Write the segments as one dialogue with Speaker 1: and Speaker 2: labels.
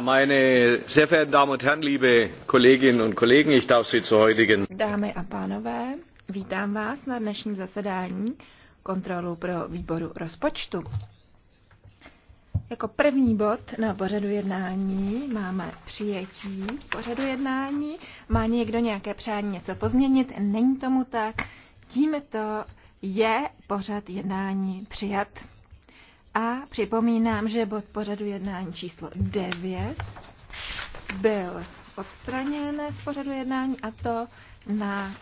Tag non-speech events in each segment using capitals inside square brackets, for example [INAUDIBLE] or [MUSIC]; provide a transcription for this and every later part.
Speaker 1: meine sehr verehrten Damen und Herren, liebe Kolleginnen und Kollegen, ich darf Sie zu heutigen. Dámy a pánové, vítám vás na dnešním zasedání kontrolu pro výboru rozpočtu. Jako první bod na pořadu jednání máme přijetí pořadu jednání. Má někdo nějaké přání něco pozměnit? Není tomu tak. Tímto je pořad jednání přijat. A připomínám, že bod pořadu jednání číslo 9 byl odstraněn z pořadu jednání a to na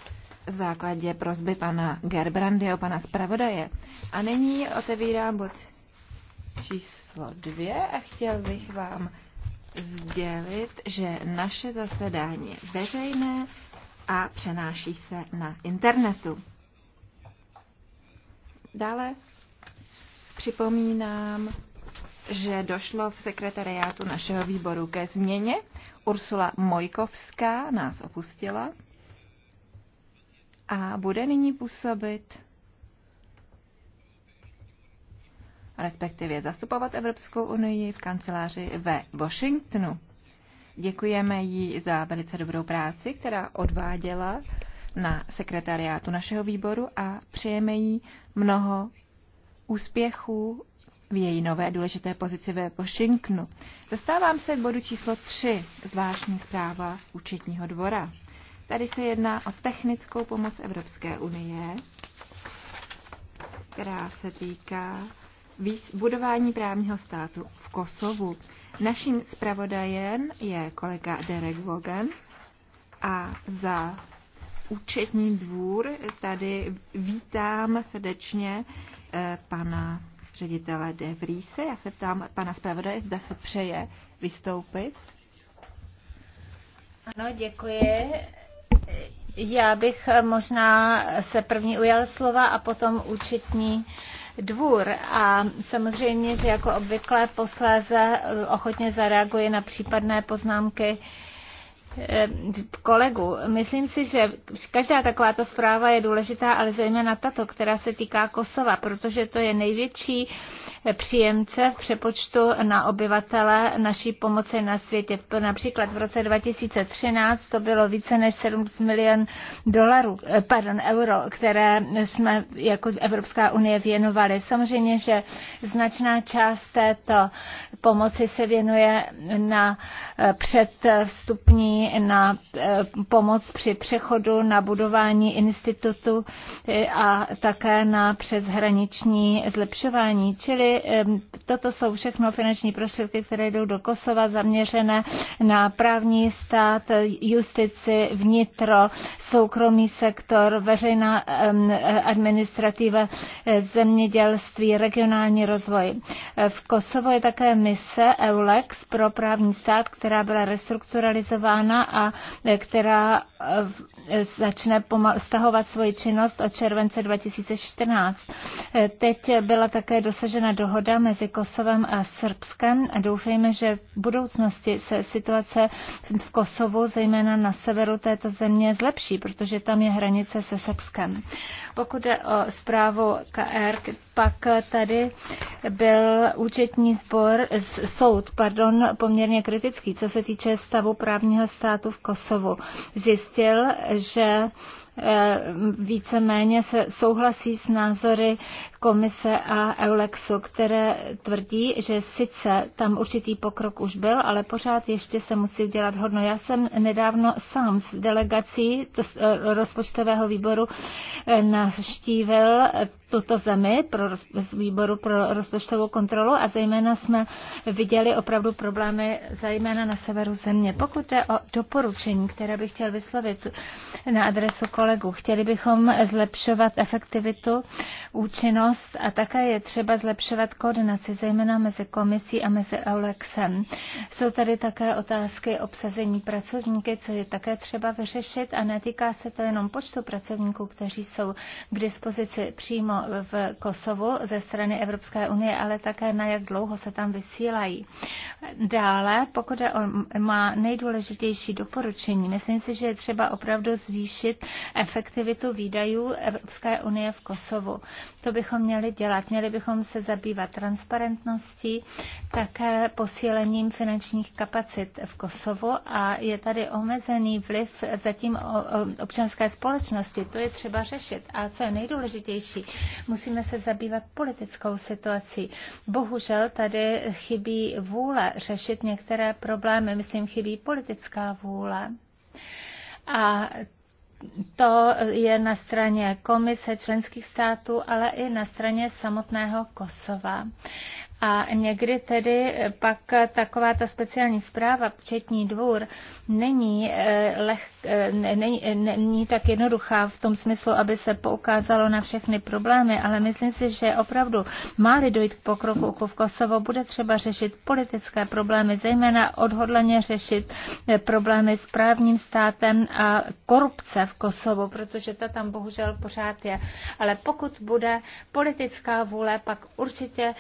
Speaker 1: základě prozby pana Gerbrandyho, pana zpravodaje. A nyní otevírám bod číslo 2 a chtěl bych vám sdělit, že naše zasedání je veřejné a přenáší se na internetu. Dále Připomínám, že došlo v sekretariátu našeho výboru ke změně. Ursula Mojkovská nás opustila a bude nyní působit respektive zastupovat Evropskou unii v kanceláři ve Washingtonu. Děkujeme jí za velice dobrou práci, která odváděla na sekretariátu našeho výboru a přejeme jí mnoho úspěchů v její nové důležité pozici ve Washingtonu. Dostávám se k bodu číslo 3, zvláštní zpráva účetního dvora. Tady se jedná o technickou pomoc Evropské unie, která se týká budování právního státu v Kosovu. Naším zpravodajem je kolega Derek Vogan a za účetní dvůr tady vítám srdečně Eh, pana ředitele De Vriese. Já se ptám pana zpravodaje, zda se přeje vystoupit.
Speaker 2: Ano, děkuji. Já bych možná se první ujal slova a potom účetní dvůr a samozřejmě, že jako obvykle posléze eh, ochotně zareaguje na případné poznámky Eh, kolegu. Myslím si, že každá takováto zpráva je důležitá, ale zejména tato, která se týká Kosova, protože to je největší příjemce v přepočtu na obyvatele naší pomoci na světě. Například v roce 2013 to bylo více než 7 milion dolarů, eh, pardon, euro, které jsme jako Evropská unie věnovali. Samozřejmě, že značná část této pomoci se věnuje na eh, předstupní na eh, pomoc při přechodu na budování institutu eh, a také na přeshraniční zlepšování. Čili eh, toto jsou všechno finanční prostředky, které jdou do Kosova zaměřené na právní stát, justici, vnitro, soukromý sektor, veřejná administrativa, zemědělství, regionální rozvoj. V Kosovo je také mise EULEX pro právní stát, která byla restrukturalizována zelená a e, která e, e, začne stahovat svoji činnost od července 2014. Teď byla také dosažena dohoda mezi Kosovem a Srbskem a doufejme, že v budoucnosti se situace v Kosovu, zejména na severu této země, zlepší, protože tam je hranice se Srbskem. Pokud jde o zprávu KR, pak tady byl účetní sbor, soud, pardon, poměrně kritický, co se týče stavu právního státu v Kosovu. Zjistil, že eh, víceméně se souhlasí s názory komise a Eulexu, které tvrdí, že sice tam určitý pokrok už byl, ale pořád ještě se musí udělat hodno. Já jsem nedávno sám s delegací eh, rozpočtového výboru eh, navštívil tuto zemi pro roz, výboru pro rozpočtovou kontrolu a zejména jsme viděli opravdu problémy zejména na severu země. Pokud je o doporučení, které bych chtěl vyslovit na adresu kolegů, chtěli bychom zlepšovat efektivitu, účinnost a také je třeba zlepšovat koordinaci, zejména mezi komisí a mezi EULEXem. Jsou tady také otázky obsazení pracovníky, co je také třeba vyřešit a netýká se to jenom počtu pracovníků, kteří jsou k dispozici přímo v Kosovu ze strany Evropské unie, ale také na jak dlouho se tam vysílají. Dále, pokud je on má nejdůležitější doporučení, myslím si, že je třeba opravdu zvýšit efektivitu výdajů Evropské unie v Kosovu. To bychom měli dělat. Měli bychom se zabývat transparentností, také posílením finančních kapacit v Kosovu a je tady omezený vliv zatím občanské společnosti. To je třeba řešit. A co je nejdůležitější, Musíme se zabývat politickou situací. Bohužel tady chybí vůle řešit některé problémy. Myslím, chybí politická vůle. A to je na straně komise členských států, ale i na straně samotného Kosova. A někdy tedy pak taková ta speciální zpráva, včetní dvůr, není, eh, leh, eh, není, eh, není tak jednoduchá v tom smyslu, aby se poukázalo na všechny problémy, ale myslím si, že opravdu má-li dojít k pokroku v Kosovo, bude třeba řešit politické problémy, zejména odhodlaně řešit problémy s právním státem a korupce v Kosovu, protože ta tam bohužel pořád je. Ale pokud bude politická vůle, pak určitě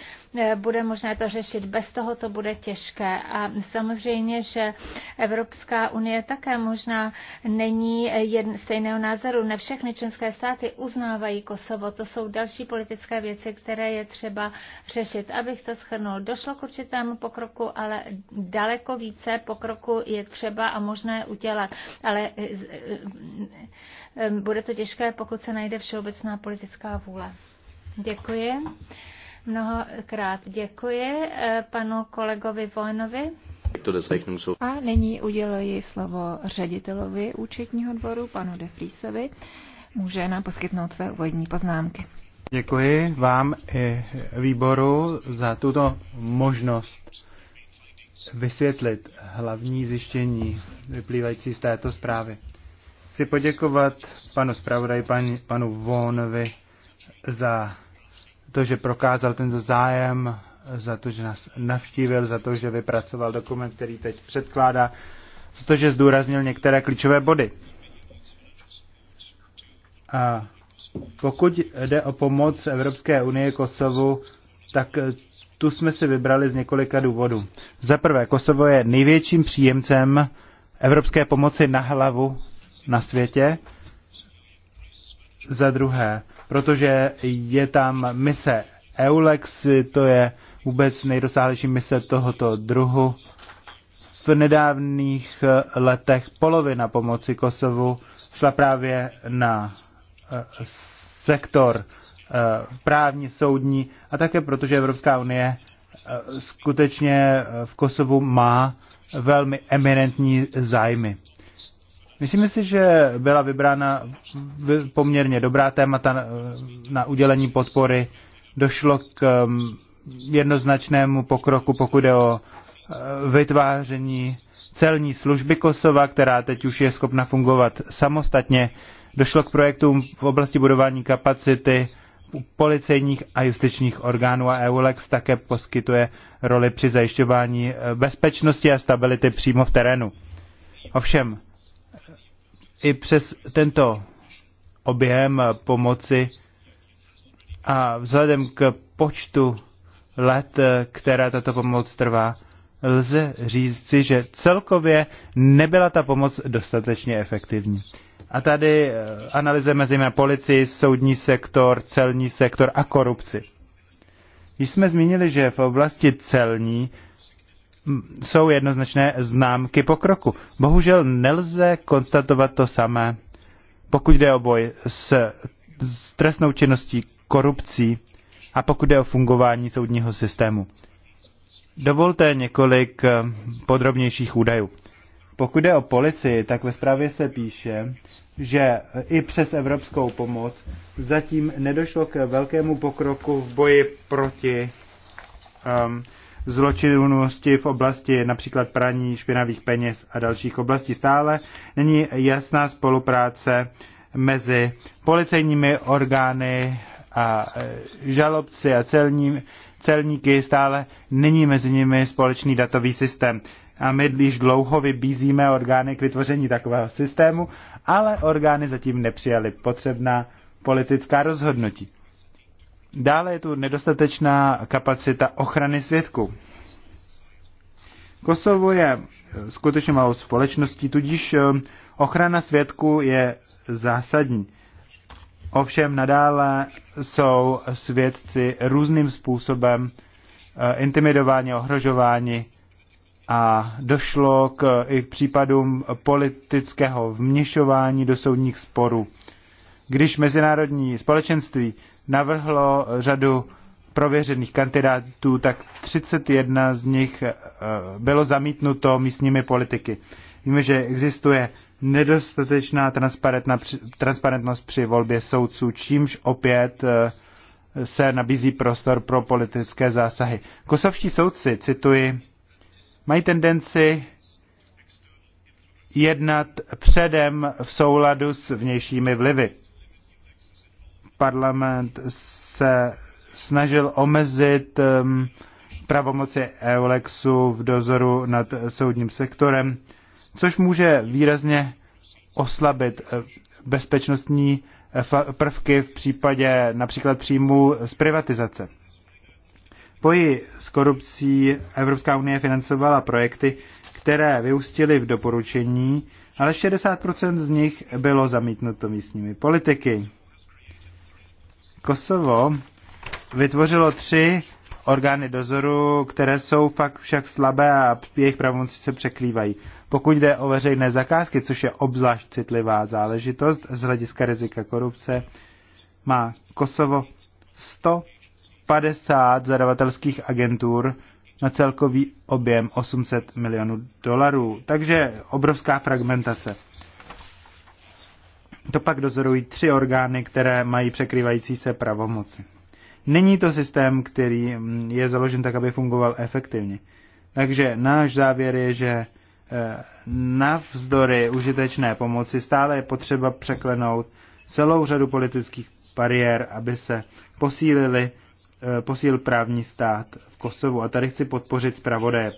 Speaker 2: bude možné to řešit. Bez toho to bude těžké. A samozřejmě, že Evropská unie také možná není jedn, stejného názoru. Ne všechny členské státy uznávají Kosovo. To jsou další politické věci, které je třeba řešit. Abych to schrnul, došlo k určitému pokroku, ale daleko více pokroku je třeba a možné udělat. Ale eh, eh, bude to těžké, pokud se najde všeobecná politická vůle. Děkuji. Mnohokrát děkuji eh, panu
Speaker 1: kolegovi Vojnovi. A nyní uděluji slovo ředitelovi účetního dvoru, panu Defrísovi. Může nám poskytnout své úvodní poznámky.
Speaker 3: Děkuji vám i výboru za tuto možnost vysvětlit hlavní zjištění vyplývající z této zprávy. Chci poděkovat panu zpravodaji, panu Vonovi za to, že prokázal tento zájem, za to, že nás navštívil, za to, že vypracoval dokument, který teď předkládá, za to, že zdůraznil některé klíčové body. A pokud jde o pomoc Evropské unie Kosovu, tak tu jsme si vybrali z několika důvodů. Za prvé, Kosovo je největším příjemcem evropské pomoci na hlavu na světě. Za druhé, protože je tam mise EULEX, to je vůbec nejrozsáhlejší mise tohoto druhu. V nedávných eh, letech polovina pomoci Kosovu šla právě na eh, sektor eh, právní, soudní a také protože Evropská unie skutečně v Kosovu má velmi eminentní zájmy. Myslím si, že byla vybrána poměrně dobrá témata na udělení podpory. Došlo k um, jednoznačnému pokroku, pokud je o uh, vytváření celní služby Kosova, která teď už je schopna fungovat samostatně. Došlo k projektům v oblasti budování kapacity policejních a justičních orgánů a EULEX také poskytuje roli při zajišťování eh, bezpečnosti a stability přímo v terénu. Ovšem, i přes tento objem pomoci a vzhledem k počtu let, která tato pomoc trvá, lze říci, že celkově nebyla ta pomoc dostatečně efektivní. A tady eh, analyzujeme zejména policii, soudní sektor, celní sektor a korupci. Již jsme zmínili, že v oblasti celní jsou jednoznačné známky pokroku. Bohužel nelze konstatovat to samé, pokud jde o boj s, s trestnou činností, korupcí a pokud jde o fungování soudního systému. Dovolte několik eh, podrobnějších údajů. Pokud jde o policii, tak ve zprávě se píše, že i přes evropskou pomoc zatím nedošlo k velkému pokroku v boji proti um, zločinnosti v oblasti například praní špinavých peněz a dalších oblastí. Stále není jasná spolupráce mezi policejními orgány a e, žalobci a celní, celníky, stále není mezi nimi společný datový systém. A my již dlouho vybízíme orgány k vytvoření takového systému, ale orgány zatím nepřijaly potřebná politická rozhodnutí. Dále je tu nedostatečná kapacita ochrany svědků. Kosovo je eh, skutečně malou společností, tudíž eh, ochrana svědků je zásadní. Ovšem nadále jsou svědci různým způsobem eh, intimidováni, ohrožováni a došlo k, i k případům politického vměšování do soudních sporů když mezinárodní společenství navrhlo řadu prověřených kandidátů, tak 31 z nich eh, bylo zamítnuto místními politiky. Víme, že existuje nedostatečná transparentnost při volbě soudců, čímž opět eh, se nabízí prostor pro politické zásahy. Kosovští soudci, cituji, mají tendenci jednat předem v souladu s vnějšími vlivy parlament se snažil omezit ehm, pravomoci Eulexu v dozoru nad soudním sektorem, což může výrazně oslabit eh, bezpečnostní eh, prvky v případě například příjmu z privatizace. V boji s korupcí Evropská unie financovala projekty, které vyústily v doporučení, ale 60% z nich bylo zamítnuto místními politiky. Kosovo vytvořilo tři orgány dozoru, které jsou fakt však slabé a jejich pravomoci se překrývají. Pokud jde o veřejné zakázky, což je obzvlášť citlivá záležitost z hlediska rizika korupce, má Kosovo 150 zadavatelských agentur na celkový objem 800 milionů dolarů. Takže obrovská fragmentace. To pak dozorují tři orgány, které mají překrývající se pravomoci. Není to systém, který mm, je založen tak, aby fungoval efektivně. Takže náš závěr je, že eh, navzdory užitečné pomoci stále je potřeba překlenout celou řadu politických bariér, aby se posílili, eh, posíl právní stát v Kosovu. A tady chci podpořit zpravodaje.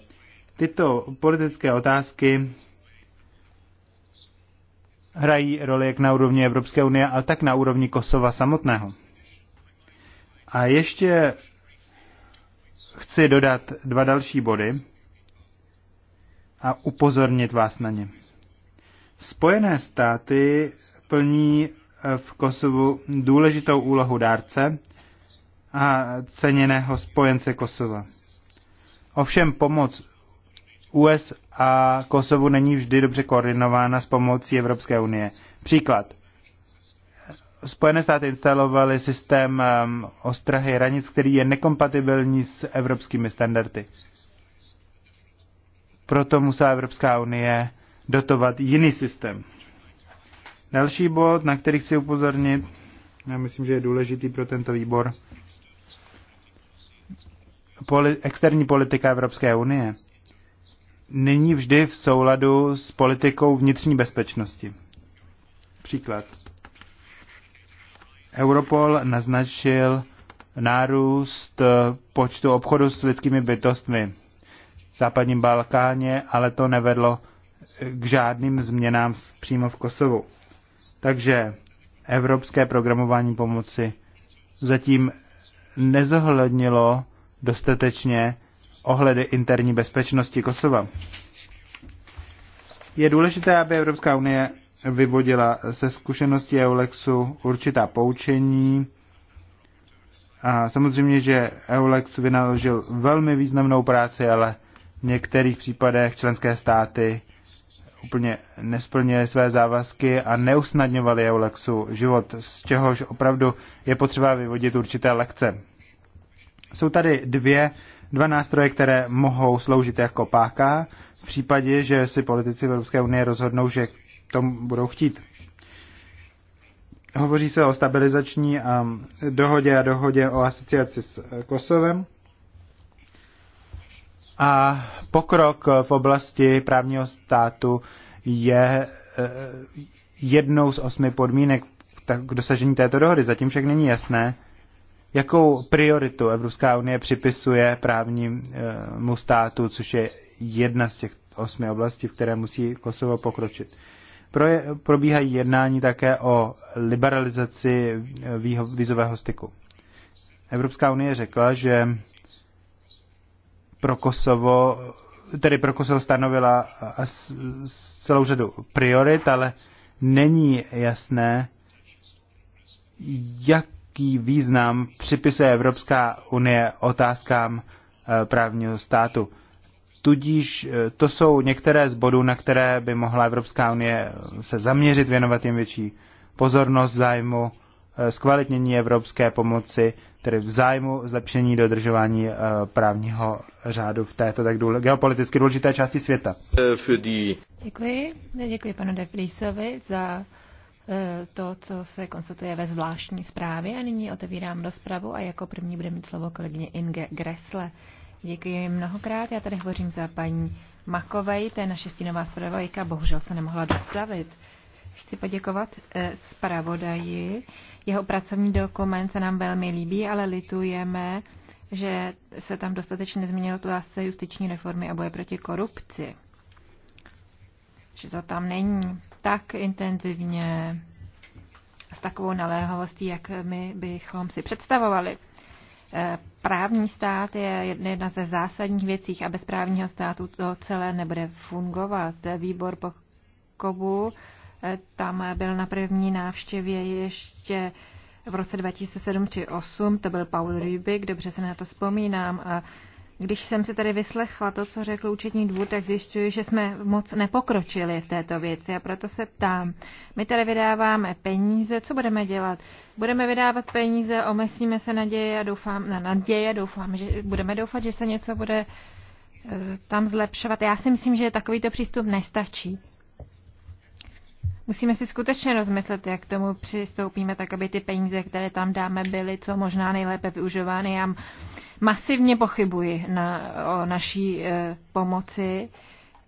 Speaker 3: Tyto politické otázky hrají roli jak na úrovni Evropské unie, ale tak na úrovni Kosova samotného. A ještě chci dodat dva další body a upozornit vás na ně. Spojené státy plní eh, v Kosovu důležitou úlohu dárce a ceněného spojence Kosova. Ovšem pomoc US a Kosovu není vždy dobře koordinována s pomocí Evropské unie. Příklad. Spojené státy instalovaly systém um, ostrahy hranic, který je nekompatibilní s evropskými standardy. Proto musela Evropská unie dotovat jiný systém. Další bod, na který chci upozornit, já myslím, že je důležitý pro tento výbor, poli- externí politika Evropské unie není vždy v souladu s politikou vnitřní bezpečnosti. Příklad. Europol naznačil nárůst eh, počtu obchodu s lidskými bytostmi v západním Balkáně, ale to nevedlo eh, k žádným změnám přímo v Kosovu. Takže evropské programování pomoci zatím nezohlednilo dostatečně ohledy interní bezpečnosti Kosova. Je důležité, aby Evropská unie vyvodila se zkušeností Eulexu určitá poučení. A samozřejmě, že Eulex vynaložil velmi významnou práci, ale v některých případech členské státy úplně nesplnili své závazky a neusnadňovali Eulexu život, z čehož opravdu je potřeba vyvodit určité lekce. Jsou tady dvě dva nástroje, které mohou sloužit jako páka v případě, že si politici Evropské unie rozhodnou, že tomu budou chtít. Hovoří se o stabilizační a um, dohodě a dohodě o asociaci s eh, Kosovem. A pokrok v oblasti právního státu je eh, jednou z osmi podmínek k dosažení této dohody. Zatím však není jasné, Jakou prioritu Evropská unie připisuje právnímu státu, což je jedna z těch osmi oblastí, v které musí Kosovo pokročit? probíhají jednání také o liberalizaci vízového styku. Evropská unie řekla, že pro Kosovo, tedy pro Kosovo stanovila celou řadu priorit, ale není jasné, jak obrovský význam připisuje Evropská unie otázkám eh, právního státu. Tudíž eh, to jsou některé z bodů, na které by mohla Evropská unie eh, se zaměřit, věnovat jim větší pozornost zájmu zkvalitnění evropské pomoci, tedy v zájmu zlepšení dodržování právního řádu v této tak důle, geopoliticky důležité části světa.
Speaker 1: Děkuji. Děkuji panu Deflísovi za Eh, to, co se konstatuje ve zvláštní zprávě. A nyní otevírám rozpravu a jako první bude mít slovo kolegyně Inge Gressle. Děkuji mnohokrát. Já tady hovořím za paní Makovej, to je naše stínová zpravodajka, bohužel se nemohla dostavit. Chci poděkovat eh, zpravodaji. Jeho pracovní dokument se nám velmi líbí, ale litujeme, že se tam dostatečně nezmínilo tu justiční reformy a boje proti korupci. Že to tam není tak intenzivně a s takovou naléhavostí, jak my bychom si představovali. Eh, právní stát je jedna ze zásadních věcí a bez právního státu to celé nebude fungovat. Výbor po Kobu eh, tam byl na první návštěvě ještě v roce 2007 či 2008, to byl Paul Rübig, dobře se na to vzpomínám, a když jsem si tady vyslechla to, co řekl účetní dvůr, tak zjišťuji, že jsme moc nepokročili v této věci a proto se ptám. My tady vydáváme peníze, co budeme dělat? Budeme vydávat peníze, omesíme se naděje a doufám, na naděje, doufám, že budeme doufat, že se něco bude eh, tam zlepšovat. Já si myslím, že takovýto přístup nestačí. Musíme si skutečně rozmyslet, jak k tomu přistoupíme, tak aby ty peníze, které tam dáme, byly co možná nejlépe využovány. Já masivně pochybuji na, o naší e, pomoci,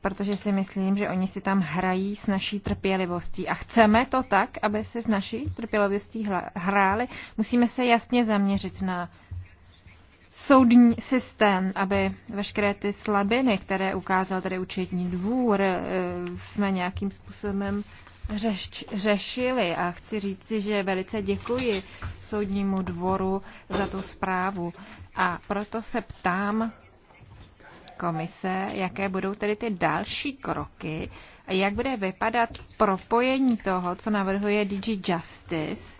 Speaker 1: protože si myslím, že oni si tam hrají s naší trpělivostí. A chceme to tak, aby se s naší trpělivostí hráli. Musíme se jasně zaměřit na soudní systém, aby veškeré ty slabiny, které ukázal tady účetní dvůr, e, jsme nějakým způsobem řeš, řešili a chci říci, že velice děkuji soudnímu dvoru za tu zprávu. A proto se ptám komise, jaké budou tedy ty další kroky a jak bude vypadat propojení toho, co navrhuje DG Justice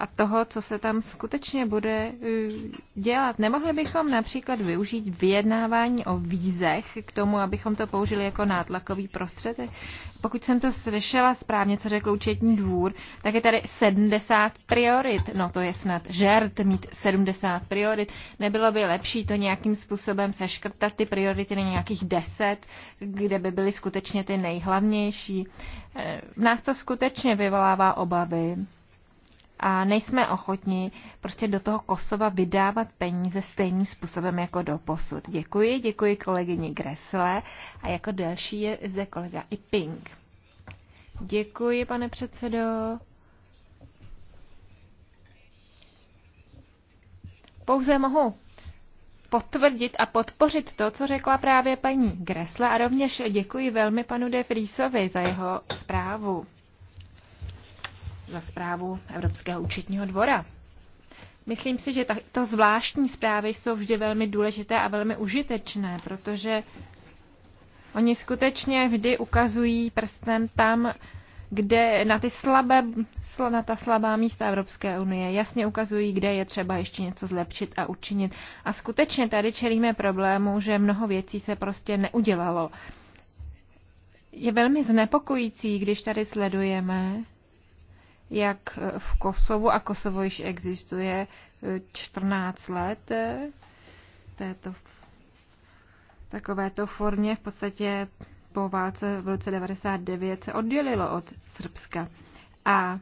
Speaker 1: a toho, co se tam skutečně bude eh, dělat. Nemohli bychom například využít vyjednávání o vízech k tomu, abychom to použili jako nátlakový prostředek. Pokud jsem to slyšela správně, co řekl účetní dvůr, tak je tady 70 priorit. No to je snad žert mít 70 priorit. Nebylo by lepší to nějakým způsobem seškrtat ty priority na nějakých 10, kde by byly skutečně ty nejhlavnější. Eh, v nás to skutečně vyvolává obavy a nejsme ochotni prostě do toho Kosova vydávat peníze stejným způsobem jako do posud. Děkuji, děkuji kolegyni Gresle a jako další je zde kolega i Pink. Děkuji, pane předsedo. Pouze mohu potvrdit a podpořit to, co řekla právě paní Gresle a rovněž děkuji velmi panu De Friesovi za jeho zprávu za zprávu Evropského účetního dvora. Myslím si, že to zvláštní zprávy jsou vždy velmi důležité a velmi užitečné, protože oni skutečně vždy ukazují prstem tam, kde na, ty slabé, na ta slabá místa Evropské unie jasně ukazují, kde je třeba ještě něco zlepšit a učinit. A skutečně tady čelíme problému, že mnoho věcí se prostě neudělalo. Je velmi znepokojící, když tady sledujeme, jak v Kosovu, a Kosovo již existuje 14 eh, let, eh, této, takovéto formě v podstatě po válce v roce 99 se oddělilo od Srbska. A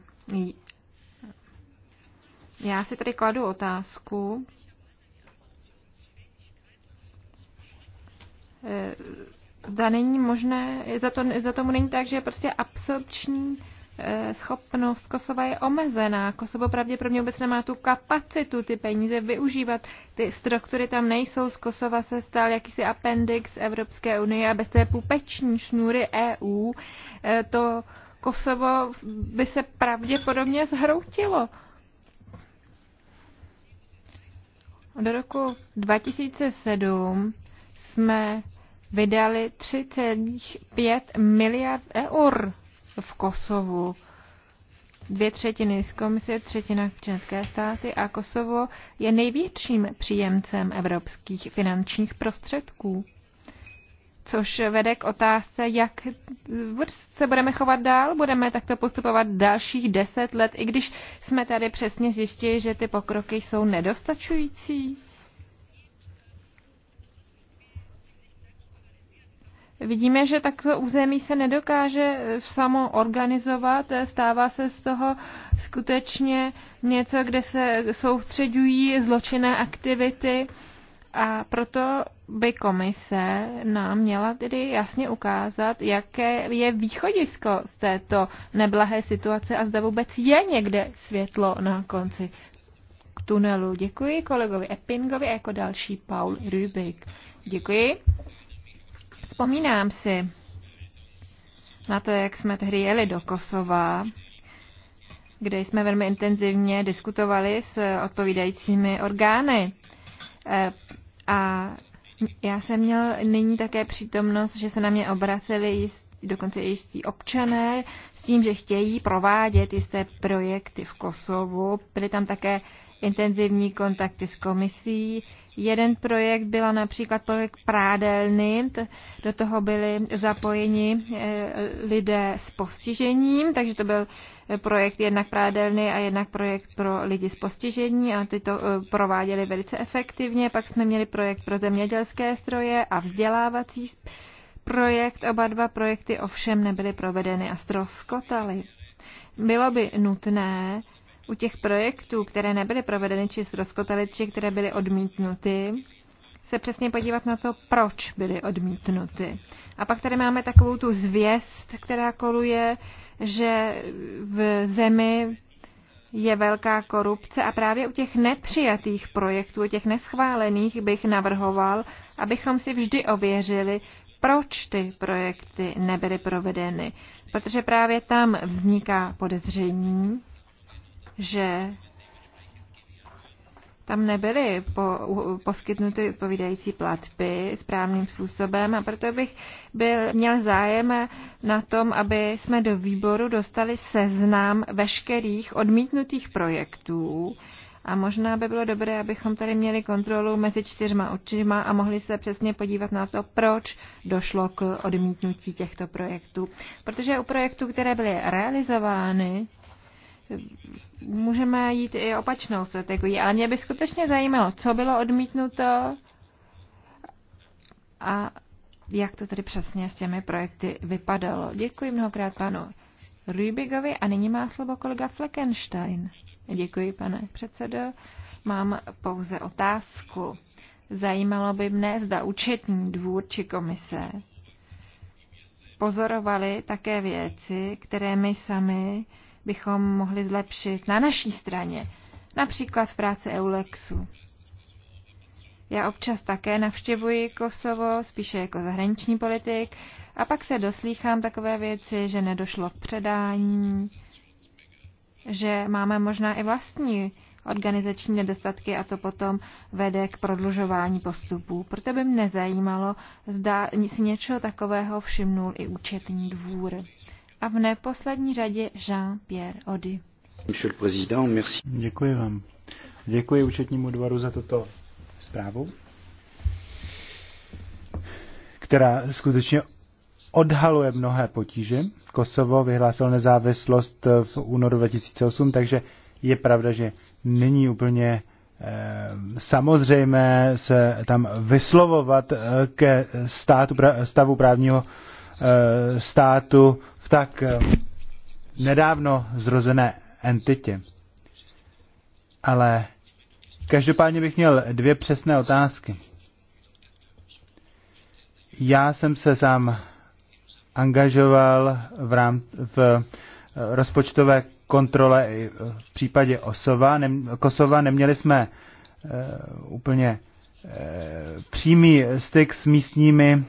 Speaker 1: já si tady kladu otázku, eh, zda není možné, za, to, za tomu není tak, že je prostě absorpční Eh, schopnost Kosova je omezená. Kosovo pravděpodobně vůbec nemá tu kapacitu ty peníze využívat. Ty struktury tam nejsou. Z Kosova se stal jakýsi appendix Evropské unie a bez té půpeční šňůry EU eh, to Kosovo by se pravděpodobně zhroutilo. Do roku 2007 jsme vydali 3,5 miliard eur v Kosovu. Dvě třetiny z komise, třetina členské státy a Kosovo je největším příjemcem evropských finančních prostředků. Což vede k otázce, jak se budeme chovat dál, budeme takto postupovat dalších deset let, i když jsme tady přesně zjistili, že ty pokroky jsou nedostačující. Vidíme, že takto území se nedokáže eh, samo organizovat, eh, stává se z toho skutečně něco, kde se soustředují zločinné aktivity a proto by komise nám měla tedy jasně ukázat, jaké je východisko z této neblahé situace a zda vůbec je někde světlo na konci tunelu. Děkuji kolegovi Eppingovi a jako další Paul Rübig. Děkuji. Vzpomínám si na to, jak jsme tehdy jeli do Kosova, kde jsme velmi intenzivně diskutovali s odpovídajícími orgány. E, a já jsem měl nyní také přítomnost, že se na mě obraceli jist, dokonce i jistí občané s tím, že chtějí provádět jisté projekty v Kosovu. Byly tam také intenzivní kontakty s komisí, Jeden projekt byla například projekt prádelny, do toho byli zapojeni e, lidé s postižením, takže to byl e, projekt jednak prádelny a jednak projekt pro lidi s postižení a ty to e, prováděli velice efektivně. Pak jsme měli projekt pro zemědělské stroje a vzdělávací projekt. Oba dva projekty ovšem nebyly provedeny a stroskotaly. Bylo by nutné u těch projektů, které nebyly provedeny či zrozkotaly, či které byly odmítnuty, se přesně podívat na to, proč byly odmítnuty. A pak tady máme takovou tu zvěst, která koluje, že v zemi je velká korupce a právě u těch nepřijatých projektů, u těch neschválených bych navrhoval, abychom si vždy ověřili, proč ty projekty nebyly provedeny. Protože právě tam vzniká podezření že tam nebyly po, poskytnuty odpovídající platby správným způsobem a proto bych byl, měl zájem na tom, aby jsme do výboru dostali seznam veškerých odmítnutých projektů a možná by bylo dobré, abychom tady měli kontrolu mezi čtyřma očima a mohli se přesně podívat na to, proč došlo k odmítnutí těchto projektů. Protože u projektů, které byly realizovány, Můžeme jít i opačnou strategií, ale mě by skutečně zajímalo, co bylo odmítnuto a jak to tedy přesně s těmi projekty vypadalo. Děkuji mnohokrát panu Rubigovi a nyní má slovo kolega Fleckenstein. Děkuji, pane předsedo. Mám pouze otázku. Zajímalo by mne, zda účetní dvůr či komise pozorovali také věci, které my sami bychom mohli zlepšit na naší straně, například v práci Eulexu. Já občas také navštěvuji Kosovo, spíše jako zahraniční politik, a pak se doslýchám takové věci, že nedošlo k předání, že máme možná i vlastní organizační nedostatky a to potom vede k prodlužování postupů. Proto by mě nezajímalo, zda si něčeho takového všimnul i účetní dvůr a v neposlední řadě Jean-Pierre Ody.
Speaker 3: Děkuji vám. Děkuji účetnímu dvoru za tuto zprávu, která skutečně odhaluje mnohé potíže. Kosovo vyhlásil nezávislost v únoru 2008, takže je pravda, že není úplně eh, samozřejmé se tam vyslovovat eh, ke státu, stavu právního eh, státu tak eh, nedávno zrozené entitě. Ale každopádně bych měl dvě přesné otázky. Já jsem se sám angažoval v, rám, v eh, rozpočtové kontrole eh, v případě Osova, nem, Kosova. Neměli jsme uh, úplně uh, přímý styk s místními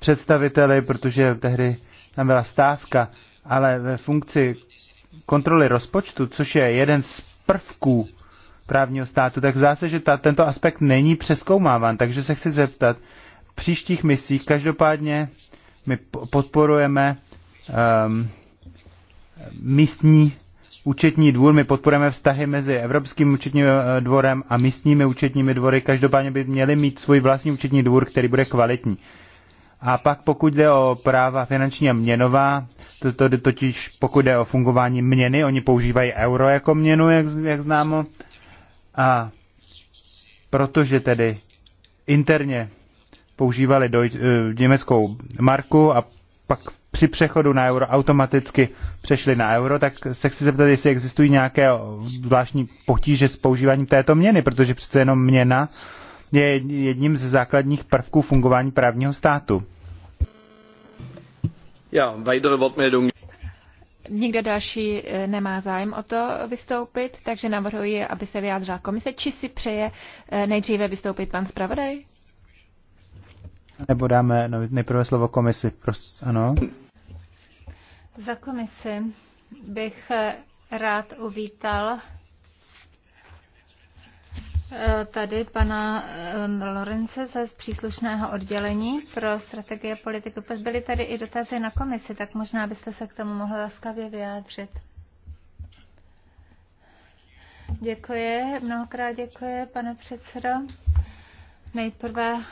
Speaker 3: představiteli, protože tehdy tam byla stávka, ale ve funkci kontroly rozpočtu, což je jeden z prvků právního státu, tak zdá se, že ta, tento aspekt není přeskoumáván, takže se chci zeptat, v příštích misích každopádně my podporujeme um, místní účetní dvůr, my podporujeme vztahy mezi Evropským účetním eh, dvorem a místními účetními dvory, každopádně by měli mít svůj vlastní účetní dvůr, který bude kvalitní. A pak pokud jde o práva finanční a měnová, to, to, totiž pokud jde o fungování měny, oni používají euro jako měnu, jak, jak známo. A protože tedy interně používali doj, eh, německou marku a pak při přechodu na euro automaticky přešli na euro, tak se chci zeptat, jestli existují nějaké zvláštní potíže s používáním této měny, protože přece jenom měna je vlastně jedním ze základních prvků fungování právního státu.
Speaker 1: Ja, weitere Wortmeldungen. Nikdo další eh, nemá zájem o to vystoupit, takže navrhuji, aby se vyjádřila komise. Či si přeje eh, nejdříve vystoupit pan zpravodaj?
Speaker 3: Nebo dáme nejprve slovo komisi. prosím, ano.
Speaker 2: Za komisi bych eh, rád uvítal Eh, tady pana eh, Lorence ze příslušného oddělení pro strategie a Pak byly tady i dotazy na komisi, tak možná byste se k tomu mohli laskavě vyjádřit. Děkuji, mnohokrát děkuji, pane předsedo. Nejprve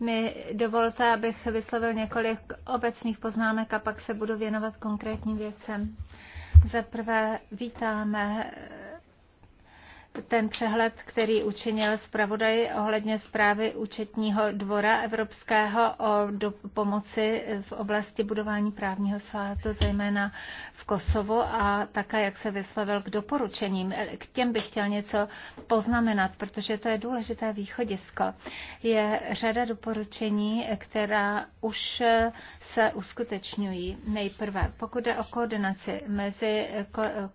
Speaker 2: mi dovolte, abych vyslovil několik obecných poznámek a pak se budu věnovat konkrétním věcem. Za prvé vítáme ten přehled, který učinil zpravodaj ohledně zprávy účetního dvora evropského o do pomoci v oblasti budování právního státu, zejména v Kosovu a také, jak se vyslovil k doporučením. K těm bych chtěl něco poznamenat, protože to je důležité východisko. Je řada doporučení, která už se uskutečňují nejprve. Pokud jde o koordinaci mezi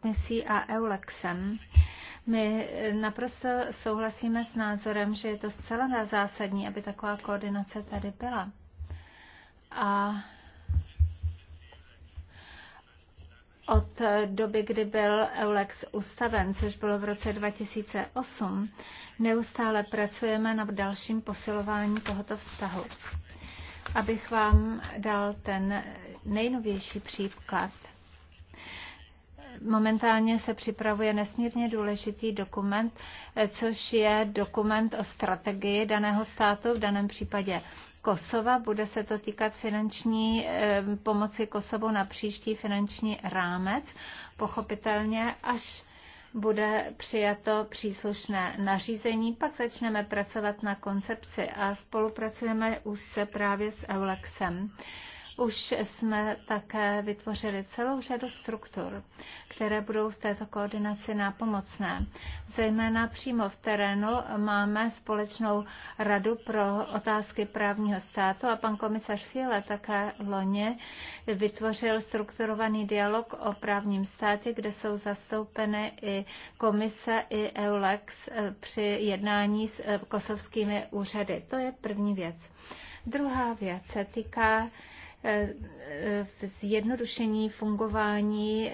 Speaker 2: komisí a EULEXem, my naprosto souhlasíme s názorem, že je to zcela zásadní, aby taková koordinace tady byla. A od doby, kdy byl Eulex ustaven, což bylo v roce 2008, neustále pracujeme na dalším posilování tohoto vztahu. Abych vám dal ten nejnovější příklad – momentálně se připravuje nesmírně důležitý dokument, eh, což je dokument o strategii daného státu, v daném případě Kosova. Bude se to týkat finanční eh, pomoci Kosovu na příští finanční rámec, pochopitelně až bude přijato příslušné nařízení, pak začneme pracovat na koncepci a spolupracujeme už se právě s Eulexem. Už jsme také vytvořili celou řadu struktur, které budou v této koordinaci nápomocné. Zejména přímo v terénu máme společnou radu pro otázky právního státu a pan komisař Fiele také loně vytvořil strukturovaný dialog o právním státě, kde jsou zastoupeny i komise, i EULEX při jednání s kosovskými úřady. To je první věc. Druhá věc se týká Eh, zjednodušení fungování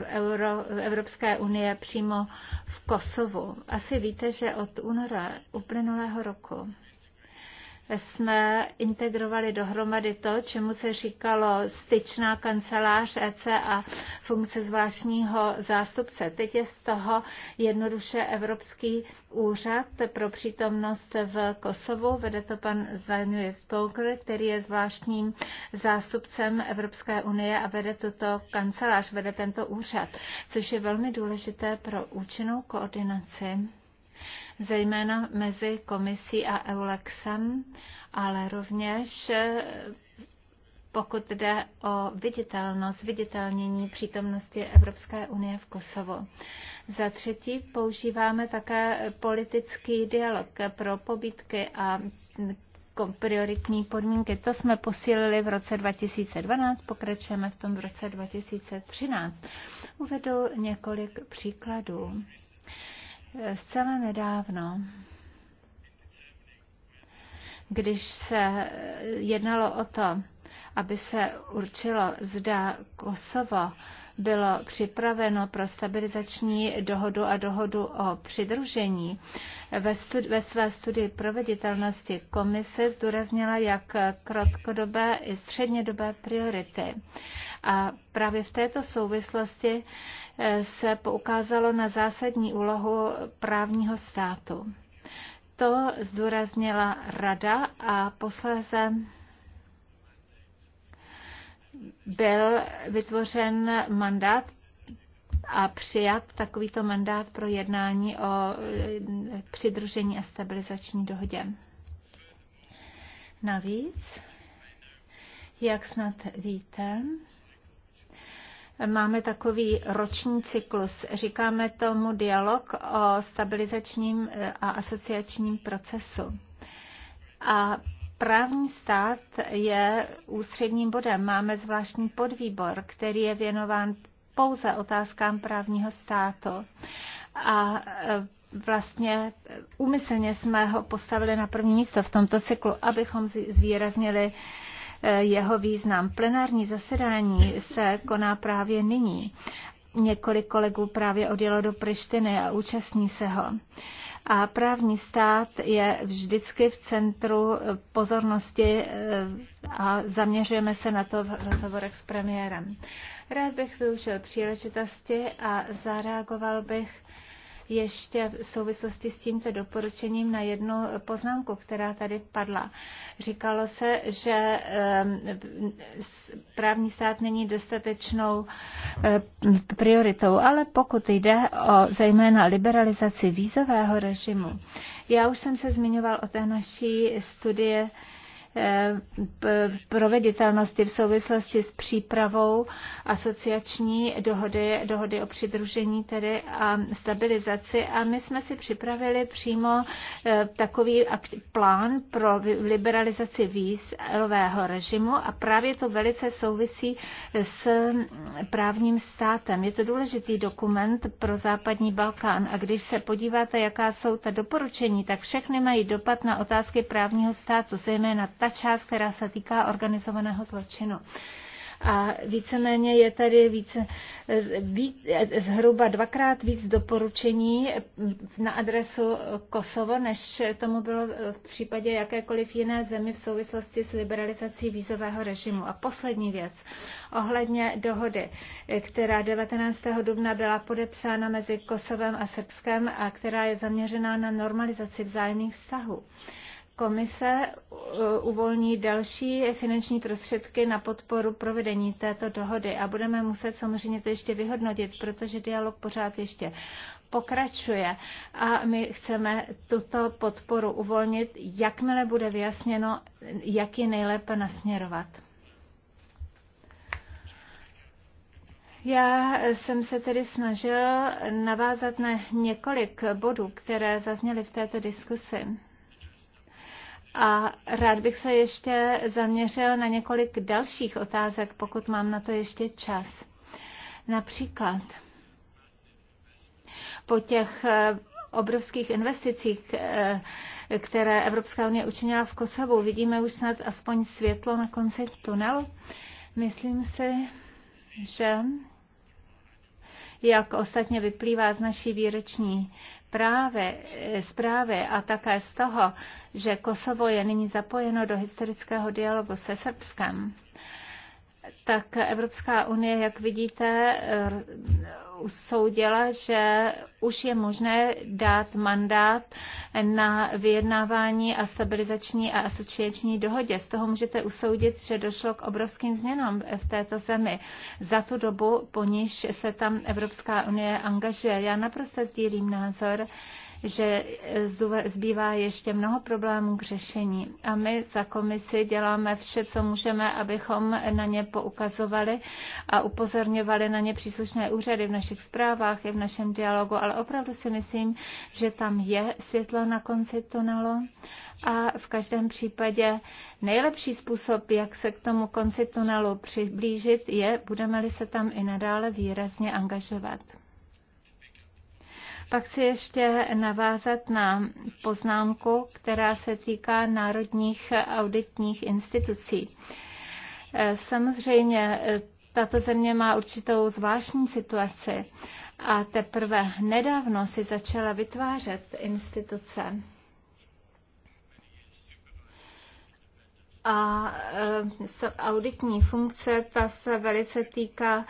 Speaker 2: Euro, Evropské unie přímo v Kosovu. Asi víte, že od února uplynulého roku jsme integrovali dohromady to, čemu se říkalo styčná kancelář EC a funkce zvláštního zástupce. Teď je z toho jednoduše Evropský úřad pro přítomnost v Kosovu. Vede to pan Zajnuje Spoker, který je zvláštním zástupcem Evropské unie a vede tuto kancelář, vede tento úřad, což je velmi důležité pro účinnou koordinaci zejména mezi komisí a Eulexem, ale rovněž eh, pokud jde o viditelnost, viditelnění přítomnosti Evropské unie v Kosovo. Za třetí používáme také politický dialog pro pobytky a prioritní podmínky. To jsme posílili v roce 2012, pokračujeme v tom v roce 2013. Uvedu několik příkladů. Zcela nedávno když se jednalo o to, aby se určilo, zda Kosovo bylo připraveno pro stabilizační dohodu a dohodu o přidružení. Ve, studi- ve své studii proveditelnosti komise zdůraznila jak krátkodobé i střednědobé priority. A právě v této souvislosti se poukázalo na zásadní úlohu právního státu. To zdůraznila Rada a posléze byl vytvořen mandát a přijat takovýto mandát pro jednání o eh, přidružení a stabilizační dohodě. Navíc, jak snad víte, máme takový roční cyklus. Říkáme tomu dialog o stabilizačním eh, a asociačním procesu. A Právní stát je ústředním bodem. Máme zvláštní podvýbor, který je věnován pouze otázkám právního státu. A eh, vlastně eh, úmyslně jsme ho postavili na první místo v tomto cyklu, abychom zvýraznili Eh, jeho význam. Plenární zasedání se koná právě nyní. Několik kolegů právě odjelo do Prištiny a účastní se ho. A právní stát je vždycky v centru pozornosti eh, a zaměřujeme se na to v rozhovorech s premiérem. Rád bych využil příležitosti a zareagoval bych ještě v souvislosti s tímto doporučením na jednu poznámku, která tady padla. Říkalo se, že právní stát není dostatečnou eh, prioritou, ale pokud jde o zejména liberalizaci vízového režimu, já už jsem se zmiňoval o té naší studie Eh, proveditelnosti v souvislosti s přípravou asociační dohody, dohody o přidružení tedy a stabilizaci. A my jsme si připravili přímo eh, takový plán pro liberalizaci víz nového režimu a právě to velice souvisí s právním státem. Je to důležitý dokument pro západní Balkán a když se podíváte, jaká jsou ta doporučení, tak všechny mají dopad na otázky právního státu, zejména ta, ta část, která se týká organizovaného zločinu a víceméně je tady více, víc, zhruba dvakrát víc doporučení na adresu Kosovo, než tomu bylo v případě jakékoliv jiné zemi v souvislosti s liberalizací vízového režimu. A poslední věc ohledně dohody, která 19. dubna byla podepsána mezi Kosovem a Srbskem a která je zaměřená na normalizaci vzájemných vztahů. Komise uh, uvolní další finanční prostředky na podporu provedení této dohody a budeme muset samozřejmě to ještě vyhodnotit, protože dialog pořád ještě pokračuje a my chceme tuto podporu uvolnit, jakmile bude vyjasněno, jak ji nejlépe nasměrovat. Já jsem se tedy snažil navázat na několik bodů, které zazněly v této diskusi. A rád bych se ještě zaměřil na několik dalších otázek, pokud mám na to ještě čas. Například po těch eh, obrovských investicích, eh, které Evropská unie učinila v Kosovu, vidíme už snad aspoň světlo na konci tunelu. Myslím si, že jak ostatně vyplývá z naší výroční právě, eh, zprávy a také z toho, že Kosovo je nyní zapojeno do historického dialogu se Srbskem, tak Evropská unie, jak vidíte, eh, usoudila, že už je možné dát mandát na vyjednávání a stabilizační a asociační dohodě. Z toho můžete usoudit, že došlo k obrovským změnám v této zemi za tu dobu, po níž se tam Evropská unie angažuje. Já naprosto sdílím názor, že eh, zbývá ještě mnoho problémů k řešení. A my za komisi děláme vše, co můžeme, abychom na ně poukazovali a upozorňovali na ně příslušné úřady v našich zprávách i v našem dialogu, ale opravdu si myslím, že tam je světlo na konci tunelu a v každém případě nejlepší způsob, jak se k tomu konci tunelu přiblížit, je, budeme-li se tam i nadále výrazně angažovat. Pak si ještě navázat na poznámku, která se týká národních auditních institucí. Samozřejmě tato země má určitou zvláštní situaci a teprve nedávno si začala vytvářet instituce. A e, auditní funkce ta se velice týká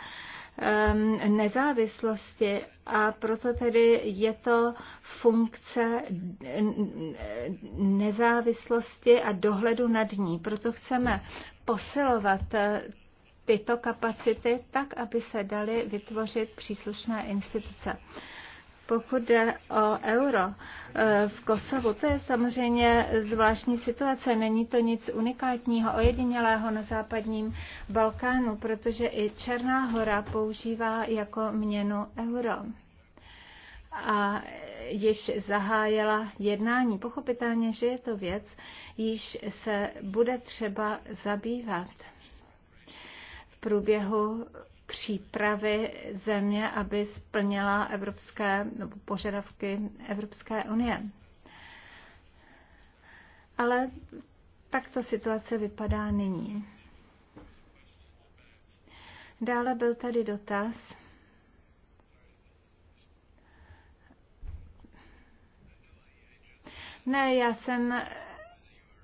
Speaker 2: Ehm, nezávislosti a proto tedy je to funkce nezávislosti a dohledu nad ní. Proto chceme posilovat eh, tyto kapacity tak, aby se daly vytvořit příslušné instituce. Pokud jde o euro e, v Kosovu, to je samozřejmě zvláštní situace. Není to nic unikátního, ojedinělého na západním Balkánu, protože i Černá hora používá jako měnu euro. A již zahájila jednání. Pochopitelně, že je to věc, již se bude třeba zabývat v průběhu přípravy země, aby splnila evropské nebo požadavky Evropské unie. Ale takto situace vypadá nyní. Dále byl tady dotaz. Ne, já jsem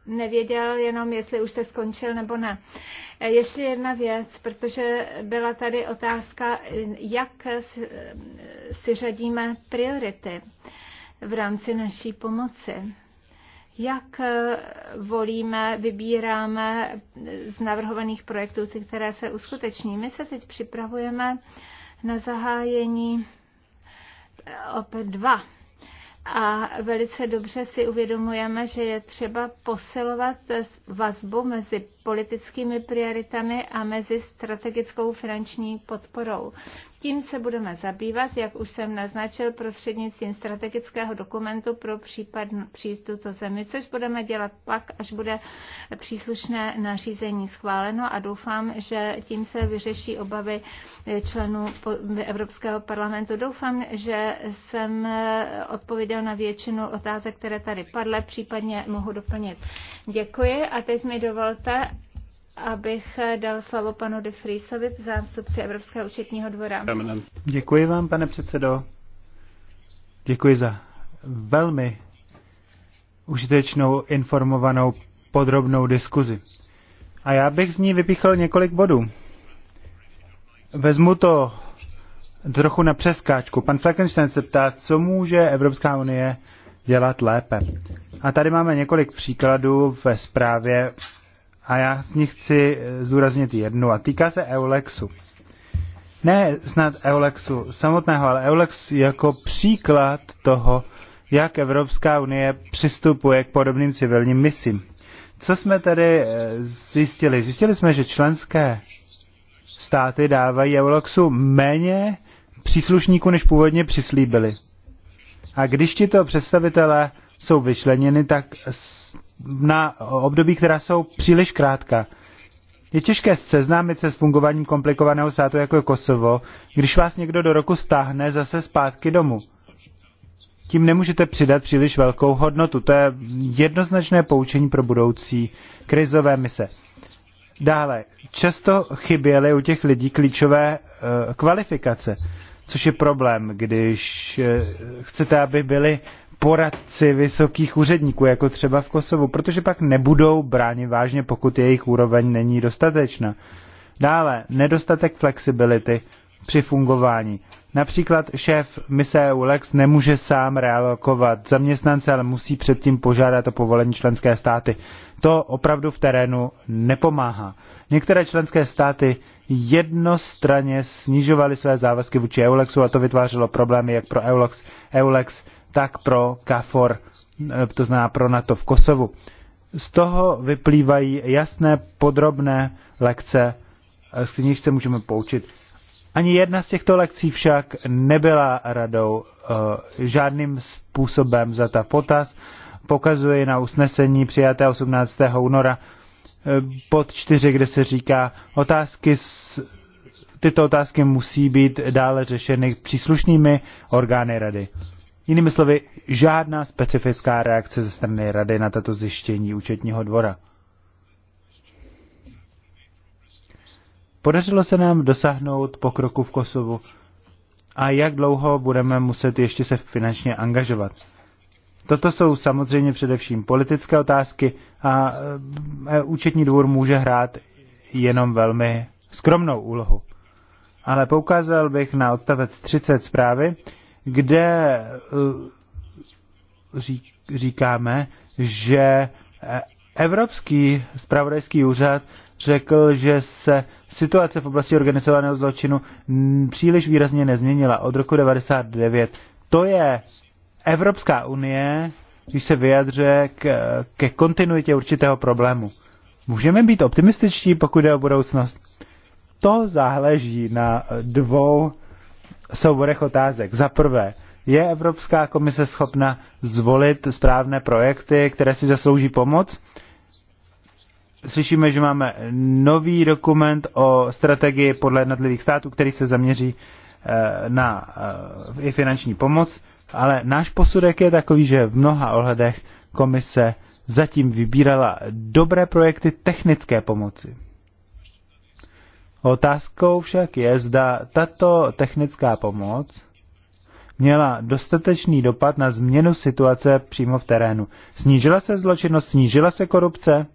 Speaker 2: nevěděl jenom, jestli už se skončil nebo ne. Eh, ještě jedna věc, protože byla tady otázka, jak si eh, řadíme priority v rámci naší pomoci jak eh, volíme, vybíráme z navrhovaných projektů ty, které se uskuteční. My se teď připravujeme na zahájení OP2 a velice dobře si uvědomujeme, že je třeba posilovat vazbu mezi politickými prioritami a mezi strategickou finanční podporou. Tím se budeme zabývat, jak už jsem naznačil, prostřednictvím strategického dokumentu pro případ tuto zemi, což budeme dělat pak, až bude příslušné nařízení schváleno a doufám, že tím se vyřeší obavy členů Evropského parlamentu. Doufám, že jsem odpověděl na většinu otázek, které tady padly, případně mohu doplnit. Děkuji a teď mi dovolte, abych dal slovo panu de Friesovi, zástupci Evropského účetního dvora.
Speaker 3: Děkuji vám, pane předsedo. Děkuji za velmi užitečnou, informovanou, podrobnou diskuzi. A já bych z ní vypíchl několik bodů. Vezmu to trochu na přeskáčku. Pan Fleckenstein se ptá, co může Evropská unie dělat lépe. A tady máme několik příkladů ve zprávě a já z nich chci eh, zúraznit jednu a týká se Eulexu. Ne snad Eulexu samotného, ale Eulex jako příklad toho, jak Evropská unie přistupuje k podobným civilním misím. Co jsme tedy eh, zjistili? Zjistili jsme, že členské státy dávají Eulexu méně příslušníků, než původně přislíbili. A když ti to představitelé jsou vyšleněny, tak na období, která jsou příliš krátká. Je těžké seznámit se s fungováním komplikovaného státu jako je Kosovo, když vás někdo do roku stáhne zase zpátky domů. Tím nemůžete přidat příliš velkou hodnotu. To je jednoznačné poučení pro budoucí krizové mise. Dále, často chyběly u těch lidí klíčové eh, kvalifikace, což je problém, když eh, chcete, aby byli poradci vysokých úředníků, jako třeba v Kosovu, protože pak nebudou bráni vážně, pokud jejich úroveň není dostatečná. Dále, nedostatek flexibility při fungování. Například šéf mise e ULEX nemůže sám realokovat zaměstnance, ale musí předtím požádat o povolení členské státy. To opravdu v terénu nepomáhá. Některé členské státy jednostranně snižovaly své závazky vůči EULEXu a to vytvářelo problémy jak pro EULEX, EULEX tak pro KFOR, eh, to znamená pro NATO v Kosovu. Z toho vyplývají jasné, podrobné lekce, eh, z nich se můžeme poučit. Ani jedna z těchto lekcí však nebyla radou eh, žádným způsobem za ta potaz. Pokazuje na usnesení přijaté 18. února pod čtyři, kde se říká, otázky s, tyto otázky musí být dále řešeny příslušnými orgány rady. Jinými slovy, žádná specifická reakce ze strany Rady na tato zjištění účetního dvora. Podařilo se nám dosáhnout pokroku v Kosovu a jak dlouho budeme muset ještě se finančně angažovat. Toto jsou samozřejmě především politické otázky a e, účetní dvůr může hrát jenom velmi skromnou úlohu. Ale poukázal bych na odstavec 30 zprávy, kde eh, říkáme, že eh, Evropský spravodajský úřad řekl, že se situace v oblasti organizovaného zločinu příliš výrazně nezměnila od roku 99. To je Evropská unie, když se vyjadřuje k, ke kontinuitě určitého problému. Můžeme být optimističtí, pokud jde o budoucnost? To záleží na dvou souborech otázek. Za prvé, je Evropská komise schopna zvolit správné projekty, které si zaslouží pomoc? Slyšíme, že máme nový dokument o strategii podle jednotlivých států, který se zaměří eh, na eh, i finanční pomoc, ale náš posudek je takový, že v mnoha ohledech komise zatím vybírala dobré projekty technické pomoci. Otázkou však je, zda tato technická pomoc měla dostatečný dopad na změnu situace přímo v terénu. Snížila se zločinnost, snížila se korupce?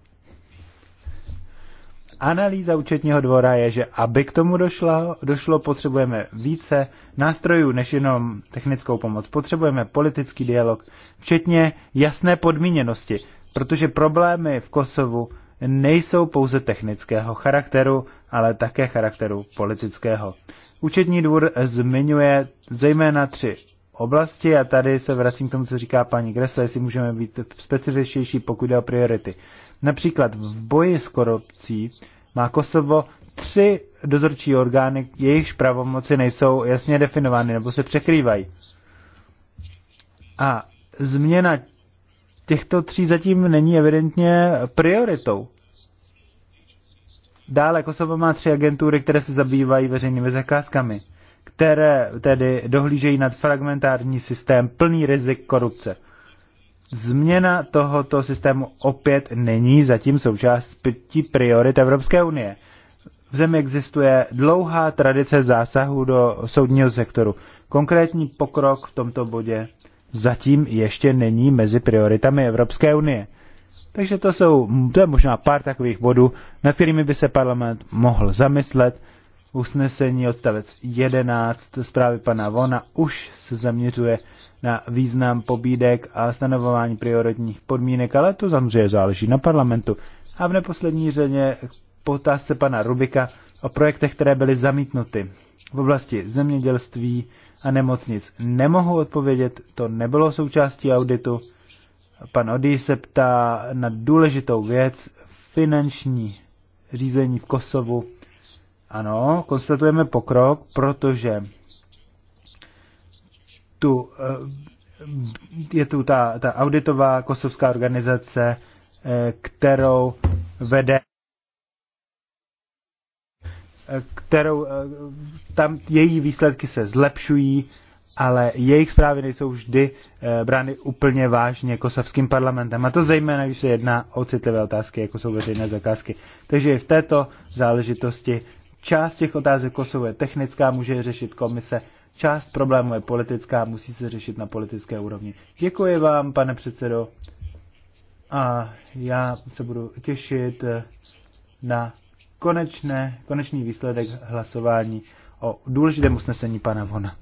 Speaker 3: Analýza účetního dvora je, že aby k tomu došlo, došlo, potřebujeme více nástrojů než jenom technickou pomoc. Potřebujeme politický dialog, včetně jasné podmíněnosti, protože problémy v Kosovu nejsou pouze technického charakteru, ale také charakteru politického. Účetní dvůr zmiňuje zejména tři oblasti a tady se vracím k tomu, co říká paní Gresle, jestli můžeme být specifičtější, pokud jde o priority. Například v boji s korupcí má Kosovo tři dozorčí orgány, jejichž pravomoci nejsou jasně definovány nebo se překrývají. A změna těchto tří zatím není evidentně prioritou. Dále Kosovo má tři agentury, které se zabývají veřejnými zakázkami, které tedy dohlížejí nad fragmentární systém plný rizik korupce. Změna tohoto systému opět není zatím součástí priorit Evropské unie. V zemi existuje dlouhá tradice zásahu do soudního sektoru. Konkrétní pokrok v tomto bodě zatím ještě není mezi prioritami Evropské unie. Takže to jsou, to je možná pár takových bodů, na kterými by se parlament mohl zamyslet. Usnesení odstavec 11 zprávy pana Vona už se zaměřuje na význam pobídek a stanovování prioritních podmínek, ale to samozřejmě záleží na parlamentu. A v neposlední řadě k otázce pana Rubika o projektech, které byly zamítnuty v oblasti zemědělství a nemocnic. Nemohu odpovědět, to nebylo součástí auditu. Pan Odí se ptá na důležitou věc, finanční řízení v Kosovu. Ano, konstatujeme pokrok, protože tu, eh, je tu ta, ta auditová kosovská organizace, eh, kterou vede kterou eh, tam její výsledky se zlepšují, ale jejich zprávy nejsou vždy eh, brány úplně vážně kosovským parlamentem. A to zejména, když se jedná o citlivé otázky, jako jsou veřejné zakázky. Takže i v této záležitosti část těch otázek Kosovo je technická, může je řešit komise, část problému je politická, musí se řešit na politické úrovni. Děkuji vám, pane předsedo, a já se budu těšit eh, na konečné, konečný výsledek hlasování o důležitém usnesení pana Vona.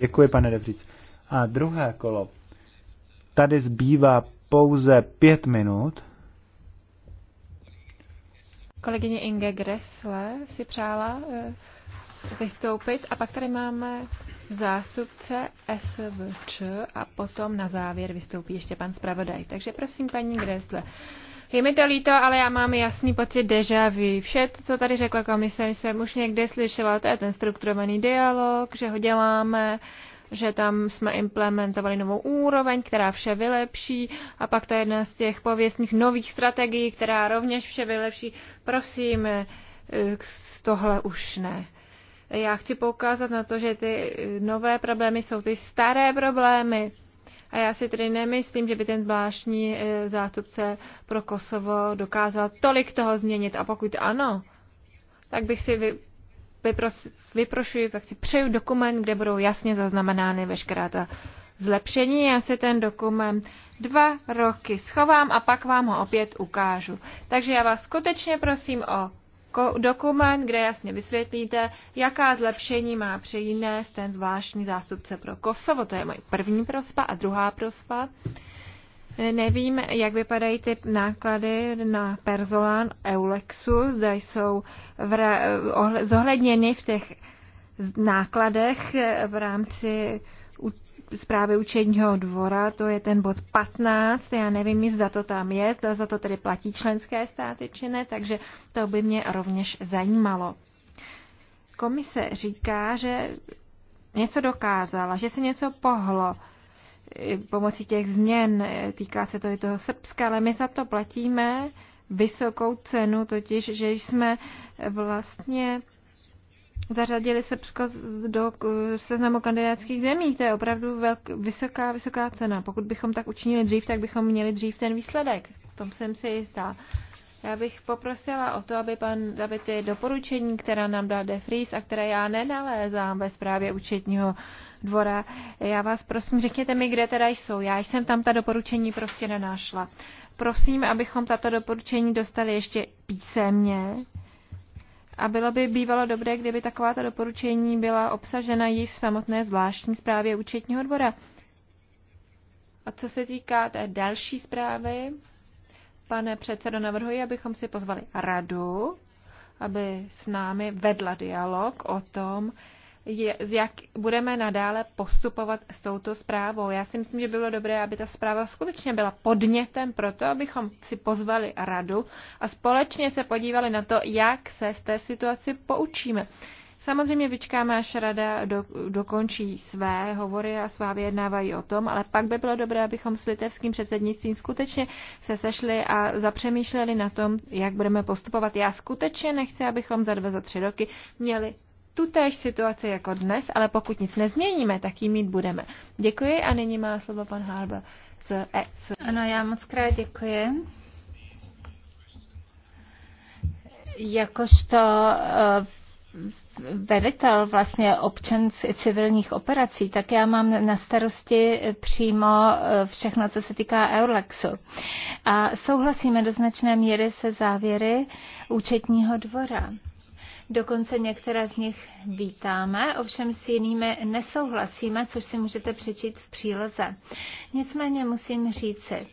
Speaker 3: Děkuji, pane De Vries. A druhé kolo. Tady zbývá pouze pět minut.
Speaker 1: Kolegyně Inge Gressle si přála eh, vystoupit a pak tady máme zástupce SVČ a potom na závěr vystoupí ještě pan zpravodaj. Takže prosím, paní Gressle. Je mi to líto, ale já mám jasný pocit deja vu. Vše, co tady řekla komise, jsem už někde slyšela, to je ten strukturovaný dialog, že ho děláme, že tam jsme implementovali novou úroveň, která vše vylepší a pak to je jedna z těch pověstných nových strategií, která rovněž vše vylepší. Prosím, eh, tohle už ne. Já chci poukázat na to, že ty eh, nové problémy jsou ty staré problémy. A já si tedy nemyslím, že by ten zvláštní e, zástupce pro Kosovo dokázal tolik toho změnit. A pokud ano, tak bych si vy, vypros, vyprošuji, tak si přeju dokument, kde budou jasně zaznamenány veškerá ta zlepšení. Já si ten dokument dva roky schovám a pak vám ho opět ukážu. Takže já vás skutečně prosím o dokument, kde jasně vysvětlíte, jaká zlepšení má přinést ten zvláštní zástupce pro Kosovo. To je moje první prospa A druhá prospa. Nevím, jak vypadají ty náklady na Perzolán Eulexu, zda jsou v re, eh, zohledněny v těch nákladech eh, v rámci zprávy učeního dvora, to je ten bod 15, já nevím, zda to tam je, zda za to tedy platí členské státy či ne, takže to by mě rovněž zajímalo. Komise říká, že něco dokázala, že se něco pohlo pomocí těch změn, týká se to i toho Srbska, ale my za to platíme vysokou cenu, totiž, že jsme vlastně zařadili Srbsko do seznamu kandidátských zemí. To je opravdu velk, vysoká, vysoká cena. Pokud bychom tak učinili dřív, tak bychom měli dřív ten výsledek. V tom jsem si jistá. Já bych poprosila o to, aby, pan, aby ty doporučení, která nám dá De a které já nenalézám ve zprávě účetního dvora, já vás prosím, řekněte mi, kde teda jsou. Já jsem tam ta doporučení prostě nenašla. Prosím, abychom tato doporučení dostali ještě písemně a bylo by bývalo dobré, kdyby takováto doporučení byla obsažena již v samotné zvláštní zprávě účetního dvora. A co se týká té další zprávy, pane předsedo, navrhuji, abychom si pozvali radu, aby s námi vedla dialog o tom, jak budeme nadále postupovat s touto zprávou. Já si myslím, že bylo dobré, aby ta zpráva skutečně byla podnětem pro to, abychom si pozvali radu a společně se podívali na to, jak se z té situaci poučíme. Samozřejmě vyčkáme, až rada do, dokončí své hovory a svá vyjednávají o tom, ale pak by bylo dobré, abychom s litevským předsednictvím skutečně se sešli a zapřemýšleli na tom, jak budeme postupovat. Já skutečně nechci, abychom za dva, za tři roky měli tutéž situaci jako dnes, ale pokud nic nezměníme, tak ji mít budeme. Děkuji a nyní má slovo pan Halba z EC. Ano, já moc krát děkuji. Jakožto
Speaker 2: eh, velitel vlastně z civilních operací, tak já mám na starosti přímo eh, všechno, co se týká Eurlexu. A souhlasíme do značné míry se závěry účetního dvora Dokonce některé z nich vítáme, ovšem s jinými nesouhlasíme, což si můžete přečít v příloze. Nicméně musím říci,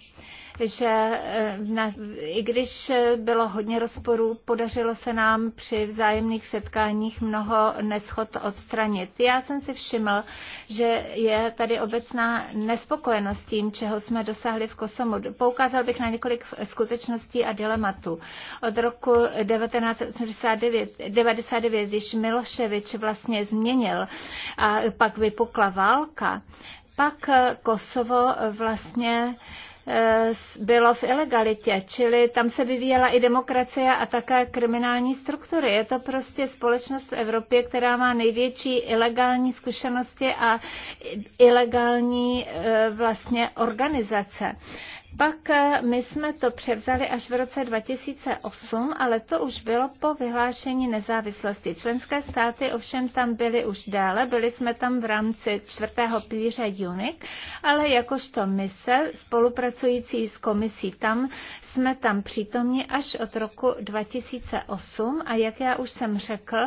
Speaker 2: že eh, na, i když bylo hodně rozporů, podařilo se nám při vzájemných setkáních mnoho neschod odstranit. Já jsem si všiml, že je tady obecná nespokojenost tím, čeho jsme dosáhli v Kosomu. Poukázal bych na několik skutečností a dilematů. Od roku 1999, když Miloševič vlastně změnil a pak vypukla válka, pak Kosovo vlastně Eh, bylo v ilegalitě, čili tam se vyvíjela i demokracie a také kriminální struktury. Je to prostě společnost v Evropě, která má největší ilegální zkušenosti a ilegální eh, vlastně organizace. Pak eh, my jsme to převzali až v roce 2008, ale to už bylo po vyhlášení nezávislosti. Členské státy ovšem tam byly už dále, byli jsme tam v rámci čtvrtého pilíře UNIC, ale jakožto mise spolupracující s komisí tam jsme tam přítomni až od roku 2008 a jak já už jsem řekl,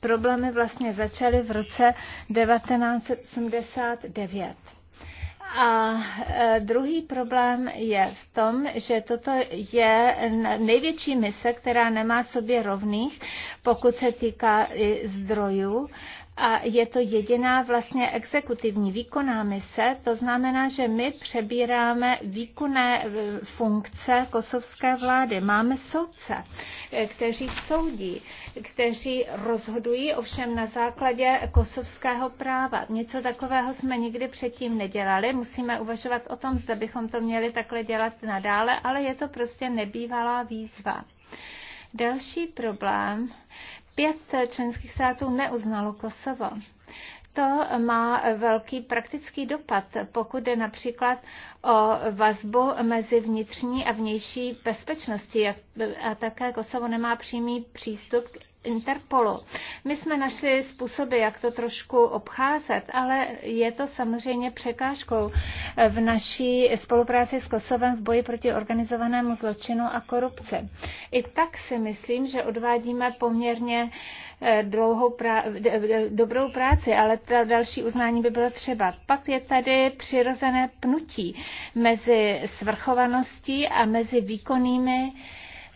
Speaker 2: problémy vlastně začaly v roce 1989. A e, druhý problém je v tom, že toto je největší mise, která nemá sobě rovných, pokud se týká i zdrojů. A je to jediná vlastně exekutivní výkonná mise, to znamená, že my přebíráme výkonné e, funkce kosovské vlády. Máme soudce, e, kteří soudí kteří rozhodují ovšem na základě kosovského práva. Něco takového jsme nikdy předtím nedělali. Musíme uvažovat o tom, zda bychom to měli takhle dělat nadále, ale je to prostě nebývalá výzva. Další problém. Pět členských států neuznalo Kosovo to má velký praktický dopad, pokud jde například o vazbu mezi vnitřní a vnější bezpečností. A také Kosovo nemá přímý přístup k Interpolu. My jsme našli způsoby, jak to trošku obcházet, ale je to samozřejmě překážkou v naší spolupráci s Kosovem v boji proti organizovanému zločinu a korupci. I tak si myslím, že odvádíme poměrně Eh, dlouhou prá- dobrou práci, ale ta další uznání by bylo třeba. Pak je tady přirozené pnutí mezi svrchovaností a mezi výkonnými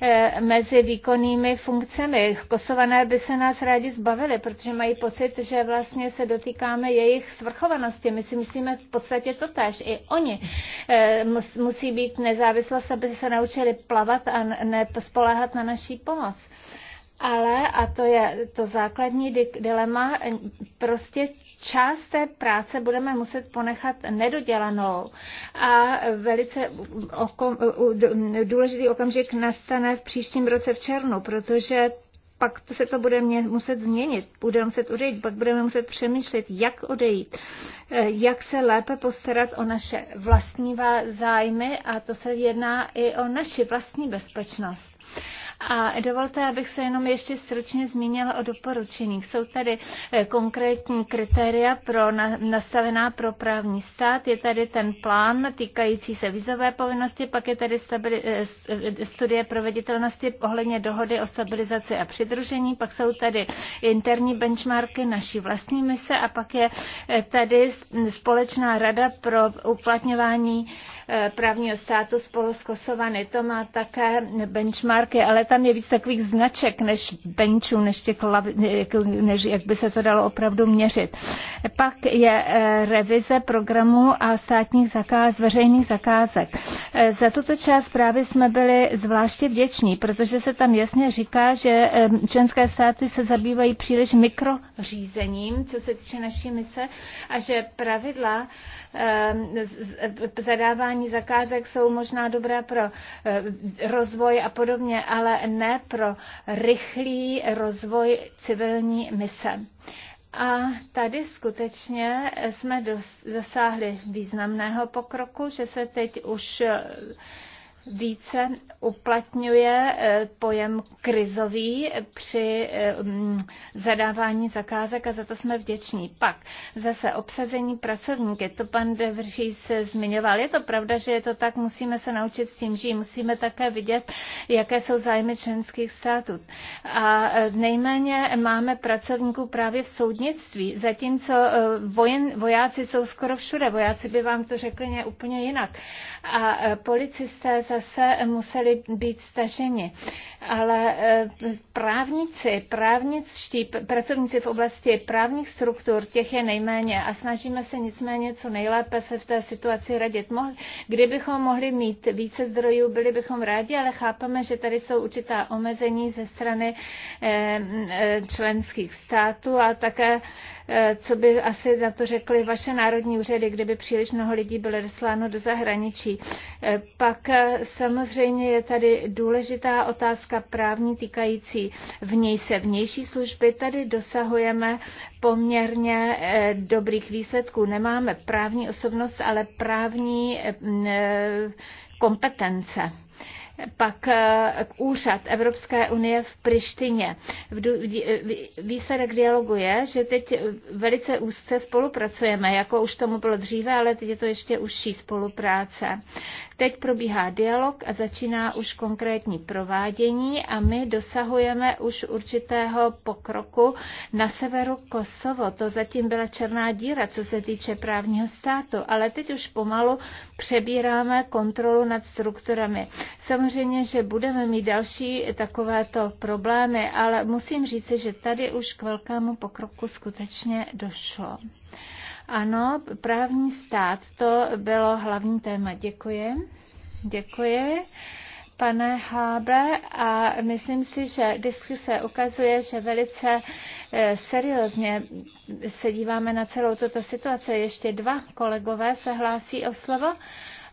Speaker 2: eh, mezi výkonnými funkcemi. Kosované by se nás rádi zbavili, protože mají pocit, že vlastně se dotýkáme jejich svrchovanosti. My si myslíme v podstatě to tež. I oni eh, musí být nezávislost, aby se naučili plavat a nespoléhat na naší pomoc ale, a to je to základní dilema, prostě část té práce budeme muset ponechat nedodělanou. A velice okom, důležitý okamžik nastane v příštím roce v červnu, protože pak se to bude mě, muset změnit, budeme muset odejít, pak budeme muset přemýšlet, jak odejít, eh, jak se lépe postarat o naše vlastní zájmy a to se jedná i o naši vlastní bezpečnost. A dovolte, abych se jenom ještě stručně zmínila o doporučeních. Jsou tady eh, konkrétní kritéria pro na, nastavená pro právní stát. Je tady ten plán týkající se vizové povinnosti, pak je tady stabili, eh, eh, studie proveditelnosti ohledně dohody o stabilizaci a přidružení, pak jsou tady interní benchmarky naší vlastní mise a pak je tady společná rada pro uplatňování Eh, právního státu spolu s Kosovany. To má také benchmarky, ale tam je víc takových značek než benchů, než, těch eh, než jak by se to dalo opravdu měřit. Pak je eh, revize programů a státních zakáz, veřejných zakázek. Za tuto část právě jsme byli zvláště vděční, protože se tam jasně říká, že členské státy se zabývají příliš mikrořízením, co se týče naší mise, a že pravidla zadávání zadávání zakázek jsou možná dobré pro eh, rozvoj a podobně, ale ne pro rychlý rozvoj civilní mise. A tady skutečně jsme dosáhli významného pokroku, že se teď už eh, více uplatňuje eh, pojem krizový při eh, mm, zadávání zakázek a za to jsme vděční. Pak zase obsazení pracovníky, to pan Devrží se eh, zmiňoval. Je to pravda, že je to tak, musíme se naučit s tím žít, musíme také vidět, jaké jsou zájmy členských států. A nejméně máme pracovníků právě v soudnictví, zatímco vojen, vojáci jsou skoro všude. Vojáci by vám to řekli ne úplně jinak. A policisté za se museli být staženi. Ale eh, právníci, právničtí, pracovníci v oblasti právních struktur, těch je nejméně a snažíme se nicméně co nejlépe se v té situaci radit. Kdybychom mohli mít více zdrojů, byli bychom rádi, ale chápeme, že tady jsou určitá omezení ze strany eh, eh, členských států a také co by asi na to řekly vaše národní úřady, kdyby příliš mnoho lidí bylo vysláno do zahraničí. Pak samozřejmě je tady důležitá otázka právní týkající něj se vnější služby. Tady dosahujeme poměrně eh, dobrých výsledků. Nemáme právní osobnost, ale právní mm, eh, kompetence pak eh, úřad Evropské unie v Prištině. Výsledek dialogu je, že teď velice úzce spolupracujeme, jako už tomu bylo dříve, ale teď je to ještě užší spolupráce. Teď probíhá dialog a začíná už konkrétní provádění a my dosahujeme už určitého pokroku na severu Kosovo. To zatím byla černá díra, co se týče právního státu, ale teď už pomalu přebíráme kontrolu nad strukturami. Samozřejmě, že budeme mít další takovéto problémy, ale musím říct, že tady už k velkému pokroku skutečně došlo. Ano, právní stát, to bylo hlavní téma. Děkuji. Děkuji pane Hábe a myslím si, že vždycky se ukazuje, že velice eh, seriózně se díváme na celou tuto situaci. Ještě dva kolegové se hlásí o slovo,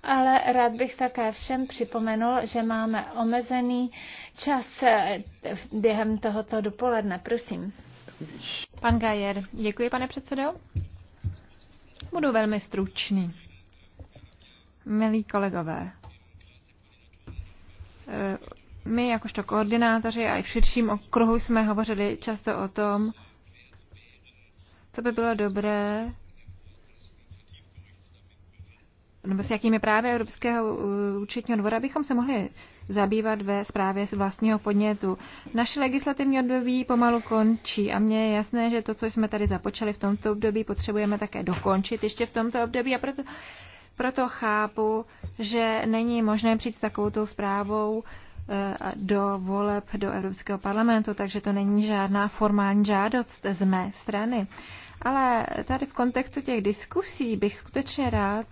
Speaker 2: ale rád bych také všem připomenul, že máme omezený čas eh, během tohoto dopoledne.
Speaker 1: Prosím. Pan Gajer, děkuji, pane předsedo. Budu velmi stručný. Milí kolegové, eh, my jakožto koordinátoři a i v širším okruhu jsme hovořili často o tom, co by bylo dobré nebo s jakými právy Evropského uh, účetního dvora bychom se mohli zabývat ve zprávě z vlastního podnětu. Naše legislativní období pomalu končí a mně je jasné, že to, co jsme tady započali v tomto období, potřebujeme také dokončit ještě v tomto období a proto, proto chápu, že není možné přijít s takovou zprávou uh, do voleb do Evropského parlamentu, takže to není žádná formální žádost z mé strany. Ale tady v kontextu těch diskusí bych skutečně rád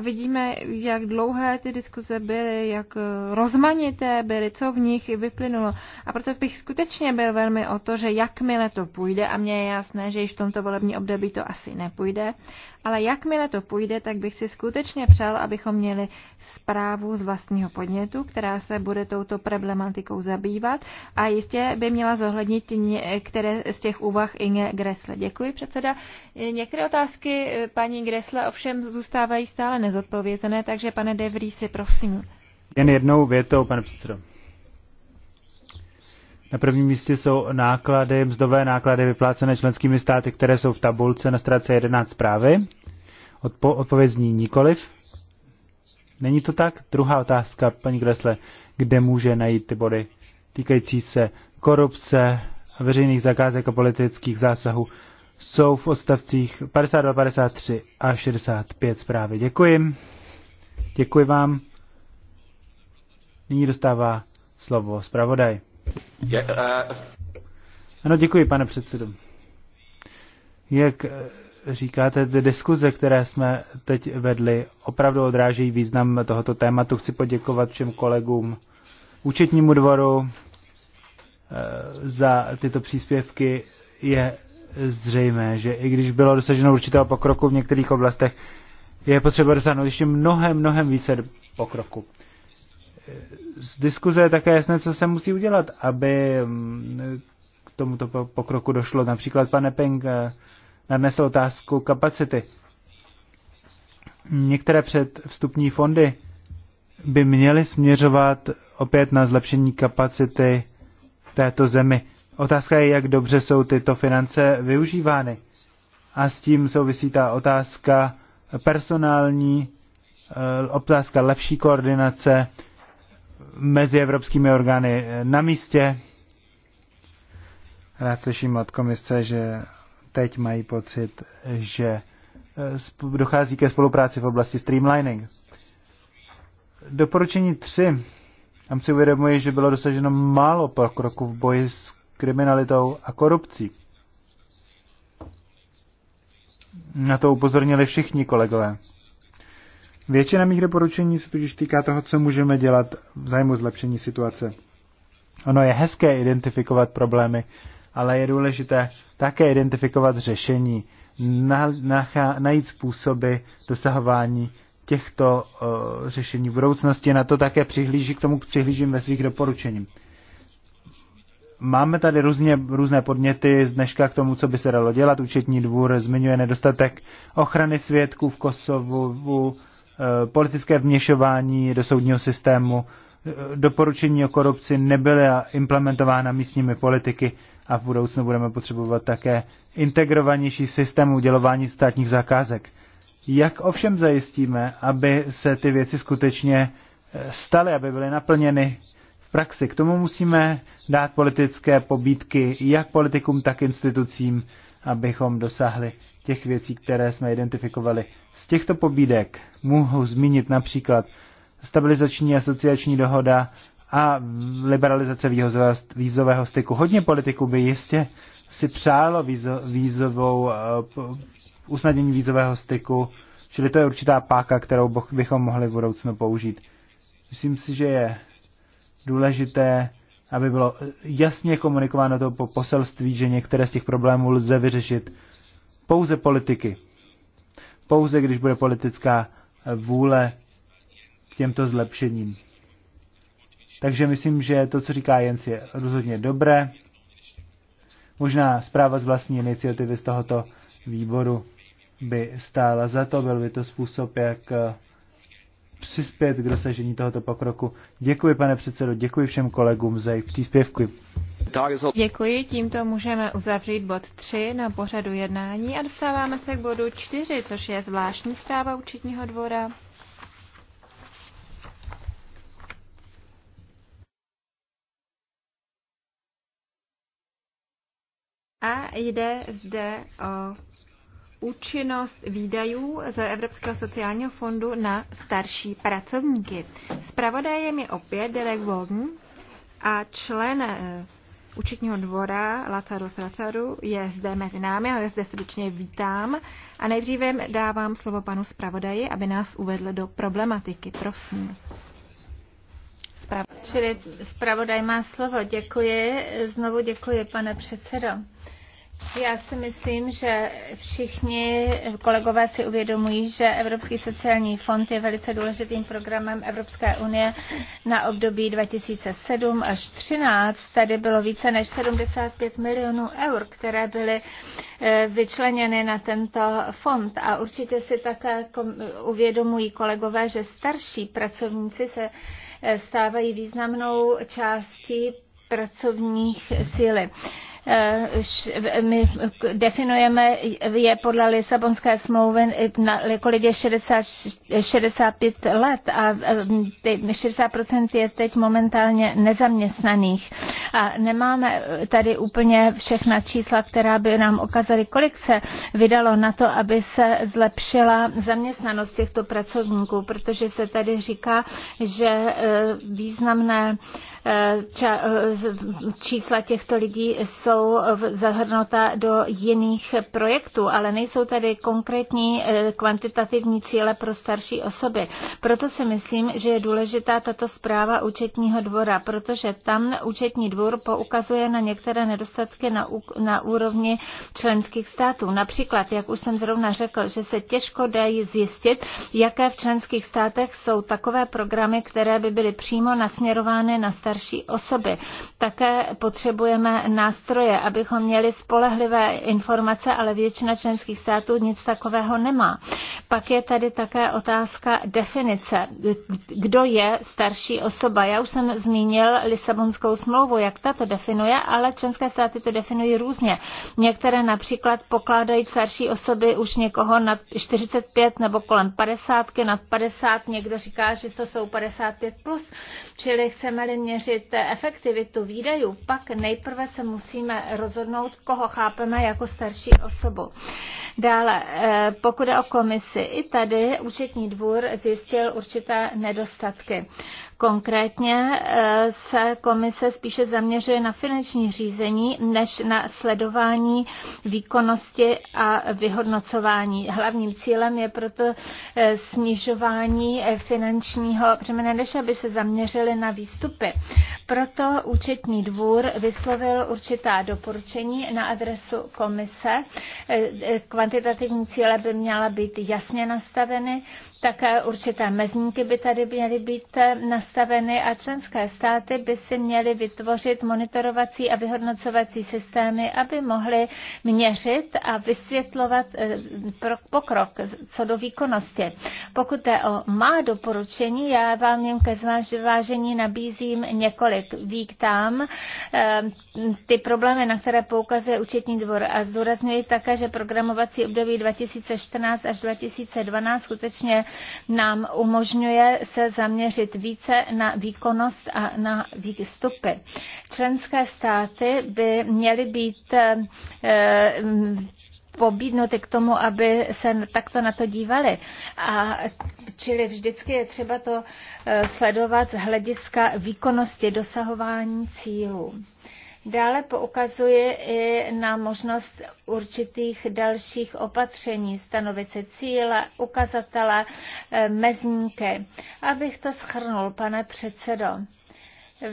Speaker 1: vidíme, jak dlouhé ty diskuze byly, jak rozmanité byly, co v nich i vyplynulo. A proto bych skutečně byl velmi o to, že jakmile to půjde, a mně je jasné, že již v tomto volební období to asi nepůjde, ale jakmile to půjde, tak bych si skutečně přál, abychom měli zprávu z vlastního podnětu, která se bude touto problematikou zabývat a jistě by měla zohlednit některé z těch úvah Inge Gressle. Děkuji, předseda. Některé otázky eh, paní Gressle ovšem zůstávají stále nezodpovězené, takže pane Devry, si prosím.
Speaker 3: Jen jednou větou, pane předsedo. Na prvním místě jsou náklady, mzdové náklady vyplácené členskými státy, které jsou v tabulce na stránce 11 zprávy. Odpo- odpověď zní nikoliv. Není to tak? Druhá otázka, paní Gresle, kde může najít ty body týkající se korupce, veřejných zakázek a politických zásahů jsou v odstavcích 52, 53 a 65 zprávy. Děkuji. Děkuji vám. Nyní dostává slovo zpravodaj. Eh, ano, děkuji, pane předsedo. Jak eh, říkáte, ty diskuze, které jsme teď vedli, opravdu odrážejí význam tohoto tématu. Chci poděkovat všem kolegům účetnímu dvoru eh, za tyto příspěvky. Je zřejmé, že i když bylo dosaženo určitého pokroku v některých oblastech, je potřeba dosáhnout ještě mnohem, mnohem více pokroku z diskuze je také jasné, co se musí udělat, aby mm, k tomuto pokroku došlo. Například pane Peng eh, nadnesl otázku kapacity. Některé předvstupní fondy by měly směřovat opět na zlepšení kapacity této zemi. Otázka je, jak dobře jsou tyto finance využívány. A s tím souvisí ta otázka personální, eh, otázka lepší koordinace, mezi evropskými orgány na místě. Rád slyším od komise, že teď mají pocit, že eh, dochází ke spolupráci v oblasti streamlining. Doporučení 3. Tam si uvědomuji, že bylo dosaženo málo pokroku v boji s kriminalitou a korupcí. Na to upozornili všichni kolegové. Většina mých doporučení se tudíž týká toho, co můžeme dělat v zájmu zlepšení situace. Ono je hezké identifikovat problémy, ale je důležité také identifikovat řešení, na, nachá, najít způsoby dosahování těchto uh, řešení v budoucnosti. Na to také přihlíží, k tomu přihlížím ve svých doporučením. Máme tady různě, různé podněty z dneška k tomu, co by se dalo dělat. Účetní dvůr zmiňuje nedostatek ochrany svědků v Kosovu, Eh, politické vněšování do soudního systému, eh, doporučení o korupci nebyly implementována místními politiky a v budoucnu budeme potřebovat také integrovanější systém udělování státních zakázek. Jak ovšem zajistíme, aby se ty věci skutečně eh, staly, aby byly naplněny v praxi? K tomu musíme dát politické pobídky jak politikům, tak institucím, abychom dosáhli těch věcí, které jsme identifikovali. Z těchto pobídek mohu zmínit například stabilizační asociační dohoda a liberalizace vízového, styku. Hodně politiků by jistě si přálo vízo, vízovou, uh, usnadnění vízového styku, čili to je určitá páka, kterou bychom mohli v budoucnu použít. Myslím si, že je důležité, aby bylo eh, jasně komunikováno to poselství, že některé z těch problémů lze vyřešit pouze politiky. Pouze když bude politická vůle k těmto zlepšením. Takže myslím, že to, co říká Jens, je rozhodně dobré. Možná zpráva z vlastní iniciativy z tohoto výboru by stála za to, byl by to způsob, jak přispět k dosažení tohoto pokroku. Děkuji, pane předsedo, děkuji všem kolegům za jejich příspěvky.
Speaker 1: Děkuji, tímto můžeme uzavřít bod 3 na pořadu jednání a dostáváme se k bodu 4, což je zvláštní zpráva účetního dvora. A jde zde o účinnost výdajů z Evropského sociálního fondu na starší pracovníky. Spravodajem je opět Derek Vaughan a člen eh, účetního dvora Lazarus Lazaru je zde mezi námi, ale zde srdečně vítám. A nejdříve dávám slovo panu zpravodaji, aby nás uvedl do problematiky. Prosím.
Speaker 2: Čili zpravodaj má
Speaker 1: slovo. Děkuji. Znovu děkuji, pane
Speaker 2: předsedo. Já si myslím, že všichni kolegové si uvědomují, že Evropský sociální fond je velice důležitým programem Evropské unie na období 2007 až 2013. Tady bylo více než 75 milionů eur, které byly eh, vyčleněny na tento fond. A určitě si také uvědomují kolegové, že starší pracovníci se eh, stávají významnou částí pracovních síly. Eh, my definujeme je podle Lisabonské smlouvy, kolik je 60, 65 let a 60% eh, je teď momentálně nezaměstnaných. A nemáme eh, tady úplně všechna čísla, která by nám ukázaly, kolik se vydalo na to, aby se zlepšila zaměstnanost těchto pracovníků, protože se tady říká, že významné Eh, čísla těchto lidí jsou zahrnuta do jiných projektů, ale nejsou tady konkrétní eh, kvantitativní cíle pro starší osoby. Proto si myslím, že je důležitá tato zpráva účetního dvora, protože tam účetní dvor poukazuje na některé nedostatky na, na úrovni členských států. Například, jak už jsem zrovna řekl, že se těžko dají zjistit, jaké v členských státech jsou takové programy, které by byly přímo nasměrovány na starší starší osoby. Také potřebujeme nástroje, abychom měli spolehlivé informace, ale většina členských států nic takového nemá. Pak je tady také otázka definice. Kdo je starší osoba? Já už jsem zmínil Lisabonskou smlouvu, jak ta to definuje, ale členské státy to definují různě. Některé například pokládají starší osoby už někoho nad 45 nebo kolem 50, nad 50, někdo říká, že to jsou 55+, plus, čili chceme-li mě měřit efektivitu výdajů, pak nejprve se musíme rozhodnout, koho chápeme jako starší osobu. Dále, eh, pokud je o komisi, i tady účetní dvůr zjistil určité nedostatky. Konkrétně eh, se komise spíše zaměřuje na finanční řízení než na sledování výkonnosti a vyhodnocování. Hlavním cílem je proto eh, snižování eh, finančního břemene, než aby se zaměřili na výstupy. Proto účetní dvůr vyslovil určitá doporučení na adresu komise. Kvantitativní cíle by měla být jasně nastaveny, také určité mezníky by tady měly být eh, nastaveny a členské státy by si měly vytvořit monitorovací a vyhodnocovací systémy, aby mohly měřit a vysvětlovat eh, pokrok co do výkonnosti. Pokud je o má doporučení, já vám jim ke zvážení nabízím několik. tam. Eh, ty problémy, na které poukazuje účetní dvor a zdůrazňuji také, že programovací období 2014 až 2012 skutečně nám umožňuje se zaměřit více na výkonnost a na výstupy. Členské státy by měly být eh, eh, pobídnuty k tomu, aby se takto na to dívali. A čili vždycky je třeba to eh, sledovat z hlediska výkonnosti dosahování cílů. Dále poukazuje i na možnost určitých dalších opatření, stanovit si cíle, ukazatele, eh, mezníky. Abych to schrnul, pane předsedo.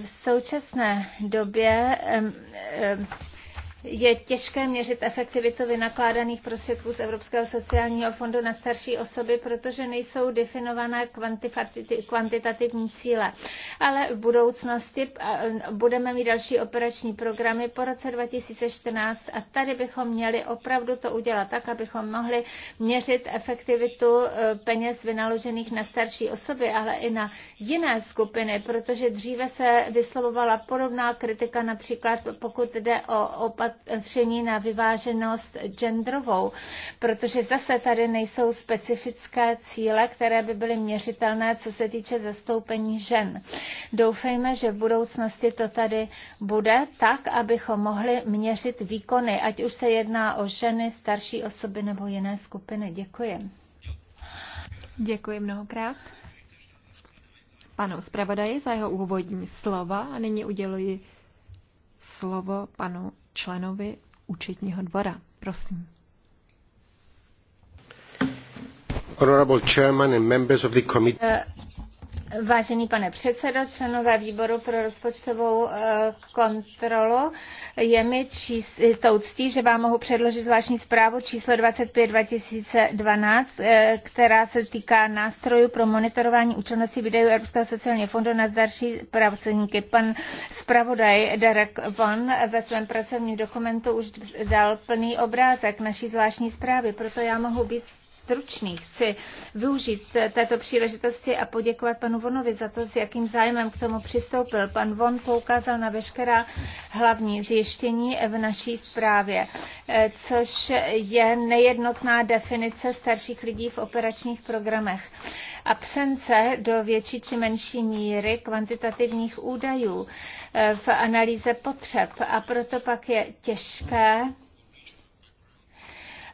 Speaker 2: V současné době je těžké měřit efektivitu vynakládaných prostředků z Evropského sociálního fondu na starší osoby, protože nejsou definované kvantitativní cíle. Ale v budoucnosti budeme mít další operační programy po roce 2014 a tady bychom měli opravdu to udělat tak, abychom mohli měřit efektivitu e, peněz vynaložených na starší osoby, ale i na jiné skupiny, protože dříve se vyslovovala podobná kritika, například pokud jde o opat opatření na vyváženost genderovou, protože zase tady nejsou specifické cíle, které by byly měřitelné, co se týče zastoupení žen. Doufejme, že v budoucnosti to tady bude tak, abychom mohli měřit výkony, ať už se jedná o ženy, starší osoby nebo jiné skupiny. Děkuji.
Speaker 1: Děkuji mnohokrát panu zpravodaji za jeho úvodní slova a nyní uděluji slovo panu členovi účetního dvora. Prosím.
Speaker 3: Honorable chairman and members of the committee.
Speaker 2: Uh, Vážený pane předsedo, členové výboru pro rozpočtovou eh, kontrolu, je mi tou ctí, že vám mohu předložit zvláštní zprávu číslo 25 2012, eh, která se týká nástrojů pro monitorování účelnosti videu Evropského sociálního fondu na zdarší pracovníky. Pan zpravodaj Derek Von ve svém pracovním dokumentu už dal plný obrázek naší zvláštní zprávy, proto já mohu být stručný. Chci využít této příležitosti a poděkovat panu Vonovi za to, s jakým zájmem k tomu přistoupil. Pan Von poukázal na veškerá hlavní zjištění v naší zprávě, eh, což je nejednotná definice starších lidí v operačních programech absence do větší či menší míry kvantitativních údajů eh, v analýze potřeb a proto pak je těžké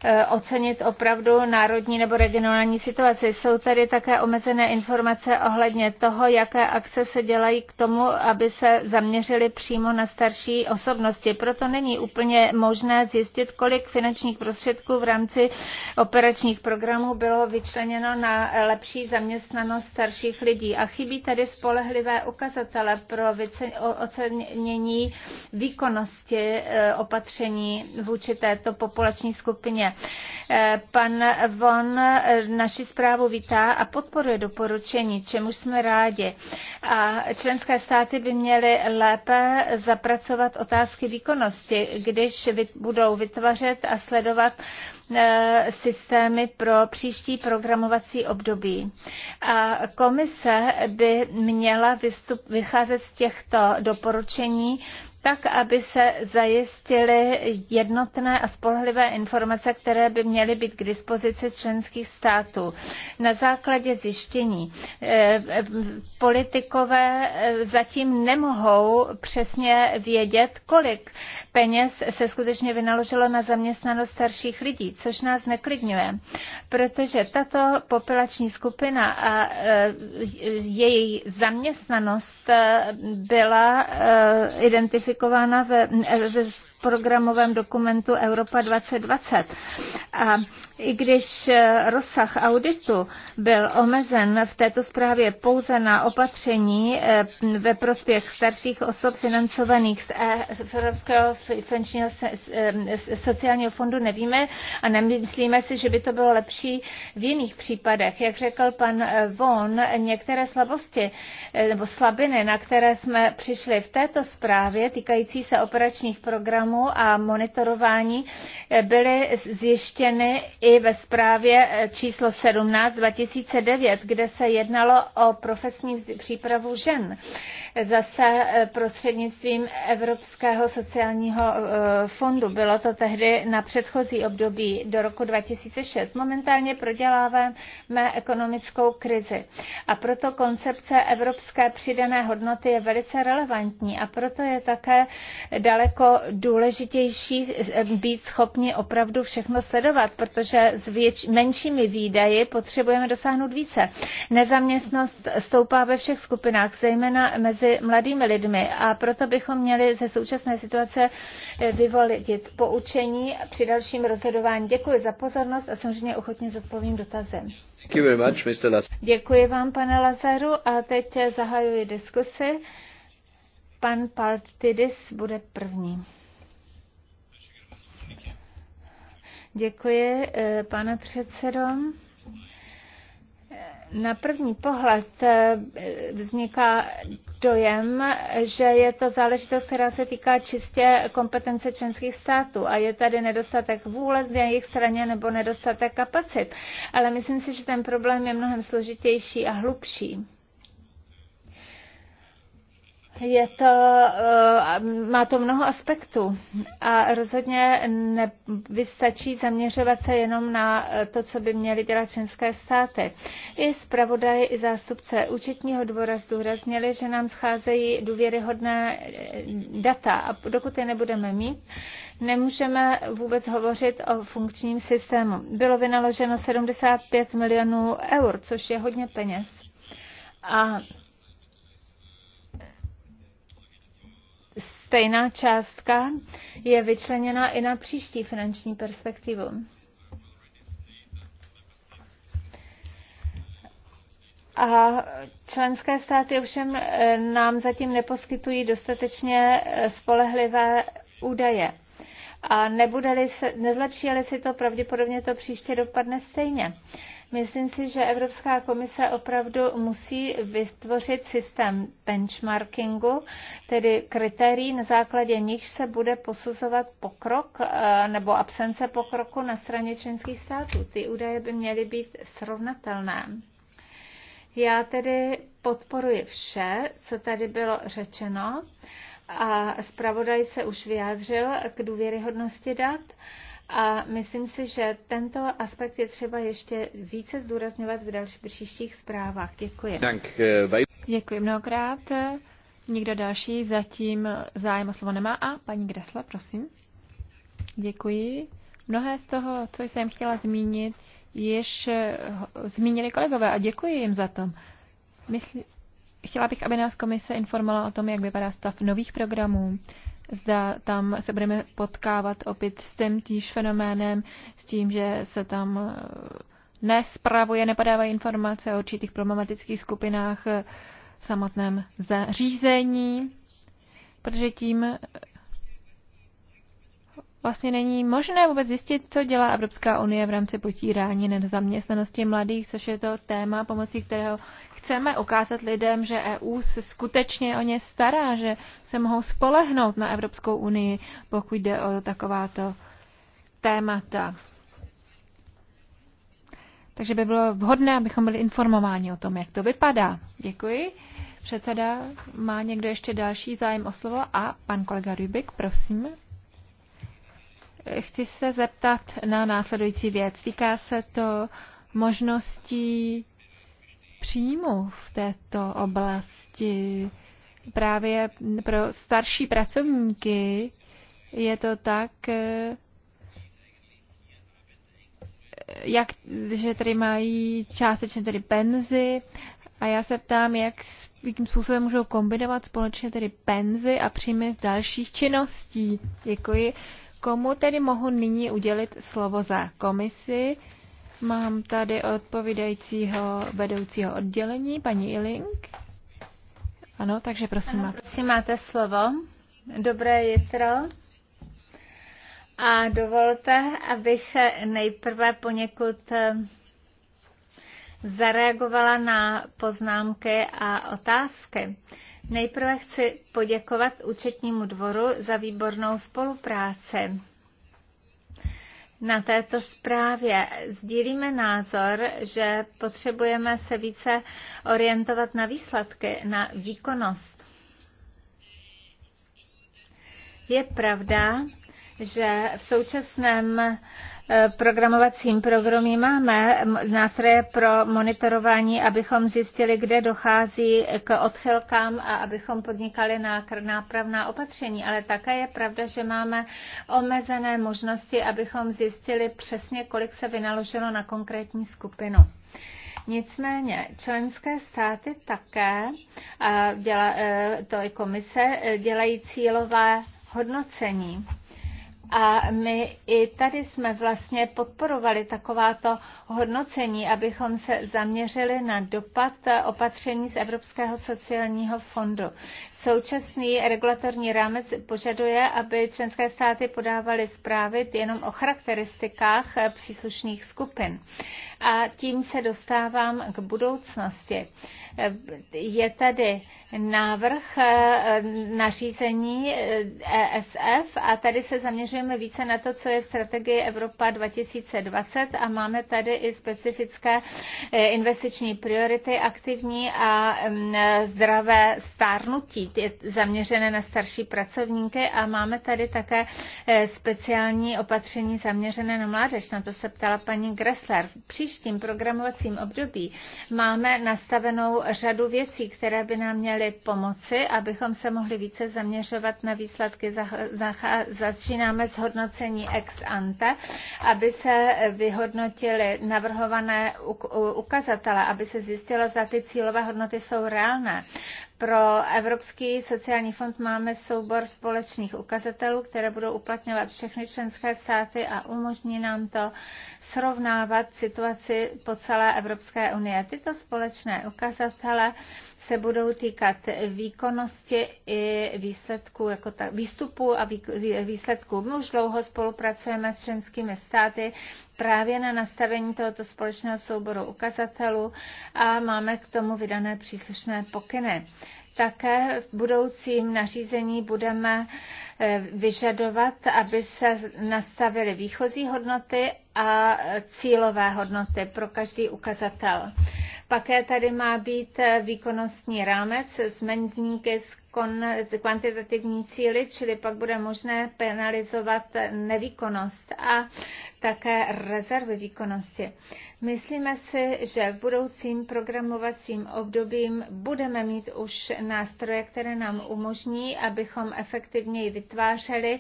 Speaker 2: Eh, ocenit opravdu národní nebo regionální situaci. Jsou tady také omezené informace ohledně toho, jaké akce se dělají k tomu, aby se zaměřili přímo na starší osobnosti. Proto není úplně možné zjistit, kolik finančních prostředků v rámci operačních programů bylo vyčleněno na lepší zaměstnanost starších lidí. A chybí tady spolehlivé ukazatele pro ocenění výkonnosti eh, opatření vůči této populační skupině. Eh, pan Von eh, naši zprávu vítá a podporuje doporučení, čemu jsme rádi. A členské státy by měly lépe zapracovat otázky výkonnosti, když budou vytvářet a sledovat eh, systémy pro příští programovací období. A komise by měla vystup, vycházet z těchto doporučení tak, aby se zajistily jednotné a spolehlivé informace, které by měly být k dispozici členských států. Na základě zjištění eh, politikové eh, zatím nemohou přesně vědět, kolik peněz se skutečně vynaložilo na zaměstnanost starších lidí, což nás neklidňuje, protože tato populační skupina a eh, její zaměstnanost byla identifikována identifikována ve, ve programovém dokumentu Evropa 2020. A i když eh, rozsah auditu byl omezen v této zprávě pouze na opatření eh, ve prospěch starších osob financovaných z eh, Evropského finančního sociálního fondu, nevíme a nemyslíme si, že by to bylo lepší v jiných případech. Jak řekl pan Von, některé slabosti nebo slabiny, na které jsme přišli v této zprávě, týkající se operačních programů a monitorování eh, byly zjištěny i ve zprávě eh, číslo 17 2009, kde se jednalo o profesní přípravu žen. Zase eh, prostřednictvím Evropského sociálního fondu. Bylo to tehdy na předchozí období do roku 2006. Momentálně proděláváme ekonomickou krizi. A proto koncepce evropské přidané hodnoty je velice relevantní a proto je také také daleko důležitější eh, být schopni opravdu všechno sledovat, protože s věč, menšími výdaji potřebujeme dosáhnout více. Nezaměstnost stoupá ve všech skupinách, zejména mezi mladými lidmi a proto bychom měli ze současné situace eh, vyvolit poučení při dalším rozhodování. Děkuji za pozornost a samozřejmě ochotně zodpovím dotazem. Děkuji vám, pane Lazaru, a teď zahajuji diskusi. Pan Paltidis bude první. Děkuji, eh, pane předsedo. Na první pohled eh, vzniká dojem, že je to záležitost, která se týká čistě kompetence členských států a je tady nedostatek vůle na jejich straně nebo nedostatek kapacit. Ale myslím si, že ten problém je mnohem složitější a hlubší. Je to, eh, má to mnoho aspektů a rozhodně nevystačí zaměřovat se jenom na eh, to, co by měly dělat členské státy. I zpravodaj, i zástupce účetního dvora zdůraznili, že nám scházejí důvěryhodné eh, data a dokud je nebudeme mít, nemůžeme vůbec hovořit o funkčním systému. Bylo vynaloženo 75 milionů eur, což je hodně peněz. A stejná částka je vyčleněna i na příští finanční perspektivu. A členské státy ovšem eh, nám zatím neposkytují dostatečně eh, spolehlivé údaje. A se, nezlepší ale si to, pravděpodobně to příště dopadne stejně. Myslím si, že Evropská komise opravdu musí vytvořit systém benchmarkingu, tedy kritérií, na základě nich se bude posuzovat pokrok eh, nebo absence pokroku na straně členských států. Ty údaje by měly být srovnatelné. Já tedy podporuji vše, co tady bylo řečeno a zpravodaj se už vyjádřil k důvěryhodnosti dat a myslím si, že tento aspekt je třeba ještě více
Speaker 1: zdůrazňovat v dalších příštích zprávách. Děkuji. Eh, děkuji mnohokrát. Nikdo další zatím zájem o slovo nemá. A paní Gresle, prosím. Děkuji. Mnohé z toho, co jsem chtěla zmínit, již eh, zmínili kolegové a děkuji jim za to. Myslí... Chtěla bych, aby nás komise informovala o tom, jak vypadá stav nových programů zda tam se budeme potkávat opět s tím týž fenoménem, s tím, že se tam eh, nespravuje, nepodávají informace o určitých problematických skupinách eh, v samotném zařízení, protože tím vlastně není možné vůbec zjistit, co dělá Evropská unie v rámci potírání nezaměstnanosti mladých, což je to téma, pomocí kterého chceme ukázat lidem, že EU se skutečně o ně stará, že se mohou spolehnout na Evropskou unii, pokud jde o takováto témata. Takže by bylo vhodné, abychom byli informováni o tom, jak to vypadá. Děkuji. Předseda, má někdo ještě další zájem o slovo? A pan kolega Rybik, prosím chci se zeptat na následující věc. Týká se to možností příjmu v této oblasti. Právě pro starší pracovníky je to tak, jak, že tady mají částečně tedy penzi a já se ptám, jak, jakým způsobem můžou kombinovat společně tedy penzi a příjmy z dalších činností. Děkuji. Komu tedy mohu nyní udělit slovo za komisi? Mám tady odpovídajícího vedoucího oddělení, paní Ilink. Ano, takže prosím, ano, máte. Prosím, máte slovo. Dobré jitro.
Speaker 2: A dovolte, abych nejprve poněkud eh, zareagovala na poznámky a otázky. Nejprve chci poděkovat účetnímu dvoru za výbornou spolupráci. Na této zprávě sdílíme názor, že potřebujeme se více orientovat na výsledky, na výkonnost. Je pravda, že v současném Eh, programovacím programy máme nástroje pro monitorování, abychom zjistili, kde dochází k odchylkám a abychom podnikali nápravná opatření. Ale také je pravda, že máme omezené možnosti, abychom zjistili přesně, kolik se vynaložilo na konkrétní skupinu. Nicméně členské státy také, a eh, děla, eh, to i komise, dělají cílové hodnocení a my i tady jsme vlastně podporovali takováto hodnocení, abychom se zaměřili na dopad opatření z Evropského sociálního fondu. Současný regulatorní rámec požaduje, aby členské státy podávaly zprávy jenom o charakteristikách příslušných skupin. A tím se dostávám k budoucnosti. Je tady návrh eh, nařízení ESF eh, e a tady se zaměřuje zaměřujeme více na to, co je v strategii Evropa 2020 a máme tady i specifické eh, investiční priority, aktivní a mm, zdravé stárnutí, zaměřené na starší pracovníky a máme tady také eh, speciální opatření zaměřené na mládež. Na to se ptala paní Gressler. V příštím programovacím období máme nastavenou řadu věcí, které by nám měly pomoci, abychom se mohli více zaměřovat na výsledky. Začínáme zhodnocení hodnocení ex ante, aby se vyhodnotily navrhované ukazatele, aby se zjistilo, zda ty cílové hodnoty jsou reálné. Pro Evropský sociální fond máme soubor společných ukazatelů, které budou uplatňovat všechny členské státy a umožní nám to srovnávat situaci po celé Evropské unie. Tyto společné ukazatele se budou týkat výkonnosti i výsledků, jako tak, výstupu a výsledků. My už dlouho spolupracujeme s členskými státy právě na nastavení tohoto společného souboru ukazatelů a máme k tomu vydané příslušné pokyny. Také v budoucím nařízení budeme eh, vyžadovat, aby se nastavily výchozí hodnoty a cílové hodnoty pro každý ukazatel. Také tady má být výkonnostní rámec s menzníky, s kvantitativní cíly, čili pak bude možné penalizovat nevýkonnost a také rezervy výkonnosti. Myslíme si, že v budoucím programovacím obdobím budeme mít už nástroje, které nám umožní, abychom efektivněji vytvářeli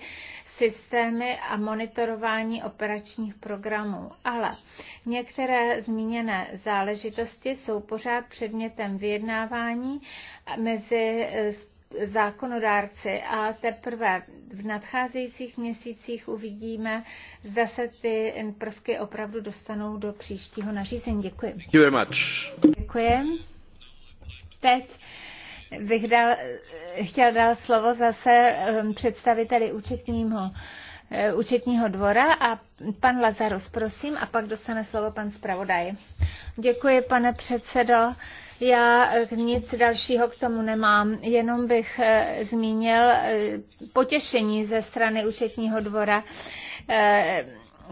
Speaker 2: systémy a monitorování operačních programů. Ale některé zmíněné záležitosti jsou pořád předmětem vyjednávání mezi eh, zákonodárci a teprve v nadcházejících měsících uvidíme, zda se ty prvky opravdu dostanou do příštího nařízení. Děkuji. Děkuji. Děkuji. Teď bych dal, chtěl dát slovo zase um, představiteli účetního, eh, účetního dvora a pan Lazarus, prosím, a pak dostane slovo pan zpravodaj. Děkuji, pane předsedo. Já eh, nic dalšího k tomu nemám, jenom bych eh, zmínil potěšení ze strany účetního dvora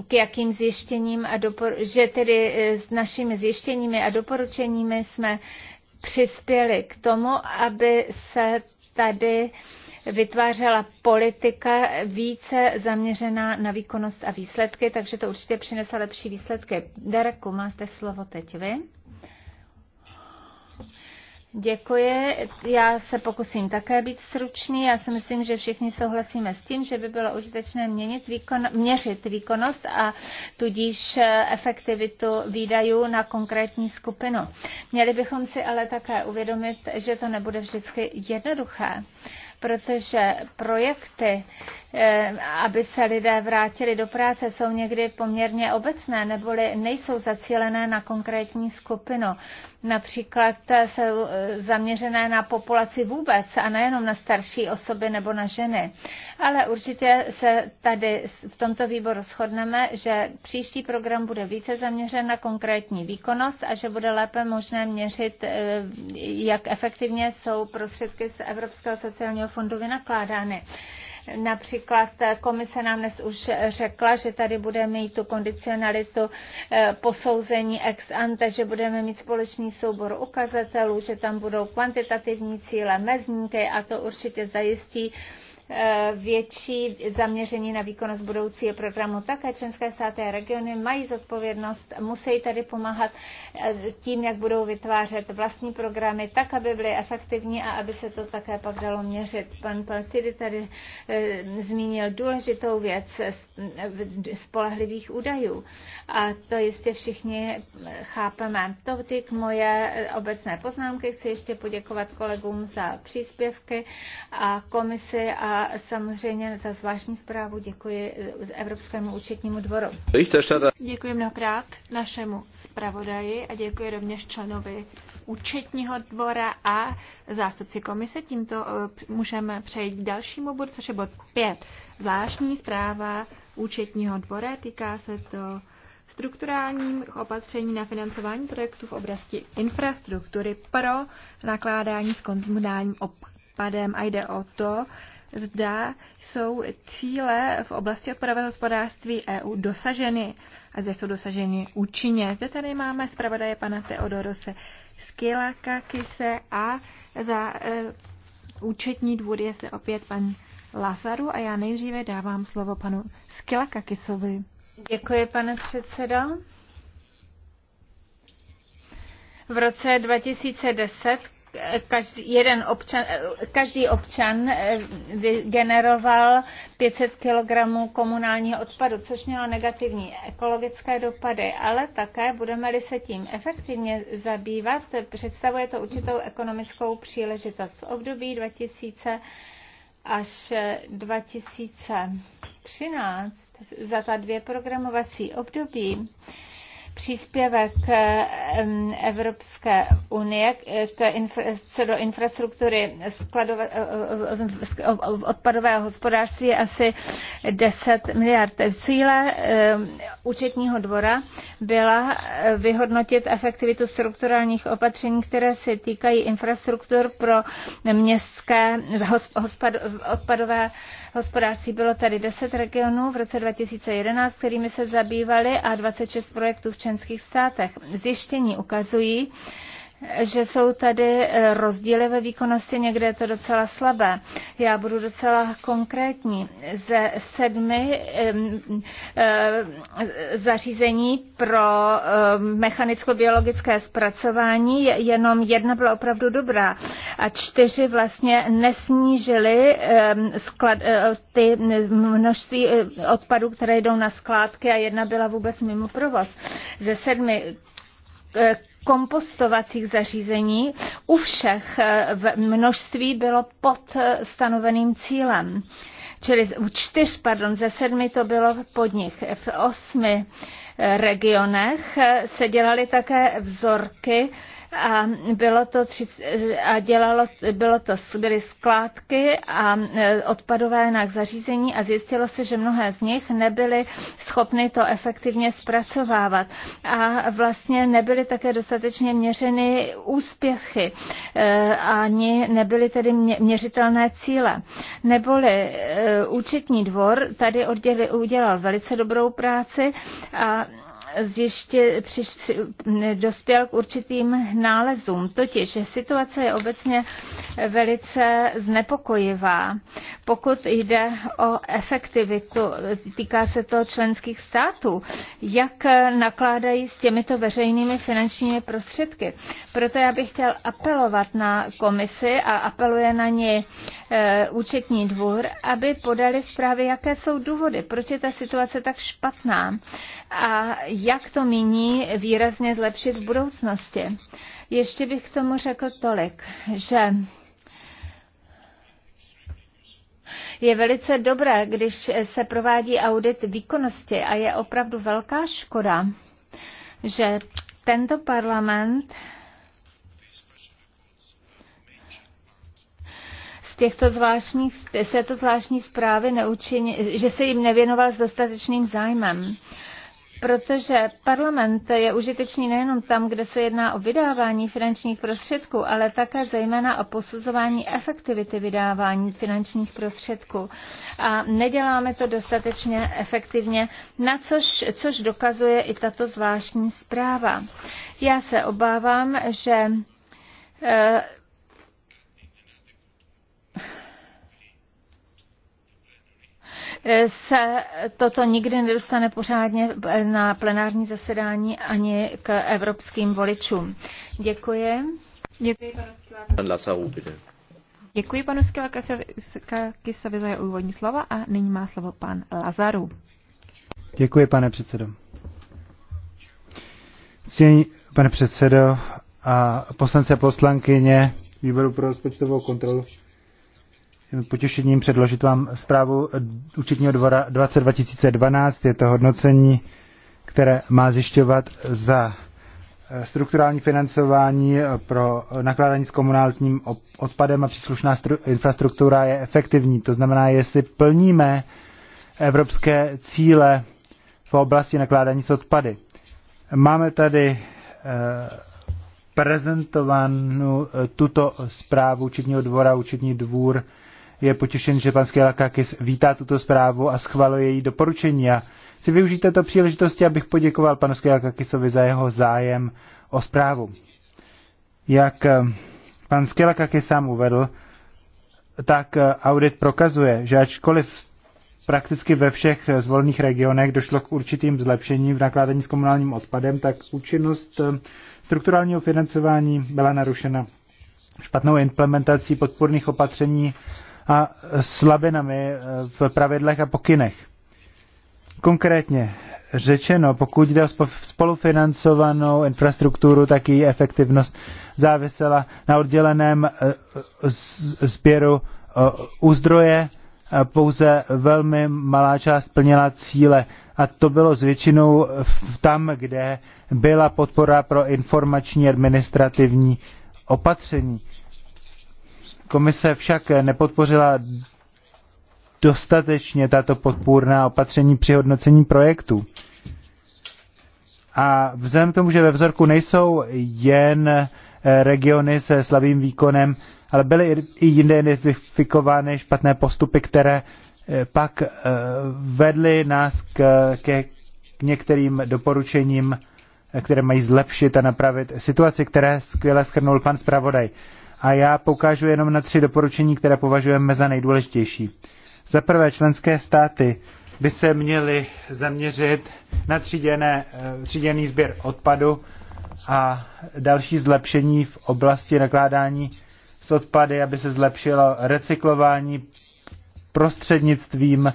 Speaker 2: k jakým zjištěním a dopor- že tedy s našimi zjištěními a doporučeními jsme přispěli k tomu, aby se tady vytvářela politika více zaměřená na výkonnost a výsledky, takže to určitě přinese lepší výsledky. Dereku, máte slovo teď vy. Děkuji. Já se pokusím také být stručný. Já si myslím, že všichni souhlasíme s tím, že by bylo užitečné měnit výkon, měřit výkonnost a tudíž eh, efektivitu výdajů na konkrétní skupinu. Měli bychom si ale také uvědomit, že to nebude vždycky jednoduché protože projekty, eh, aby se lidé vrátili do práce, jsou někdy poměrně obecné, neboli nejsou zacílené na konkrétní skupinu například jsou eh, zaměřené na populaci vůbec a nejenom na starší osoby nebo na ženy. Ale určitě se tady v tomto výboru shodneme, že příští program bude více zaměřen na konkrétní výkonnost a že bude lépe možné měřit, eh, jak efektivně jsou prostředky z Evropského sociálního fondu vynakládány. Například komise nám dnes už řekla, že tady budeme mít tu kondicionalitu eh, posouzení ex ante, že budeme mít společný soubor ukazatelů, že tam budou kvantitativní cíle, mezníky a to určitě zajistí, Eh, větší zaměření na výkonnost budoucího programu. Také členské státy a regiony mají zodpovědnost, musí tady pomáhat eh, tím, jak budou vytvářet vlastní programy, tak, aby byly efektivní a aby se to také pak dalo měřit. Pan Palsidy tady eh, zmínil důležitou věc spolehlivých údajů a to jistě všichni chápeme. To ty moje obecné poznámky. Chci ještě poděkovat kolegům za příspěvky a komisi a a samozřejmě za zvláštní zprávu děkuji eh,
Speaker 1: Evropskému účetnímu dvoru. Děkuji mnohokrát našemu zpravodaji a děkuji rovněž členovi účetního dvora a zástupci komise. Tímto eh, můžeme přejít k dalšímu bodu, což je bod 5. Zvláštní zpráva účetního dvora týká se to strukturálním opatření na financování projektů v oblasti infrastruktury pro nakládání s komunálním opadem a jde o to, zda jsou cíle v oblasti odpadového hospodářství EU dosaženy a zda jsou dosaženy účinně. Zde tady máme zpravodaje pana Teodorose Skilaka Kise a za e, účetní dvůr je zde opět pan Lazaru a já nejdříve dávám slovo panu Skilaka Kisovi.
Speaker 2: Děkuji, pane předsedo. V roce 2010 každý, jeden občan, každý občan eh, vygeneroval 500 kg komunálního odpadu, což mělo negativní ekologické dopady, ale také, budeme-li se tím efektivně zabývat, představuje to určitou ekonomickou příležitost. V období 2000 až 2013 za ta dvě programovací období příspěvek eh, Evropské unie k eh, co do infrastruktury eh, odpadového hospodářství je asi 10 miliard. Cíle účetního dvora byla vyhodnotit efektivitu strukturálních opatření, které se týkají infrastruktur pro městské odpadové hospodářství. Bylo tady 10 regionů v roce 2011, kterými se zabývali a 26 projektů v členských státech. Zjištění ukazují, že jsou tady eh, rozdíly ve výkonnosti, někde je to docela slabé. Já budu docela konkrétní. Ze sedmi eh, zařízení pro eh, mechanicko-biologické zpracování jenom jedna byla opravdu dobrá a čtyři vlastně nesnížily ty množství odpadů, které jdou na skládky a jedna byla vůbec mimo provoz. Ze sedmi kompostovacích zařízení u všech eh, v množství bylo pod eh, stanoveným cílem. Čili u čtyř, pardon, ze sedmi to bylo pod nich. V osmi eh, regionech se dělaly také vzorky a bylo to tři, a dělalo, bylo to, byly skládky a e, odpadové na zařízení a zjistilo se, že mnohé z nich nebyly schopny to efektivně zpracovávat a vlastně nebyly také dostatečně měřeny úspěchy e, ani nebyly tedy měřitelné cíle. Neboli e, účetní dvor tady udělal velice dobrou práci a zjiště, přiš, dospěl k určitým nálezům. Totiž situace je obecně velice znepokojivá. Pokud jde o efektivitu, týká se to členských států, jak nakládají s těmito veřejnými finančními prostředky. Proto já bych chtěl apelovat na komisi a apeluje na ní Eh, účetní dvůr, aby podali zprávy, jaké jsou důvody, proč je ta situace tak špatná a jak to míní výrazně zlepšit v budoucnosti. Ještě bych k tomu řekl tolik, že je velice dobré, když se provádí audit výkonnosti a je opravdu velká škoda, že tento parlament těchto zvláštních, z této zvláštní zprávy neučinil, že se jim nevěnoval s dostatečným zájmem. Protože parlament je užitečný nejenom tam, kde se jedná o vydávání finančních prostředků, ale také zejména o posuzování efektivity vydávání finančních prostředků. A neděláme to dostatečně efektivně, na což, což dokazuje i tato zvláštní zpráva. Já se obávám, že eh, se toto nikdy nedostane pořádně na plenární zasedání ani k evropským
Speaker 1: voličům. Děkuji. Děkuji panu
Speaker 4: Skilákovi.
Speaker 1: Děkuji panu Skilakisovi za jeho úvodní slova a nyní má slovo pan Lazaru.
Speaker 3: Děkuji, pane předsedo. Ctění, pane předsedo a poslance poslankyně výboru pro rozpočtovou kontrolu potěšením předložit vám zprávu účetního dvora 2012. Je to hodnocení, které má zjišťovat za eh, strukturální financování eh, pro nakládání s komunálním odpadem a příslušná infrastruktura je efektivní. To znamená, jestli plníme evropské cíle v oblasti nakládání s odpady. Máme tady eh, prezentovanou tuto zprávu Učitního dvora. Učitní dvůr je potěšen, že pan Skilakakis vítá tuto zprávu a schvaluje její doporučení. A chci využít této příležitosti, abych poděkoval panu Skilakakisovi za jeho zájem o zprávu. Jak eh, pan Skilakakis sám uvedl, tak eh, audit prokazuje, že ačkoliv prakticky ve všech eh, zvolených regionech došlo k určitým zlepšením v nakládání s komunálním odpadem, tak účinnost strukturálního financování byla narušena špatnou implementací podporných opatření a slabinami eh, v pravidlech a pokynech. Konkrétně řečeno, pokud jde o spolufinancovanou infrastrukturu, tak její efektivnost závisela na odděleném eh, sběru úzdroje, eh, pouze velmi malá část plnila cíle a to bylo s většinou tam, kde byla podpora pro informační administrativní opatření. Komise však nepodpořila dostatečně tato podpůrná opatření při hodnocení projektu. A vzhledem k tomu, že ve vzorku nejsou jen eh, regiony se slabým výkonem, ale byly i jinde identifikovány špatné postupy, které eh, pak eh, vedly nás k, k některým doporučením, které mají zlepšit a napravit situaci, které skvěle schrnul pan zpravodaj a já poukážu jenom na tři doporučení, které považujeme za nejdůležitější. Za prvé, členské státy by se měly zaměřit na tříděné, eh, tříděný sběr odpadu a další zlepšení v oblasti nakládání s odpady, aby se zlepšilo recyklování prostřednictvím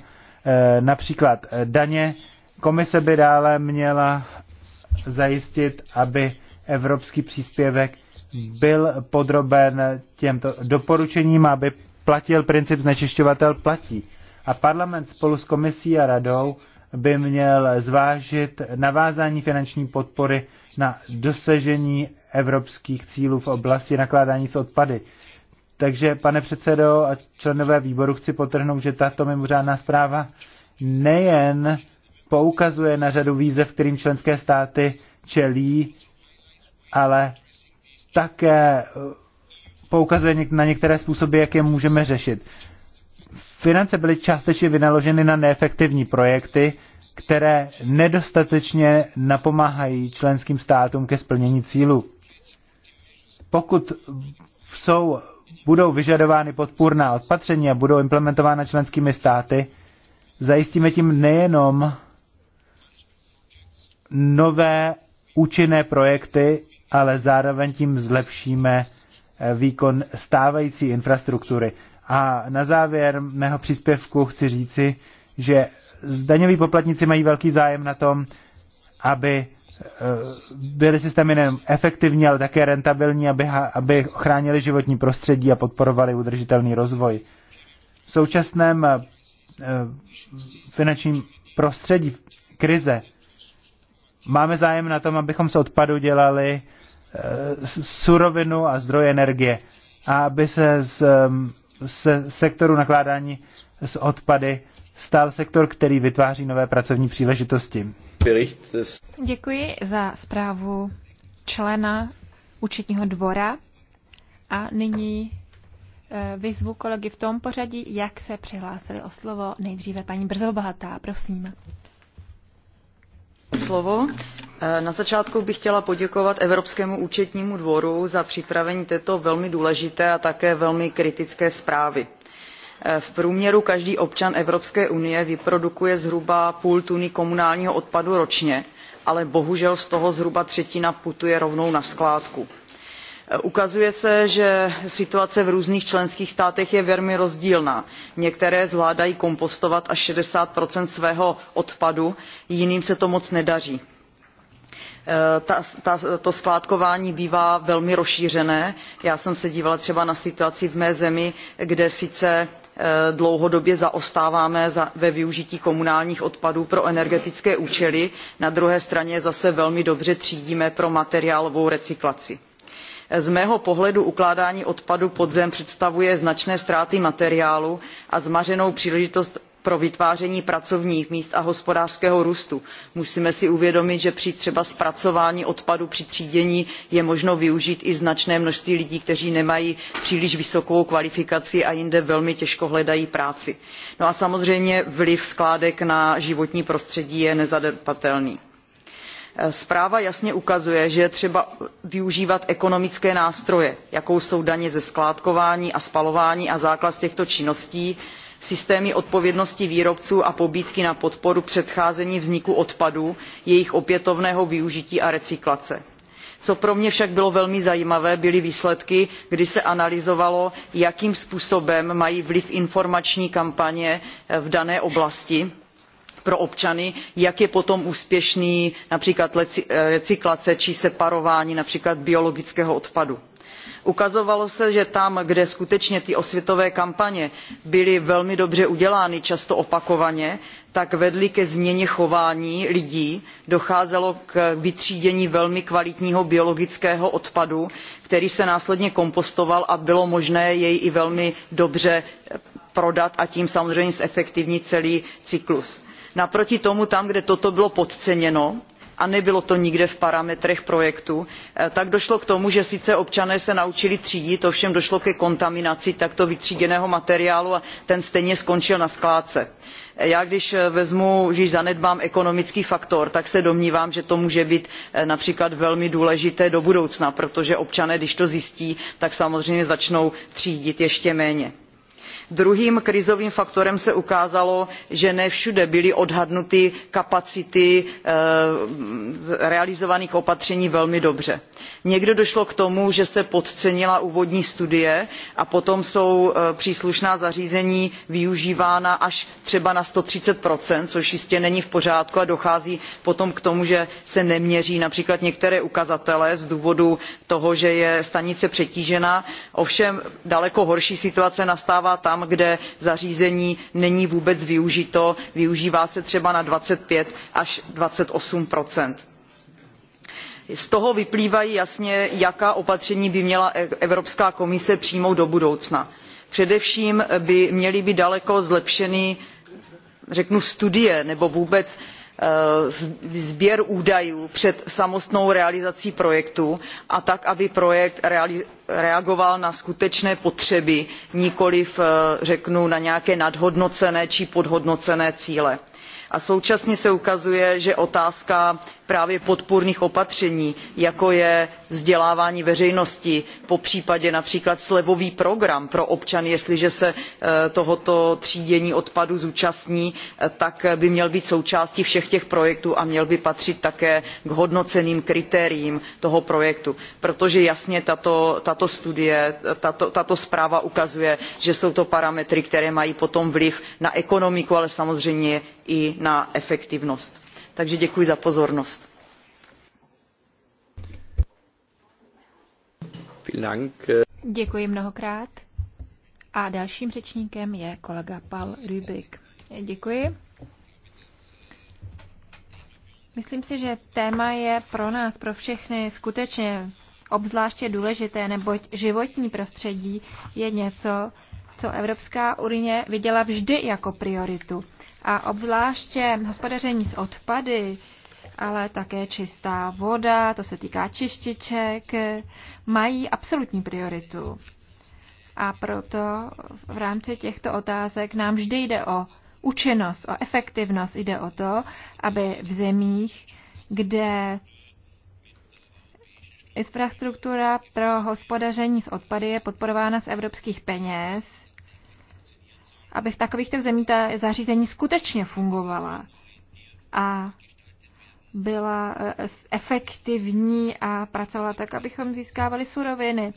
Speaker 3: eh, například eh, daně. Komise by dále měla zajistit, aby evropský příspěvek byl podroben těmto doporučením, aby platil princip znečišťovatel platí. A parlament spolu s komisí a radou by měl zvážit navázání finanční podpory na dosažení evropských cílů v oblasti nakládání s odpady. Takže, pane předsedo a členové výboru, chci potrhnout, že tato mimořádná zpráva nejen poukazuje na řadu výzev, kterým členské státy čelí, ale také eh, poukazuje na některé způsoby, jak je můžeme řešit. Finance byly částečně vynaloženy na neefektivní projekty, které nedostatečně napomáhají členským státům ke splnění cílu. Pokud jsou, budou vyžadovány podpůrná odpatření a budou implementována členskými státy, zajistíme tím nejenom nové účinné projekty, ale zároveň tím zlepšíme eh, výkon stávající infrastruktury. A na závěr mého příspěvku chci říci, že daňoví poplatníci mají velký zájem na tom, aby eh, byly systémy nejen efektivní, ale také rentabilní, aby, aby chránili životní prostředí a podporovali udržitelný rozvoj. V současném eh, finančním prostředí krize máme zájem na tom, abychom se odpadu dělali surovinu a zdroje energie a aby se z, z um, sektoru nakládání s odpady stál sektor, který vytváří nové pracovní příležitosti.
Speaker 1: Děkuji za zprávu člena účetního dvora a nyní eh, vyzvu kolegy v tom pořadí, jak se přihlásili o slovo. Nejdříve paní Brzobohatá, prosím.
Speaker 4: Slovo na začátku bych chtěla poděkovat evropskému účetnímu dvoru za připravení této velmi důležité a také velmi kritické zprávy. v průměru každý občan evropské unie vyprodukuje zhruba půl tuny komunálního odpadu ročně ale bohužel z toho zhruba třetina putuje rovnou na skládku. ukazuje se že situace v různých členských státech je velmi rozdílná některé zvládají kompostovat až sixty svého odpadu jiným se to moc nedaří Eh, to skládkování bývá velmi rozšířené. já jsem se dívala třeba na situaci v mé zemi kde sice eh, dlouhodobě zaostáváme ve využití komunálních odpadů pro energetické účely na druhé straně zase velmi dobře třídíme pro materiálovou recyklaci z mého pohledu ukládání odpadu pod zem představuje značné ztráty materiálu a zmařenou příležitost pro vytváření pracovních míst a hospodářského růstu. musíme si uvědomit že při třeba zpracování odpadu při třídění je možno využít i značné množství lidí kteří nemají příliš vysokou kvalifikaci a jinde velmi těžko hledají práci. no a samozřejmě vliv skládek na životní prostředí je nezanedbatelný Eh, zpráva jasně ukazuje že je třeba využívat ekonomické nástroje jako jsou daně ze skládkování a spalování a základ těchto činností systémy odpovědnosti výrobců a pobídky na podporu předcházení vzniku odpadů jejich opětovného využití a recyklace co pro mě však bylo velmi zajímavé byly výsledky kdy se analyzovalo jakým způsobem mají vliv informační kampaně eh, v dané oblasti pro občany jak je potom úspěšný například eh, recyklace či separování například biologického odpadu ukazovalo se že tam kde skutečně ty osvětové kampaně byly velmi dobře udělány často opakovaně tak vedly ke změně chování lidí docházelo k vytřídění velmi kvalitního biologického odpadu který se následně kompostoval a bylo možné jej i velmi dobře prodat a tím samozřejmě zefektivnit celý cyklus naproti tomu tam kde toto bylo podceněno a nebylo to nikde v parametrech projektu eh, tak došlo k tomu že sice občané se naučili třídit ovšem došlo ke kontaminaci takto vytříděného materiálu a ten stejně skončil na skládce. Eh, já když eh, vezmu když zanedbám ekonomický faktor tak se domnívám že to může být například velmi důležité do budoucna protože občané když to zjistí tak samozřejmě začnou třídit ještě méně druhým krizovým faktorem se ukázalo že ne všude byly odhadnuty kapacity eh, realizovaných opatření velmi dobře. někde došlo k tomu že se podcenila úvodní studie a potom jsou eh, příslušná zařízení využívána až třeba na one hundred and thirty což jistě není v pořádku a dochází potom k tomu že se neměří například některé ukazatele z důvodu toho že je stanice přetížena ovšem daleko horší situace nastává tam tam kde zařízení není vůbec využito využívá se třeba na twenty five až twenty eight z toho vyplývá jasně jaká opatření by měla e- evropská komise přijmout do budoucna. především by měly být daleko zlepšeny řeknu studie nebo vůbec Eh, sběr údajů před samotnou realizací projektu a tak aby projekt reagoval na skutečné potřeby nikoliv eh, řeknu na nějaké nadhodnocené či podhodnocené cíle. a současně se ukazuje že otázka právě podpůrných opatření jako je vzdělávání veřejnosti popřípadě například slevový program pro občany jestliže se eh, tohoto třídění odpadu zúčastní eh, tak by měl být součástí všech těch projektů a měl by patřit také k hodnoceným kritériím toho projektu protože jasně tato, tato studie tato zpráva ukazuje že jsou to parametry které mají potom vliv na ekonomiku ale samozřejmě i na efektivnost takže děkuji za pozornost.
Speaker 1: Děkuji mnohokrát. A dalším řečníkem je kolega Paul Rübig. Děkuji. Myslím si, že téma je pro nás, pro všechny skutečně obzvláště důležité, neboť životní prostředí je něco, co Evropská unie viděla vždy jako prioritu a obzvláště hospodaření s odpady, ale také čistá voda, to se týká čističek, mají absolutní prioritu. A proto v rámci těchto otázek nám vždy jde o účinnost, o efektivnost, jde o to, aby v zemích, kde infrastruktura pro hospodaření s odpady je podporována z evropských peněz, aby v takových těch zemích ta zařízení skutečně fungovala a byla eh, efektivní a pracovala tak, abychom získávali suroviny.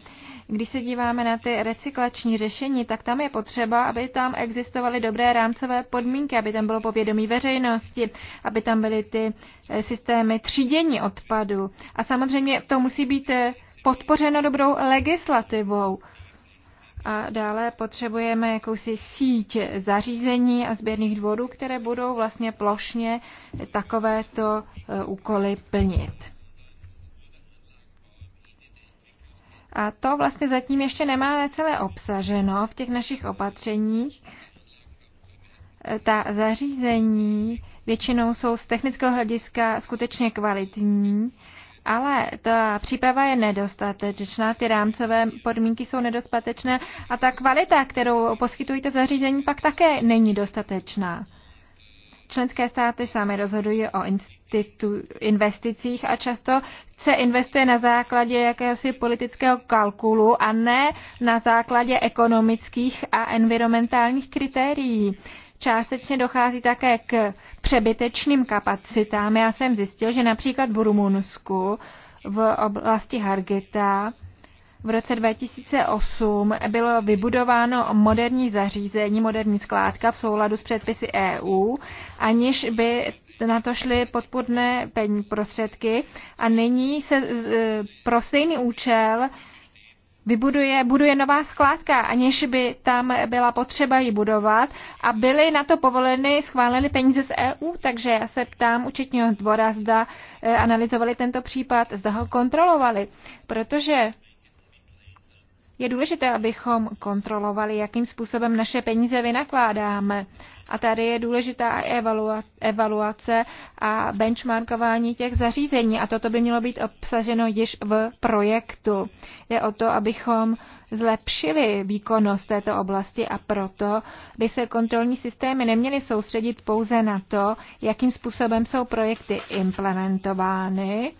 Speaker 1: Když se díváme na ty recyklační řešení, tak tam je potřeba, aby tam existovaly dobré rámcové podmínky, aby tam bylo povědomí veřejnosti, aby tam byly ty eh, systémy třídění odpadu. A samozřejmě to musí být eh, podpořeno dobrou legislativou. A dále potřebujeme jakousi síť zařízení a sběrných dvorů, které budou vlastně plošně takovéto eh, úkoly plnit. A to vlastně zatím ještě nemáme celé obsaženo v těch našich opatřeních. Eh, ta zařízení většinou jsou z technického hlediska skutečně kvalitní ale ta příprava je nedostatečná, ty rámcové podmínky jsou nedostatečné a ta kvalita, kterou poskytují to zařízení, pak také není dostatečná. Členské státy sami rozhodují o institu- investicích a často se investuje na základě jakéhosi politického kalkulu a ne na základě ekonomických a environmentálních kritérií částečně dochází také k přebytečným kapacitám. Já jsem zjistil, že například v Rumunsku v oblasti Hargita v roce 2008 bylo vybudováno moderní zařízení, moderní skládka v souladu s předpisy EU, aniž by na to šly podpůrné prostředky a nyní se e, pro stejný účel vybuduje, buduje nová skládka, aniž by tam byla potřeba ji budovat a byly na to povoleny, schváleny peníze z EU, takže já se ptám účetního dvora, zda eh, analyzovali tento případ, zda ho kontrolovali, protože je důležité, abychom kontrolovali, jakým způsobem naše peníze vynakládáme. A tady je důležitá evaluace a benchmarkování těch zařízení. A toto by mělo být obsaženo již v projektu. Je o to, abychom zlepšili výkonnost této oblasti a proto by se kontrolní systémy neměly soustředit pouze na to, jakým způsobem jsou projekty implementovány,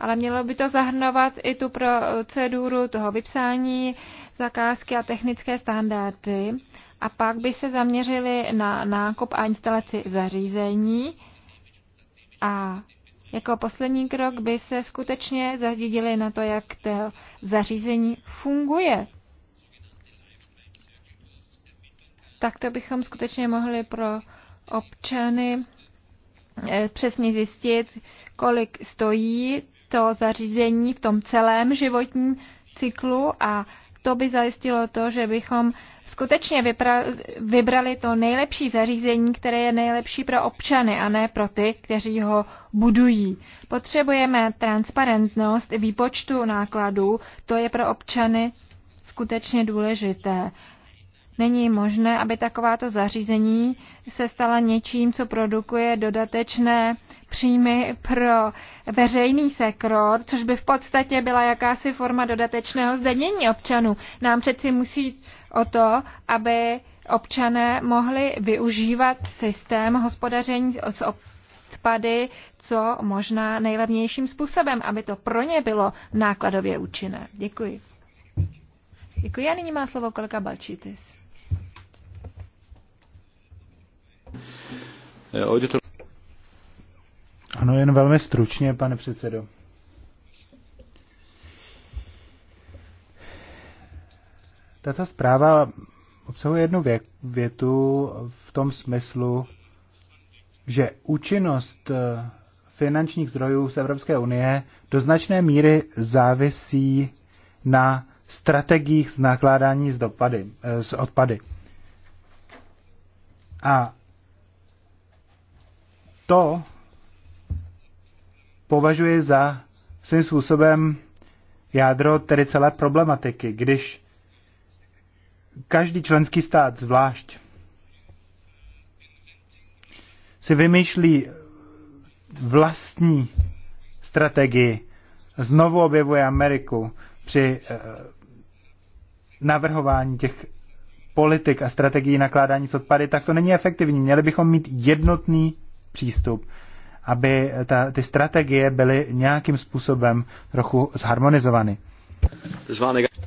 Speaker 1: ale mělo by to zahrnovat i tu proceduru toho vypsání zakázky a technické standardy a pak by se zaměřili na nákup a instalaci zařízení a jako poslední krok by se skutečně zařídili na to, jak to zařízení funguje. Tak to bychom skutečně mohli pro občany eh, přesně zjistit, kolik stojí to zařízení v tom celém životním cyklu a to by zajistilo to, že bychom skutečně vybrali to nejlepší zařízení, které je nejlepší pro občany a ne pro ty, kteří ho budují. Potřebujeme transparentnost výpočtu nákladů, to je pro občany skutečně důležité. Není možné, aby takováto zařízení se stala něčím, co produkuje dodatečné příjmy pro veřejný sektor, což by v podstatě byla jakási forma dodatečného zdanění občanů. Nám přeci musí o to, aby občané mohli využívat systém hospodaření s odpady co možná nejlevnějším způsobem, aby to pro ně bylo nákladově účinné. Děkuji. Děkuji a nyní má slovo kolega Balčitis.
Speaker 3: Auditor... Eh, ano, jen velmi stručně, pane předsedo. Tato zpráva obsahuje jednu větu v tom smyslu, že účinnost eh, finančních zdrojů z Evropské unie do značné míry závisí na strategiích z nakládání z dopady, z eh, odpady. A to považuji za svým způsobem jádro tedy celé problematiky, když každý členský stát zvlášť si vymýšlí vlastní strategii, znovu objevuje Ameriku při eh, navrhování těch politik a strategií nakládání s odpady, tak to není efektivní. Měli bychom mít jednotný přístup, aby ta, ty strategie byly nějakým způsobem trochu zharmonizovány.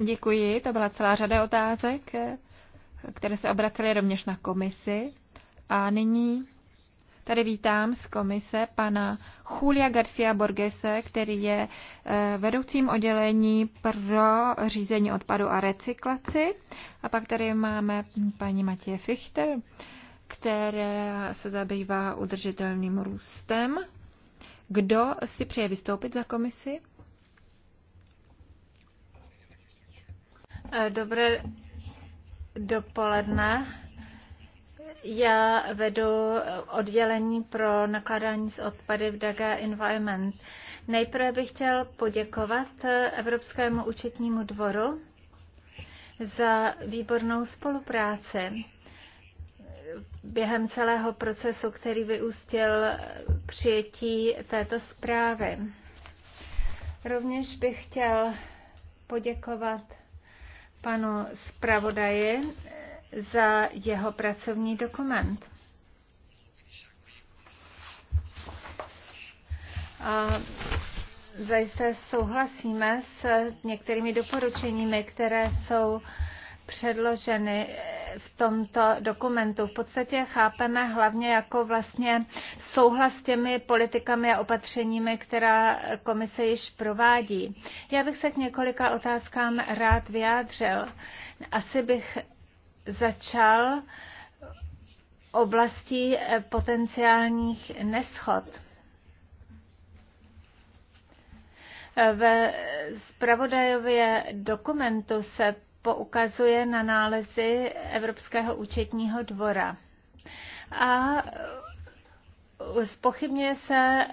Speaker 1: Děkuji, to byla celá řada otázek, které se obracely rovněž na komisi. A nyní tady vítám z komise pana Julia Garcia Borgese, který je eh, vedoucím oddělení pro řízení odpadu a recyklaci. A pak tady máme paní Matěje Fichter, které se zabývá udržitelným růstem. Kdo si přeje vystoupit za komisi? Eh, dobré
Speaker 2: dopoledne. Já vedu oddělení pro nakládání s odpady v Daga Environment. Nejprve bych chtěl poděkovat Evropskému účetnímu dvoru za výbornou spolupráci během celého procesu, který vyústil přijetí této zprávy. Rovněž bych chtěl poděkovat panu zpravodaji za jeho pracovní dokument. A zajisté souhlasíme s některými doporučeními, které jsou předloženy eh, v tomto dokumentu. V podstatě chápeme hlavně jako vlastně souhlas s těmi politikami a opatřeními, která komise již provádí. Já bych se k několika otázkám rád vyjádřil. Asi bych začal oblastí eh, potenciálních neschod. Eh, ve zpravodajově dokumentu se poukazuje na nálezy Evropského účetního dvora. A spochybňuje se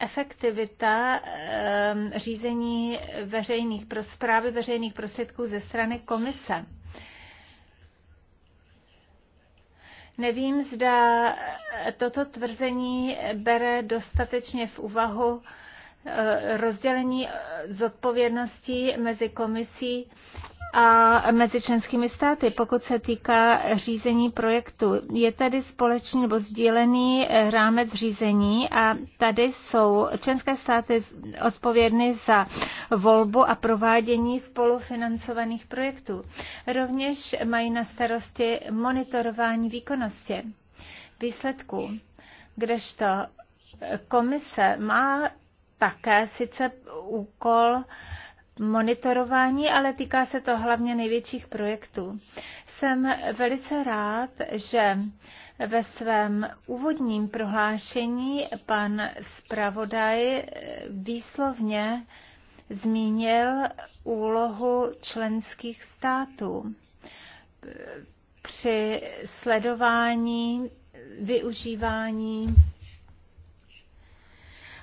Speaker 2: efektivita ehm, řízení veřejných, zprávy veřejných prostředků ze strany komise. Nevím, zda toto tvrzení bere dostatečně v úvahu eh, rozdělení zodpovědností mezi komisí a mezi členskými státy, pokud se týká řízení projektu. Je tady společný nebo sdílený eh, rámec řízení a tady jsou členské státy odpovědny za volbu a provádění spolufinancovaných projektů. Rovněž mají na starosti monitorování výkonnosti výsledků, kdežto komise má také sice úkol monitorování, ale týká se to hlavně největších projektů. Jsem velice rád, že ve svém úvodním prohlášení pan zpravodaj výslovně zmínil úlohu členských států při sledování, využívání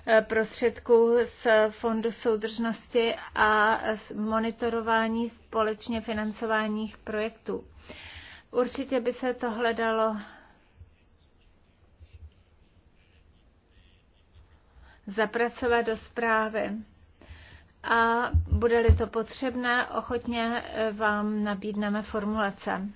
Speaker 2: Eh, prostředků z Fondu soudržnosti a monitorování společně financovaných projektů. Určitě by se to hledalo zapracovat do zprávy. A bude-li to potřebné, ochotně eh, vám nabídneme formulace.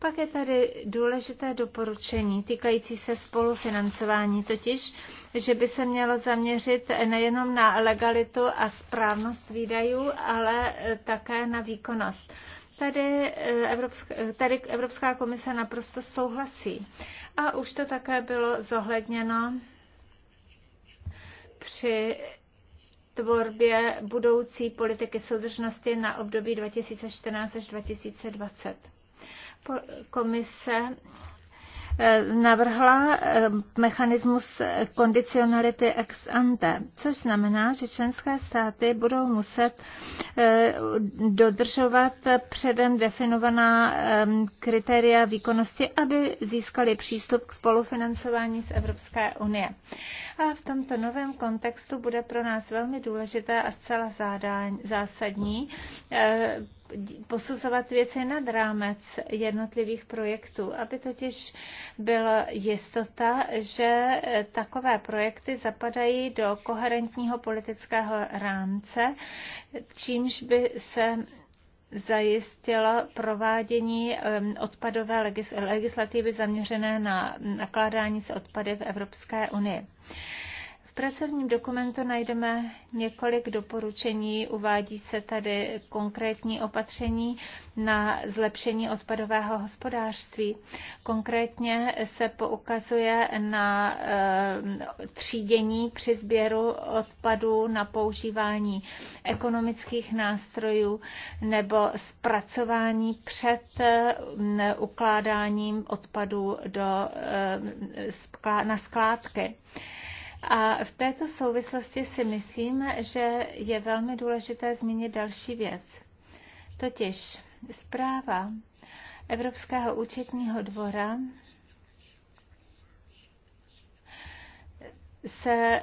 Speaker 2: Pak je tady důležité doporučení týkající se spolufinancování, totiž, že by se mělo zaměřit nejenom na legalitu a správnost výdajů, ale také na výkonnost. Tady eh, Evropská, tady Evropská komise naprosto souhlasí. A už to také bylo zohledněno při tvorbě budoucí politiky soudržnosti na období 2014 až 2020 komise eh, navrhla eh, mechanismus kondicionality ex ante, což znamená, že členské státy budou muset eh, dodržovat předem definovaná kritéria výkonnosti, aby získali přístup k spolufinancování z Evropské unie. A v tomto novém kontextu bude pro nás velmi důležité a zcela zásadní eh, posuzovat věci nad rámec jednotlivých projektů, aby totiž byla jistota, že eh, takové projekty zapadají do koherentního politického rámce, čímž by se zajistilo provádění odpadové legislativy zaměřené na nakládání s odpady v Evropské unii pracovním dokumentu najdeme několik doporučení. Uvádí se tady konkrétní opatření na zlepšení odpadového hospodářství. Konkrétně se poukazuje na eh, třídění při sběru odpadů, na používání ekonomických nástrojů nebo zpracování před eh, ukládáním odpadů do, eh, na skládky. A v této souvislosti si myslím, že je velmi důležité zmínit další věc. Totiž zpráva Evropského účetního dvora se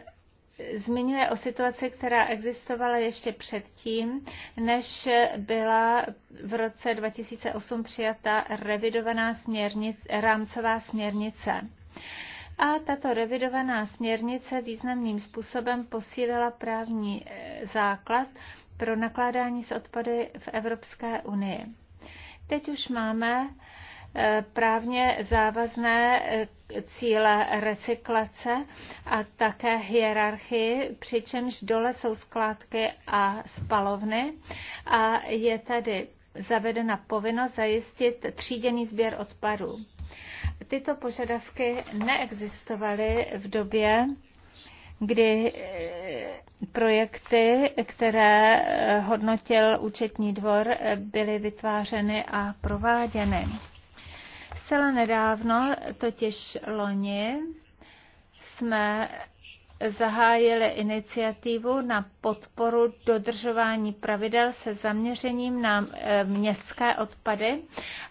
Speaker 2: zmiňuje o situaci, která existovala ještě předtím, než byla v roce 2008 přijata revidovaná směrnic, rámcová směrnice a tato revidovaná směrnice významným způsobem posílila právní eh, základ pro nakládání s odpady v Evropské unii. Teď už máme eh, právně závazné eh, cíle recyklace a také hierarchii, přičemž dole jsou skládky a spalovny a je tady zavedena povinnost zajistit tříděný sběr odpadů. Tyto požadavky neexistovaly v době, kdy eh, projekty, které eh, hodnotil účetní dvor, eh, byly vytvářeny a prováděny. Zcela nedávno, totiž loni, jsme zahájili iniciativu na podporu dodržování pravidel se zaměřením na eh, městské odpady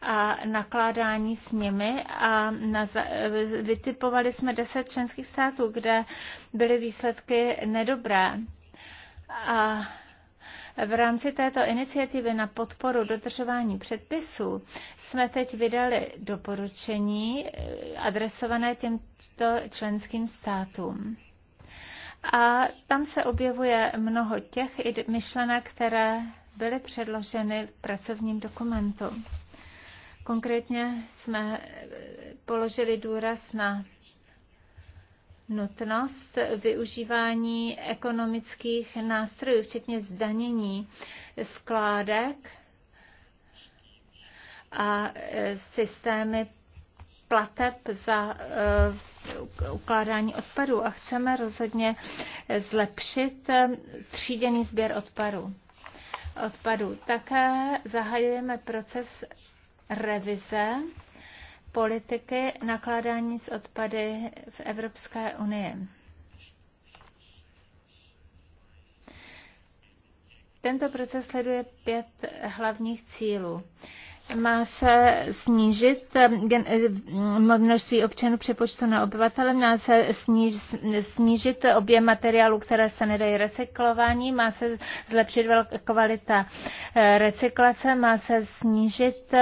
Speaker 2: a nakládání s nimi a na, eh, vytipovali jsme deset členských států, kde byly výsledky nedobré. A v rámci této iniciativy na podporu dodržování předpisů jsme teď vydali doporučení eh, adresované těmto členským státům. A tam se objevuje mnoho těch myšlenek, které byly předloženy v pracovním dokumentu. Konkrétně jsme eh, položili důraz na nutnost využívání ekonomických nástrojů, včetně zdanění skládek a eh, systémy plateb za eh, ukládání odpadů a chceme rozhodně zlepšit eh, tříděný sběr odpadů. odpadů. Také zahajujeme proces revize politiky nakládání s odpady v Evropské unii. Tento proces sleduje pět hlavních cílů má se snížit eh, eh, množství občanů přepočtu na obyvatele, má se snížit objem materiálu, které se nedají recyklování, má se zlepšit kvalita eh, recyklace, má se snížit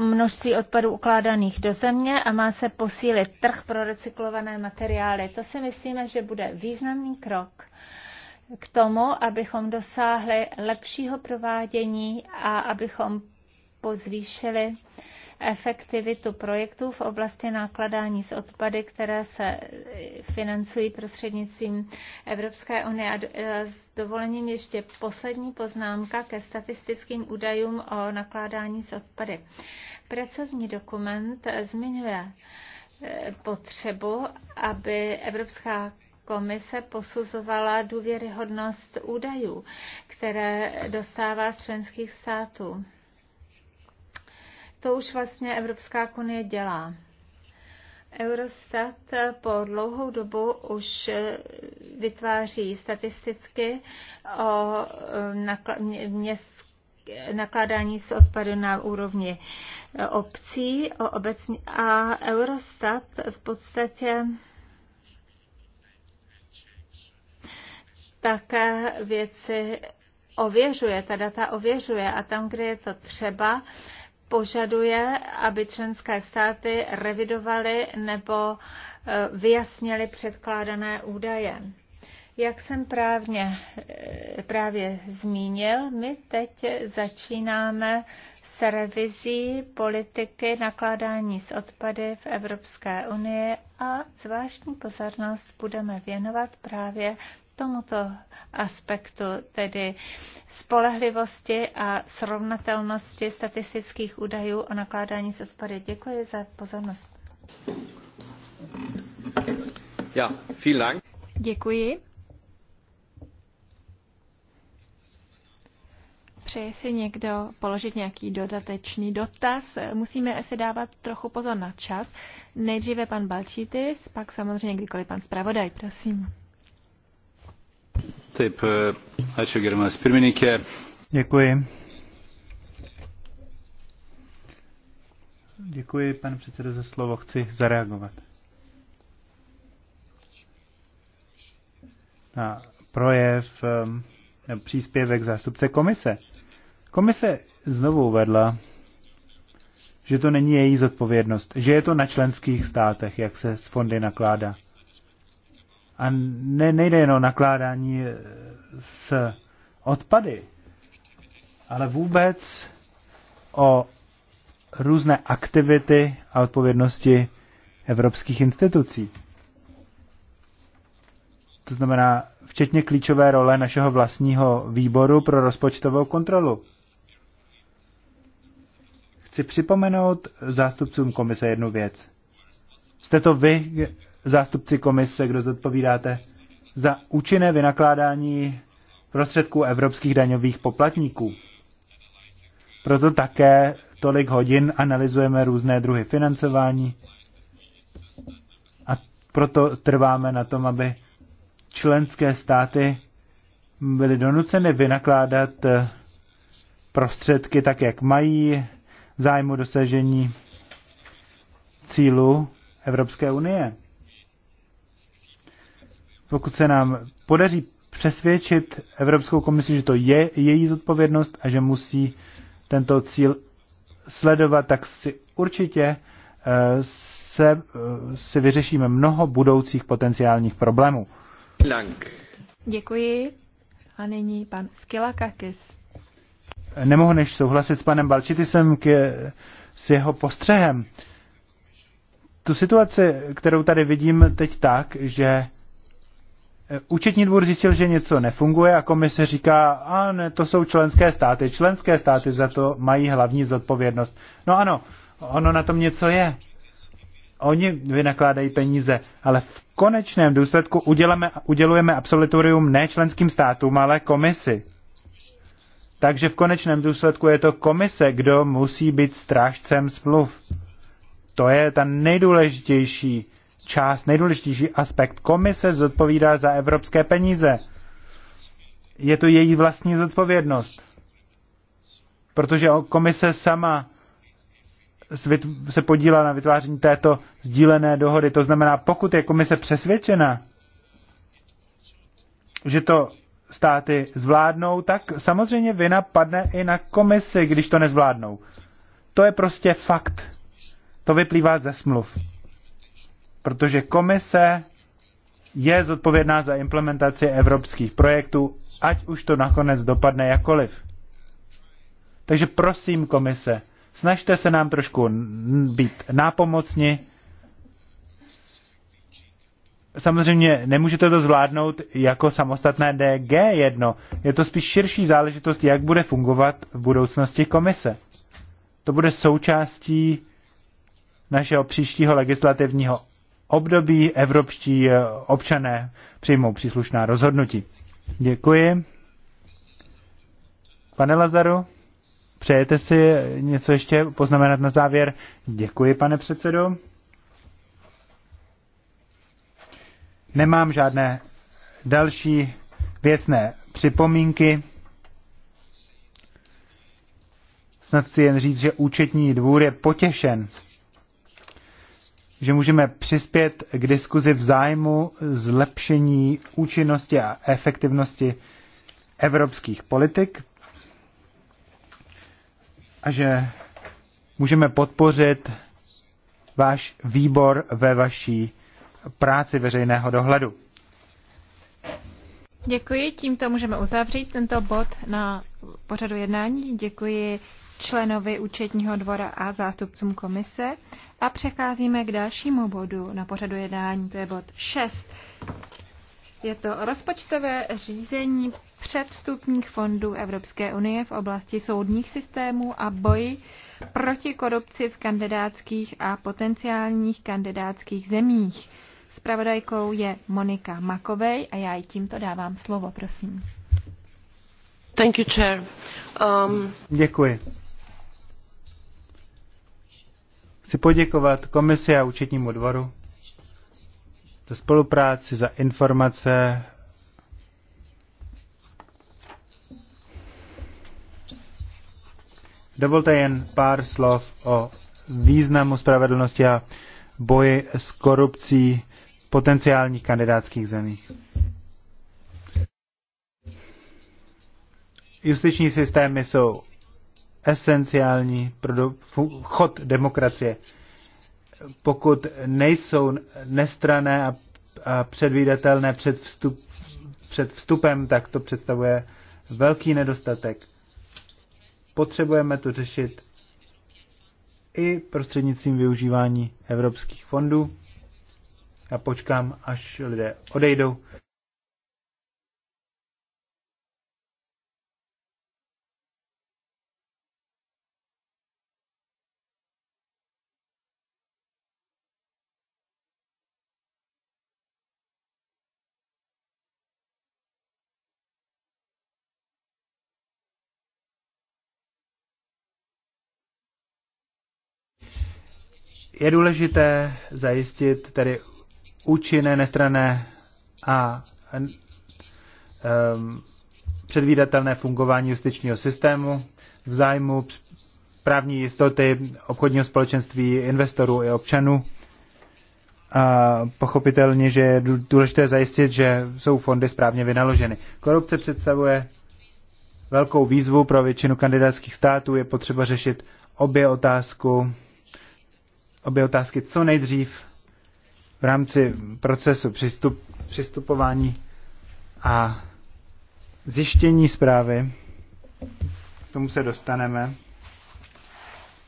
Speaker 2: množství odpadů ukládaných do země a má se posílit trh pro recyklované materiály. To si myslíme, že bude významný krok k tomu, abychom dosáhli lepšího provádění a abychom pozvýšili efektivitu projektů v oblasti nákladání s odpady, které se eh, financují prostřednictvím Evropské unie. A eh, s dovolením ještě poslední poznámka ke statistickým údajům o nakládání s odpady. Pracovní dokument eh, zmiňuje potřebu, aby Evropská komise posuzovala důvěryhodnost údajů, které dostává z členských států. To už vlastně Evropská unie dělá. Eurostat po dlouhou dobu už vytváří statisticky o eh, nakládání s odpadu na úrovni eh, obcí obecní, a Eurostat v podstatě také věci ověřuje, ta data ověřuje a tam, kde je to třeba, požaduje, aby členské státy revidovaly nebo eh, vyjasnily předkládané údaje. Jak jsem právně, eh, právě zmínil, my teď začínáme s revizí politiky nakládání s odpady v Evropské unii a zvláštní pozornost budeme věnovat právě tomuto aspektu, tedy spolehlivosti a srovnatelnosti statistických údajů o nakládání s odpady. Děkuji za pozornost. Ja, vielen Dank.
Speaker 1: Děkuji. Přeje si někdo položit nějaký dodatečný dotaz? Musíme se dávat trochu pozor na čas. Nejdříve pan Balčítis, pak samozřejmě kdykoliv pan zpravodaj, prosím.
Speaker 3: Taip, e, ačiū gerimas pirmininkė. Děkuji. Děkuji, pane předsedo, za slovo. Chci zareagovat. Na projev, na příspěvek zástupce komise. Komise znovu uvedla, že to není její zodpovědnost, že je to na členských státech, jak se s fondy nakládá. A ne, nejde jenom nakládání s odpady, ale vůbec o různé aktivity a odpovědnosti evropských institucí. To znamená, včetně klíčové role našeho vlastního výboru pro rozpočtovou kontrolu. Chci připomenout zástupcům komise jednu věc. Jste to vy, zástupci komise, kdo zodpovídáte za účinné vynakládání prostředků evropských daňových poplatníků. Proto také tolik hodin analyzujeme různé druhy financování a proto trváme na tom, aby členské státy byly donuceny vynakládat eh, prostředky tak, jak mají v zájmu dosažení cílu Evropské unie pokud se nám podaří přesvědčit Evropskou komisi, že to je její zodpovědnost a že musí tento cíl sledovat, tak si určitě eh, se, eh, si vyřešíme mnoho budoucích potenciálních problémů. Lank.
Speaker 1: Děkuji. A nyní pan Skilakakis.
Speaker 3: Nemohu než souhlasit s panem Balčitisem k, s jeho postřehem. Tu situaci, kterou tady vidím teď tak, že Účetní dvůr zjistil, že něco nefunguje a komise říká, a ne, to jsou členské státy. Členské státy za to mají hlavní zodpovědnost. No ano, ono na tom něco je. Oni vynakládají peníze, ale v konečném důsledku uděláme, udělujeme absolutorium ne členským státům, ale komisi. Takže v konečném důsledku je to komise, kdo musí být strážcem smluv. To je ta nejdůležitější část, nejdůležitější aspekt. Komise zodpovídá za evropské peníze. Je to její vlastní zodpovědnost. Protože komise sama se podílá na vytváření této sdílené dohody. To znamená, pokud je komise přesvědčena, že to státy zvládnou, tak samozřejmě vina padne i na komisi, když to nezvládnou. To je prostě fakt. To vyplývá ze smluv protože komise je zodpovědná za implementaci evropských projektů, ať už to nakonec dopadne jakoliv. Takže prosím komise, snažte se nám trošku být nápomocni. Samozřejmě nemůžete to zvládnout jako samostatné DG1. Je to spíš širší záležitost, jak bude fungovat v budoucnosti komise. To bude součástí našeho příštího legislativního období evropští eh, občané přijmou příslušná rozhodnutí. Děkuji. Pane Lazaru, přejete si něco ještě poznamenat na závěr? Děkuji, pane předsedo. Nemám žádné další věcné připomínky. Snad chci jen říct, že účetní dvůr je potěšen že můžeme přispět k diskuzi v zájmu zlepšení účinnosti a efektivnosti evropských politik a že můžeme podpořit váš výbor ve vaší práci veřejného dohledu.
Speaker 1: Děkuji, tímto můžeme uzavřít tento bod na pořadu jednání. Děkuji členovi účetního dvora a zástupcům komise. A přecházíme k dalšímu bodu na pořadu jednání, to je bod 6. Je to rozpočtové řízení předstupních fondů Evropské unie v oblasti soudních systémů a boji proti korupci v kandidátských a potenciálních kandidátských zemích. Spravodajkou je Monika Makovej a já jí tímto dávám slovo, prosím.
Speaker 4: Thank you, chair. Um...
Speaker 3: Děkuji. Chci poděkovat komisi a účetnímu dvoru za spolupráci, za informace. Dovolte jen pár slov o významu spravedlnosti a boji s korupcí v potenciálních kandidátských zemích. Justiční systémy jsou esenciální pro chod demokracie. Pokud nejsou nestrané a, a předvídatelné před, vstup, před vstupem, tak to představuje velký nedostatek. Potřebujeme to řešit i prostřednictvím využívání evropských fondů. Já počkám, až lidé odejdou. je důležité zajistit tedy účinné, nestrané a um, předvídatelné fungování justičního systému v zájmu právní jistoty obchodního společenství investorů i občanů. A pochopitelně, že je důležité zajistit, že jsou fondy správně vynaloženy. Korupce představuje velkou výzvu pro většinu kandidátských států. Je potřeba řešit obě otázku obě otázky co nejdřív v rámci procesu přistup, přistupování a zjištění zprávy. K tomu se dostaneme.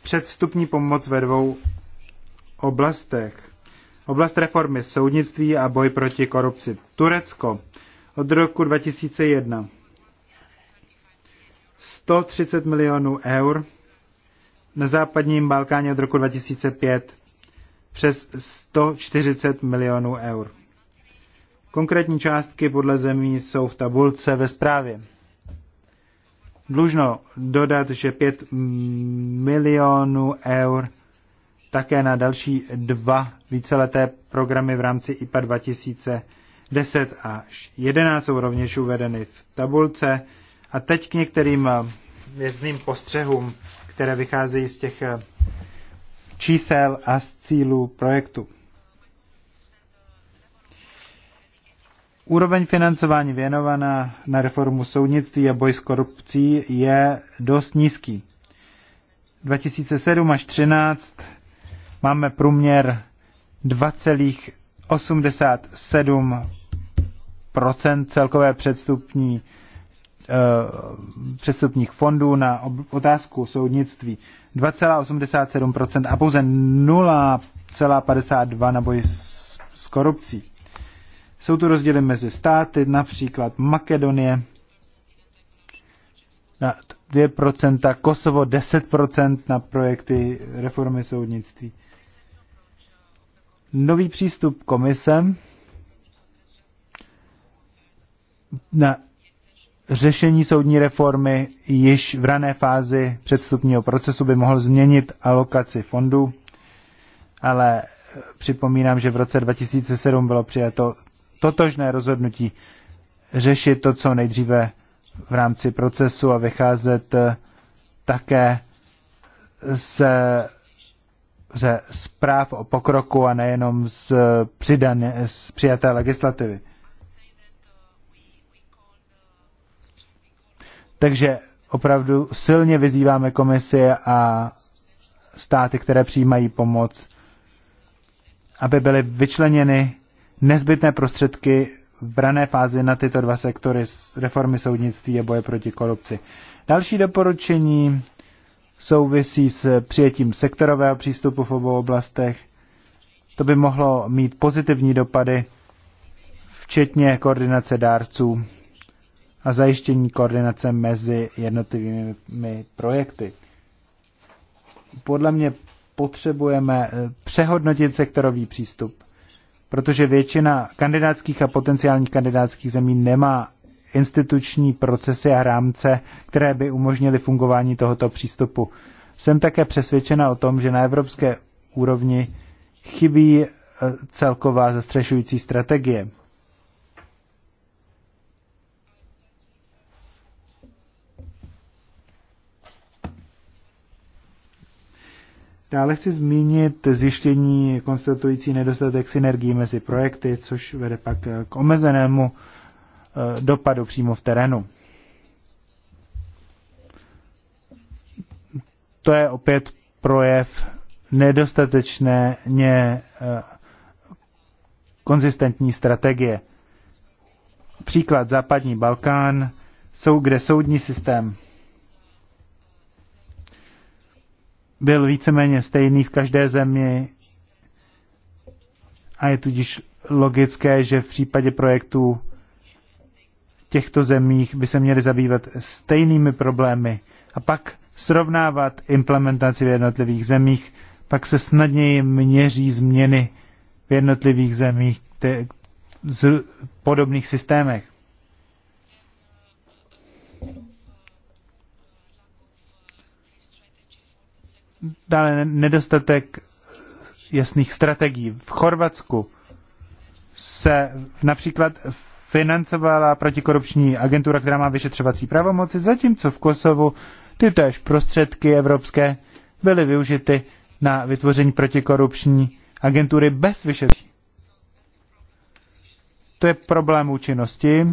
Speaker 3: Předvstupní pomoc ve dvou oblastech. Oblast reformy soudnictví a boj proti korupci. Turecko od roku 2001. 130 milionů eur na západním Balkáně od roku 2005 přes 140 milionů eur. Konkrétní částky podle zemí jsou v tabulce ve zprávě. Dlužno dodat, že 5 milionů eur také na další dva víceleté programy v rámci IPA 2010 až 11 jsou rovněž uvedeny v tabulce. A teď k některým věcným eh, postřehům které vycházejí z těch eh, čísel a z cílů projektu. Úroveň financování věnovaná na reformu soudnictví a boj s korupcí je dost nízký. 2007 až 2013 máme průměr 2,87 celkové předstupní Eh, přestupních fondů na otázku soudnictví 2,87% a pouze 0,52% na boji s, s korupcí. Jsou tu rozdíly mezi státy, například Makedonie na 2%, Kosovo 10% na projekty reformy soudnictví. Nový přístup komise na řešení soudní reformy již v rané fázi předstupního procesu by mohl změnit alokaci fondu, ale eh, připomínám, že v roce 2007 bylo přijato totožné rozhodnutí řešit to, co nejdříve v rámci procesu a vycházet eh, také se ze zpráv o pokroku a nejenom z, eh, přidané, z přijaté legislativy. Takže opravdu silně vyzýváme komisi a státy, které přijímají pomoc, aby byly vyčleněny nezbytné prostředky v rané fázi na tyto dva sektory reformy soudnictví a boje proti korupci. Další doporučení souvisí s přijetím sektorového přístupu v obou oblastech. To by mohlo mít pozitivní dopady, včetně koordinace dárců a zajištění koordinace mezi jednotlivými projekty. Podle mě potřebujeme eh, přehodnotit sektorový přístup, protože většina kandidátských a potenciálních kandidátských zemí nemá instituční procesy a rámce, které by umožnily fungování tohoto přístupu. Jsem také přesvědčena o tom, že na evropské úrovni chybí eh, celková zastřešující strategie. Dále chci zmínit zjištění konstatující nedostatek synergii mezi projekty, což vede pak eh, k omezenému eh, dopadu přímo v terénu. To je opět projev nedostatečně eh, konzistentní strategie. Příklad Západní Balkán jsou, kde soudní systém byl víceméně stejný v každé zemi a je tudíž logické, že v případě projektů těchto zemích by se měly zabývat stejnými problémy a pak srovnávat implementaci v jednotlivých zemích, pak se snadněji měří změny v jednotlivých zemích v podobných systémech. dále nedostatek jasných strategií. V Chorvatsku se například financovala protikorupční agentura, která má vyšetřovací pravomoci, zatímco v Kosovu ty též prostředky evropské byly využity na vytvoření protikorupční agentury bez vyšetření. To je problém účinnosti.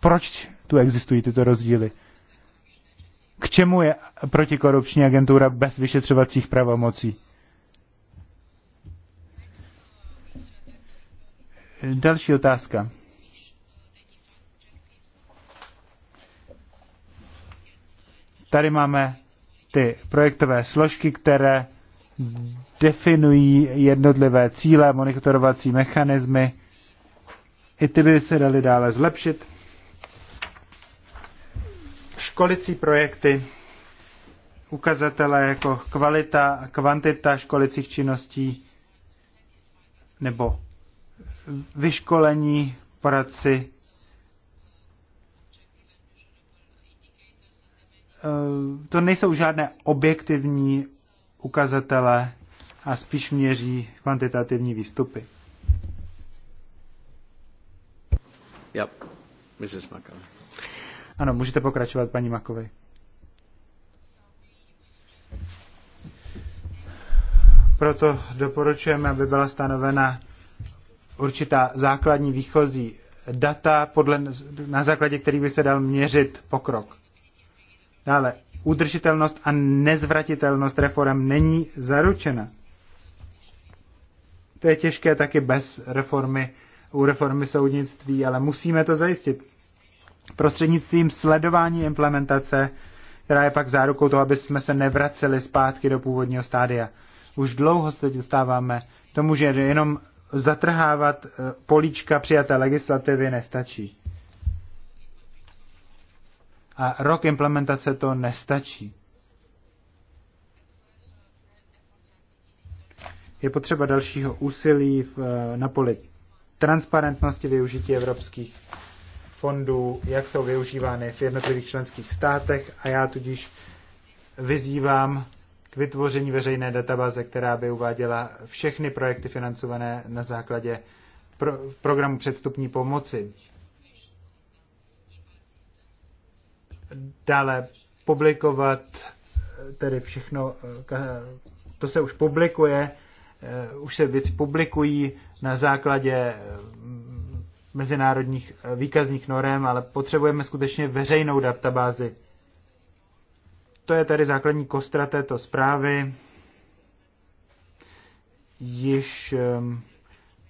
Speaker 3: Proč tu existují tyto rozdíly? K čemu je protikorupční agentura bez vyšetřovacích pravomocí? Další otázka. Tady máme ty projektové složky, které definují jednotlivé cíle, monitorovací mechanismy. I ty by se daly dále zlepšit školicí projekty, ukazatele jako kvalita a kvantita školicích činností nebo vyškolení poradci, eh, to nejsou žádné objektivní ukazatele a spíš měří kvantitativní výstupy.
Speaker 1: Yep. Mrs. McCullough.
Speaker 3: Ano, můžete pokračovat, paní Makovej. Proto doporučujeme, aby byla stanovena určitá základní výchozí data, podle, na základě kterých by se dal měřit pokrok. Dále, udržitelnost a nezvratitelnost reform není zaručena. To je těžké taky bez reformy, u reformy soudnictví, ale musíme to zajistit prostřednictvím sledování implementace, která je pak zárukou toho, aby jsme se nevraceli zpátky do původního stádia. Už dlouho se dostáváme tomu, že jenom zatrhávat eh, políčka přijaté legislativy nestačí. A rok implementace to nestačí. Je potřeba dalšího úsilí v, eh, na poli transparentnosti využití evropských fondů, jak jsou využívány v jednotlivých členských státech a já tudíž vyzývám k vytvoření veřejné databáze, která by uváděla všechny projekty financované na základě pro, programu předstupní pomoci. Dále publikovat eh, tedy všechno, eh, to se už publikuje, eh, už se věci publikují na základě mezinárodních eh, výkazních norem, ale potřebujeme skutečně veřejnou databázi. To je tedy základní kostra této zprávy. Již ehm,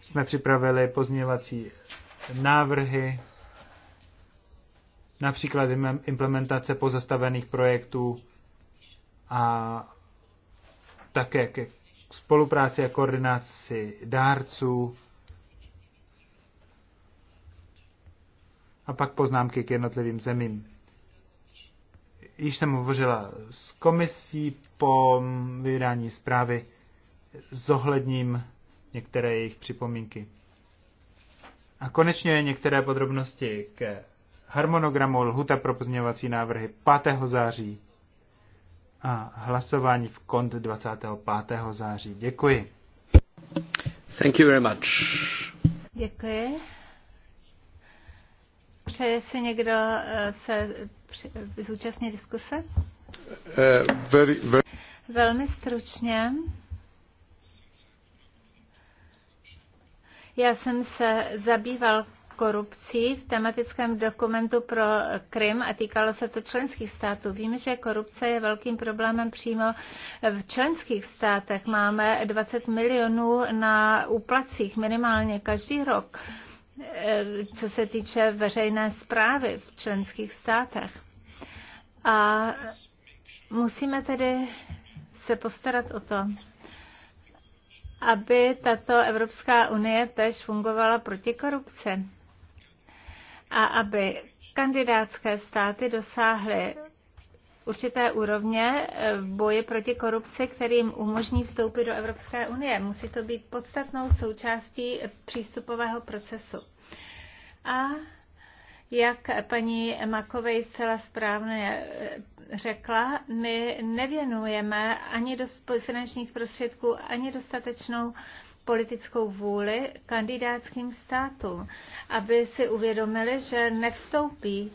Speaker 3: jsme připravili pozměňovací návrhy, například implementace pozastavených projektů a také ke spolupráci a koordinaci dárců a pak poznámky k jednotlivým zemím. Již jsem hovořila s komisí po vydání zprávy, zohledním některé jejich připomínky. A konečně některé podrobnosti k harmonogramu lhuta pro pozměňovací návrhy 5. září a hlasování v kont 25. září. Děkuji. Thank you very much.
Speaker 2: Děkuji. Přeje si někdo eh, se eh, zúčastnit diskuse? Uh, very, very... Velmi stručně. Já jsem se zabýval korupcí v tematickém dokumentu pro Krym a týkalo se to členských států. Víme, že korupce je velkým problémem přímo v členských státech. Máme 20 milionů na úplacích minimálně každý rok. Eh, co se týče veřejné zprávy v členských státech. A musíme tedy se postarat o to, aby tato Evropská unie tež fungovala proti korupci a aby kandidátské státy dosáhly určité úrovně eh, v boji proti korupci, kterým umožní vstoupit do Evropské unie. Musí to být podstatnou součástí přístupového procesu. A jak paní Makovej zcela správně eh, řekla, my nevěnujeme ani dost finančních prostředků, ani dostatečnou politickou vůli kandidátským státům, aby si uvědomili, že nevstoupí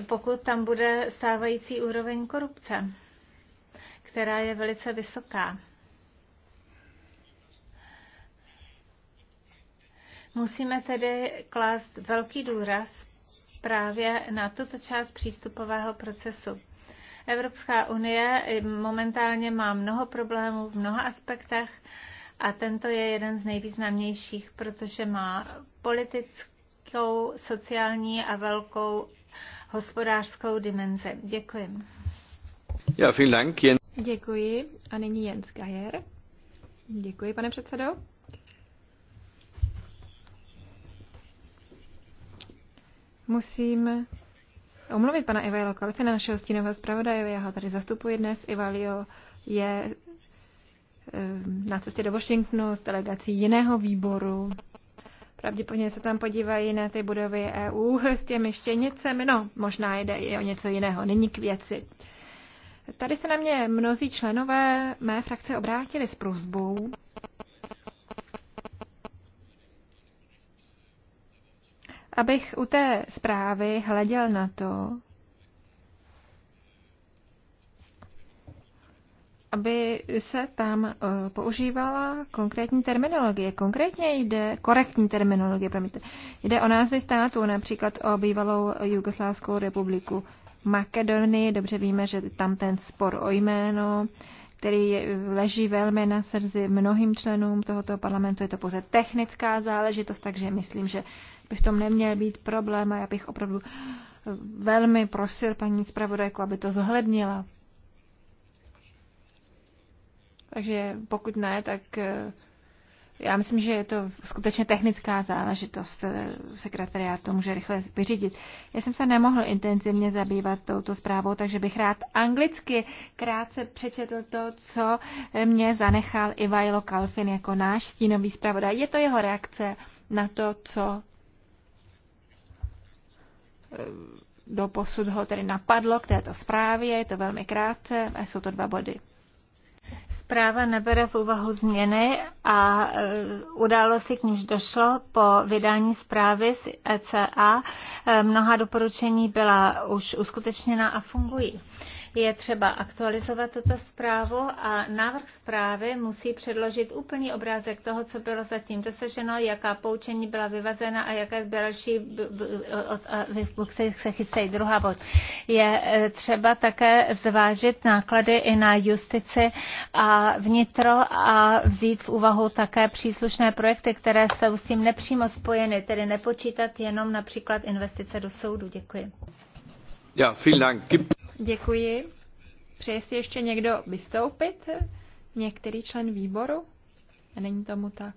Speaker 2: pokud tam bude stávající úroveň korupce, která je velice vysoká. Musíme tedy klást velký důraz právě na tuto část přístupového procesu. Evropská unie momentálně má mnoho problémů v mnoha aspektech a tento je jeden z nejvýznamnějších, protože má politickou, sociální a velkou
Speaker 1: hospodářskou dimenzi. Děkuji. Ja, vielen Dank, Jens. Děkuji. A nyní Jens Geier. Děkuji, pane předsedo. Musím omluvit pana Ivalio Kalfina, našeho stínového zpravodaje. Já ho tady zastupuji dnes. Ivalio je eh, na cestě do Washingtonu s delegací jiného výboru. Pravděpodobně se tam podívají na ty budovy EU [LAUGHS] s těmi štěnicemi, no možná jde i o něco jiného, není k věci. Tady se na mě mnozí členové mé frakce obrátili s prozbou, abych u té zprávy hleděl na to, aby se tam eh, používala konkrétní terminologie. Konkrétně jde, korektní terminologie, promiňte, jde o názvy států, například o bývalou Jugoslávskou republiku Makedonii. Dobře víme, že tam ten spor o jméno, který leží velmi na srdci mnohým členům tohoto parlamentu. Je to pouze technická záležitost, takže myslím, že by v tom neměl být problém a já bych opravdu eh, velmi prosil paní zpravodajku, aby to zohlednila. Takže pokud ne, tak eh, já myslím, že je to skutečně technická záležitost. Eh, Sekretariat to může rychle vyřídit. Já jsem se nemohl intenzivně zabývat touto zprávou, takže bych rád anglicky krátce přečetl to, co mě zanechal Ivajlo Kalfin jako náš stínový zpravodaj. Je to jeho reakce na to, co eh, do posud ho tedy napadlo k této zprávě. Je to velmi krátce, jsou to dva body.
Speaker 2: Zpráva nebere v úvahu změny a e, události, k níž došlo po vydání zprávy z ECA. E, mnoha doporučení byla už uskutečněna a fungují. Je třeba aktualizovat tuto zprávu a návrh zprávy musí předložit úplný obrázek toho, co bylo zatím dosaženo, jaká poučení byla vyvazena a jaké další se chystají druhá bod. Je e, třeba také zvážit náklady i na justici a vnitro a vzít v úvahu také příslušné projekty, které jsou s tím nepřímo spojeny, tedy nepočítat jenom například investice do soudu. Děkuji.
Speaker 1: Děkuji. Přeje si ještě někdo vystoupit? Některý člen výboru? Není tomu tak.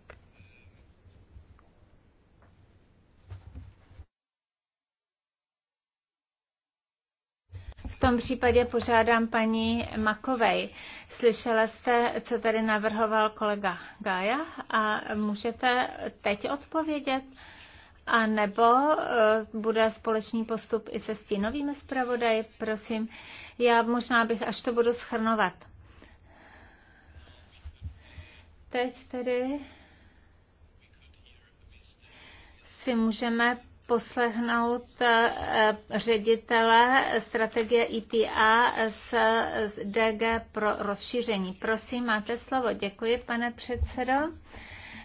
Speaker 2: V tom případě požádám paní Makovej. Slyšela jste, co tady navrhoval kolega Gája a můžete teď odpovědět? a nebo eh, bude společný postup i se stínovými zpravodaji, prosím. Já možná bych až to budu schrnovat. Teď tedy si můžeme poslechnout eh, ředitele strategie IPA e z DG pro rozšíření. Prosím, máte slovo. Děkuji, pane předsedo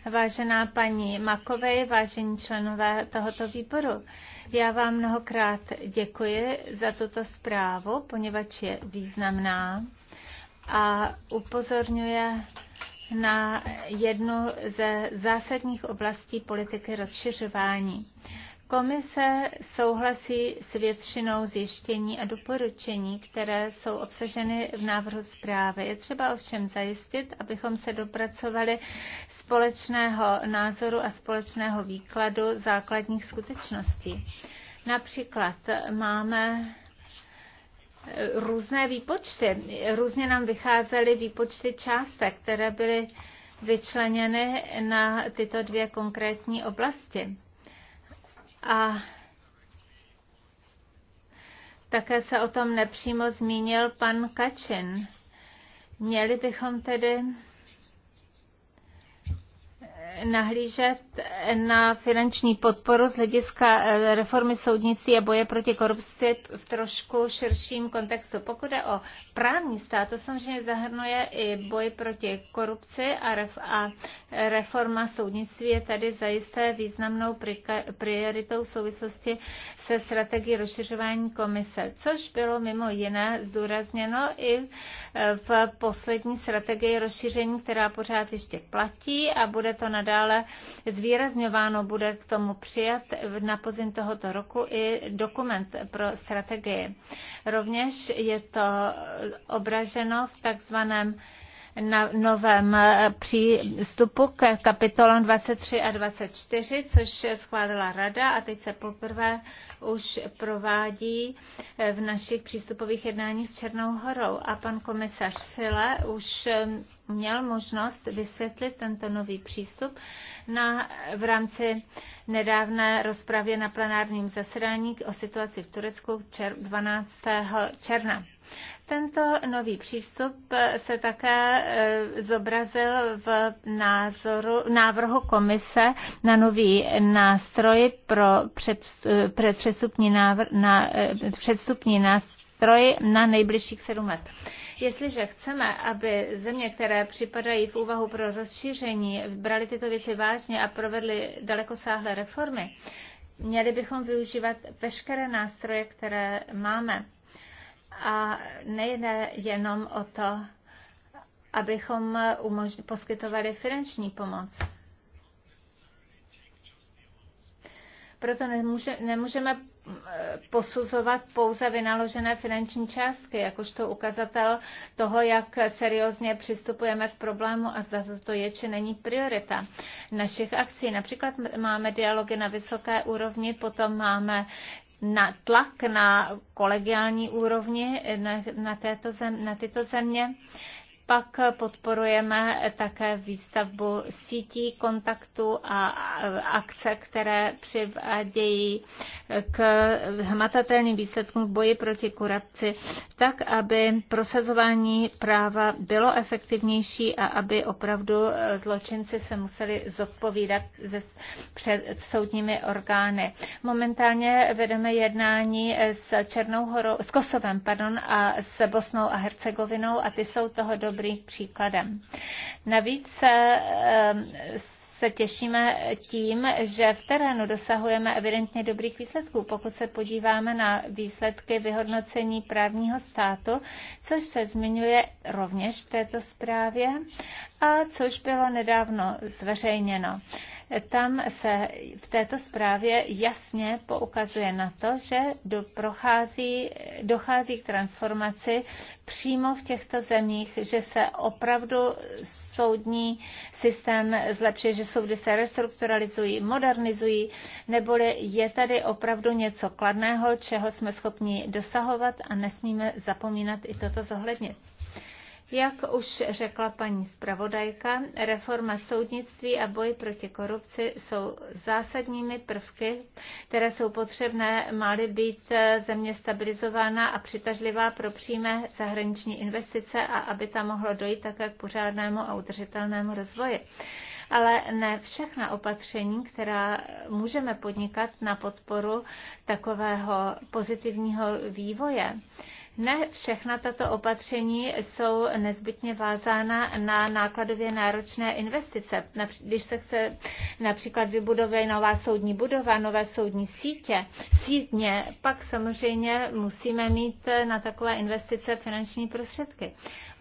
Speaker 2: vážená paní Makovej, vážení členové tohoto výboru. Já vám mnohokrát děkuji za tuto zprávu, poněvadž je významná a upozorňuje na jednu ze zásadních oblastí politiky rozšiřování. Komise souhlasí s většinou zjištění a doporučení, které jsou obsaženy v návrhu zprávy. Je třeba ovšem zajistit, abychom se dopracovali společného názoru a společného výkladu základních skutečností. Například máme různé výpočty. Různě nám vycházely výpočty částek, které byly vyčleněny na tyto dvě konkrétní oblasti. A také se o tom nepřímo zmínil pan Kačin. Měli bychom tedy nahlížet na finanční podporu z hlediska eh, reformy soudnicí a boje proti korupci v trošku širším kontextu. Pokud je o právní stát, to samozřejmě zahrnuje i boj proti korupci a, a reforma soudnictví je tady zajisté významnou prioritou v souvislosti se strategií rozšiřování komise, což bylo mimo jiné zdůrazněno i eh, v poslední strategii rozšíření, která pořád ještě platí a bude to nadále nadále zvýrazňováno, bude k tomu přijat na pozim tohoto roku i dokument pro strategii. Rovněž je to obraženo v takzvaném na novém eh, přístupu k kapitolám 23 a 24, což schválila Rada a teď se poprvé už provádí eh, v našich přístupových jednáních s Černou horou. A pan komisař File už eh, měl možnost vysvětlit tento nový přístup na, v rámci nedávné rozpravě na plenárním zasedání o situaci v Turecku 12. června. Tento nový přístup se také eh, zobrazil v názoru, návrhu komise na nový nástroj pro před, eh, předstupní, návr, na, eh, předstupní nástroj na nejbližších sedm let. Jestliže chceme, aby země, které připadají v úvahu pro rozšíření, brali tyto věci vážně a provedly dalekosáhlé reformy, měli bychom využívat veškeré nástroje, které máme. A nejde jenom o to, abychom umožn- poskytovali finanční pomoc. Proto nemůže, nemůžeme eh, posuzovat pouze vynaložené finanční částky, jakožto ukazatel toho, jak seriózně přistupujeme k problému a zda to je či není priorita našich akcí. Například máme dialogy na vysoké úrovni, potom máme na tlak na kolegiální úrovni na, na, této zem, na tyto země pak podporujeme také výstavbu sítí kontaktů a akce, které přivádějí k hmatatelným výsledkům v boji proti korupci, tak, aby prosazování práva bylo efektivnější a aby opravdu zločinci se museli zodpovídat ze, před soudními orgány. Momentálně vedeme jednání s Černou horou, s Kosovem pardon, a s Bosnou a Hercegovinou a ty jsou toho doby dobrým příkladem. Navíc se těšíme tím, že v terénu dosahujeme evidentně dobrých výsledků, pokud se podíváme na výsledky vyhodnocení právního státu, což se zmiňuje rovněž v této zprávě a což bylo nedávno zveřejněno. Tam se v této zprávě jasně poukazuje na to, že do, prochází, dochází k transformaci přímo v těchto zemích, že se opravdu soudní systém zlepšuje, že soudy se restrukturalizují, modernizují, neboli je tady opravdu něco kladného, čeho jsme schopni dosahovat a nesmíme zapomínat i toto zohlednit. Jak už řekla paní zpravodajka, reforma soudnictví a boj proti korupci jsou zásadními prvky, které jsou potřebné, máli být země stabilizována a přitažlivá pro přímé zahraniční investice a aby tam mohlo dojít také k pořádnému a udržitelnému rozvoji ale ne všechna opatření, která můžeme podnikat na podporu takového pozitivního vývoje ne všechna tato opatření jsou nezbytně vázána na nákladově náročné investice. Když se chce například vybudovat nová soudní budova, nové soudní sítě, sítně, pak samozřejmě musíme mít na takové investice finanční prostředky.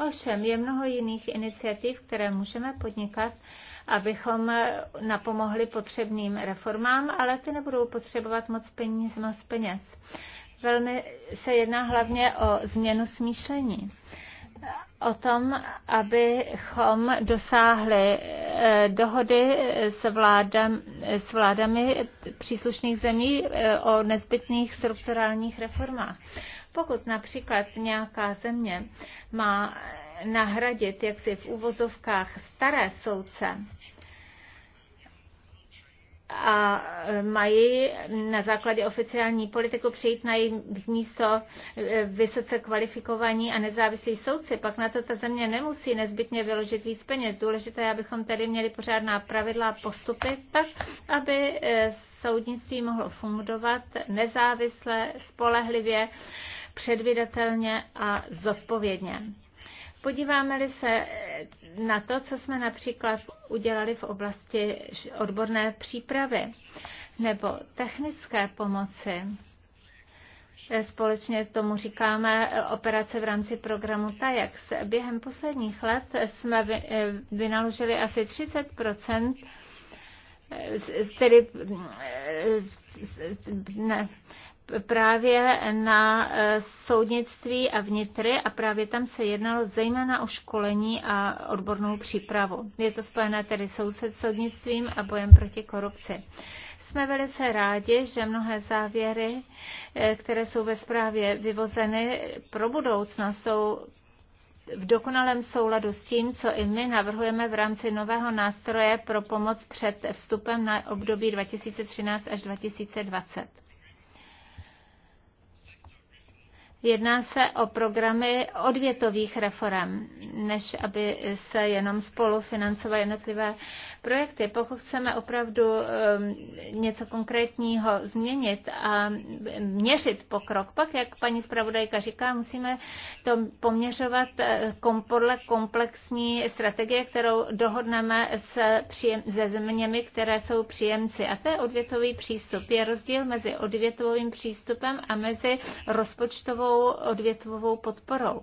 Speaker 2: Ovšem, je mnoho jiných iniciativ, které můžeme podnikat, abychom napomohli potřebným reformám, ale ty nebudou potřebovat moc peněz. Moc peněz velmi se jedná hlavně o změnu smýšlení o tom, abychom dosáhli eh, dohody s, vládam, s vládami příslušných zemí eh, o nezbytných strukturálních reformách. Pokud například nějaká země má nahradit jaksi v úvozovkách staré soudce, a e, mají na základě oficiální politiku přijít na jejich místo e, vysoce kvalifikovaní a nezávislí soudci. Pak na to ta země nemusí nezbytně vyložit víc peněz. Důležité je, abychom tady měli pořádná pravidla a postupy tak, aby e, soudnictví mohlo fungovat nezávisle, spolehlivě, předvydatelně a zodpovědně. Podíváme-li se eh, na to, co jsme například udělali v oblasti odborné přípravy nebo technické pomoci, eh, Společně tomu říkáme eh, operace v rámci programu TAJAX. Během posledních let jsme vynaložili asi 30 tedy mm, ne, právě na e, soudnictví a vnitry a právě tam se jednalo zejména o školení a odbornou přípravu. Je to spojené tedy soused soudnictvím a bojem proti korupci. Jsme velice rádi, že mnohé závěry, e, které jsou ve zprávě vyvozeny pro budoucnost, jsou v dokonalém souladu s tím, co i my navrhujeme v rámci nového nástroje pro pomoc před vstupem na období 2013 až 2020. Jedná se o programy odvětových reform, než aby se jenom spolufinancovaly jednotlivé projekty, pokud chceme opravdu um, něco konkrétního změnit a měřit pokrok, pak, jak paní zpravodajka říká, musíme to poměřovat eh, podle komplexní strategie, kterou dohodneme se, příjem, se zeměmi, které jsou příjemci. A to je odvětový přístup. Je rozdíl mezi odvětovým přístupem a mezi rozpočtovou odvětovou podporou.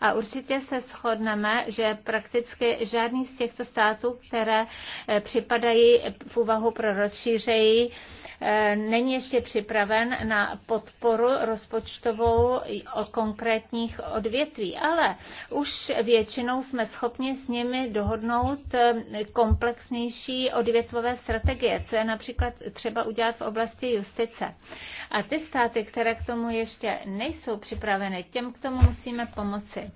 Speaker 2: A určitě se shodneme, že prakticky žádný z těchto států, které Eh, připadají v úvahu pro rozšíření. Eh, není ještě připraven na podporu rozpočtovou o konkrétních odvětví, ale už většinou jsme schopni s nimi dohodnout eh, komplexnější odvětvové strategie, co je například třeba udělat v oblasti justice. A ty státy, které k tomu ještě nejsou připraveny, těm k tomu musíme pomoci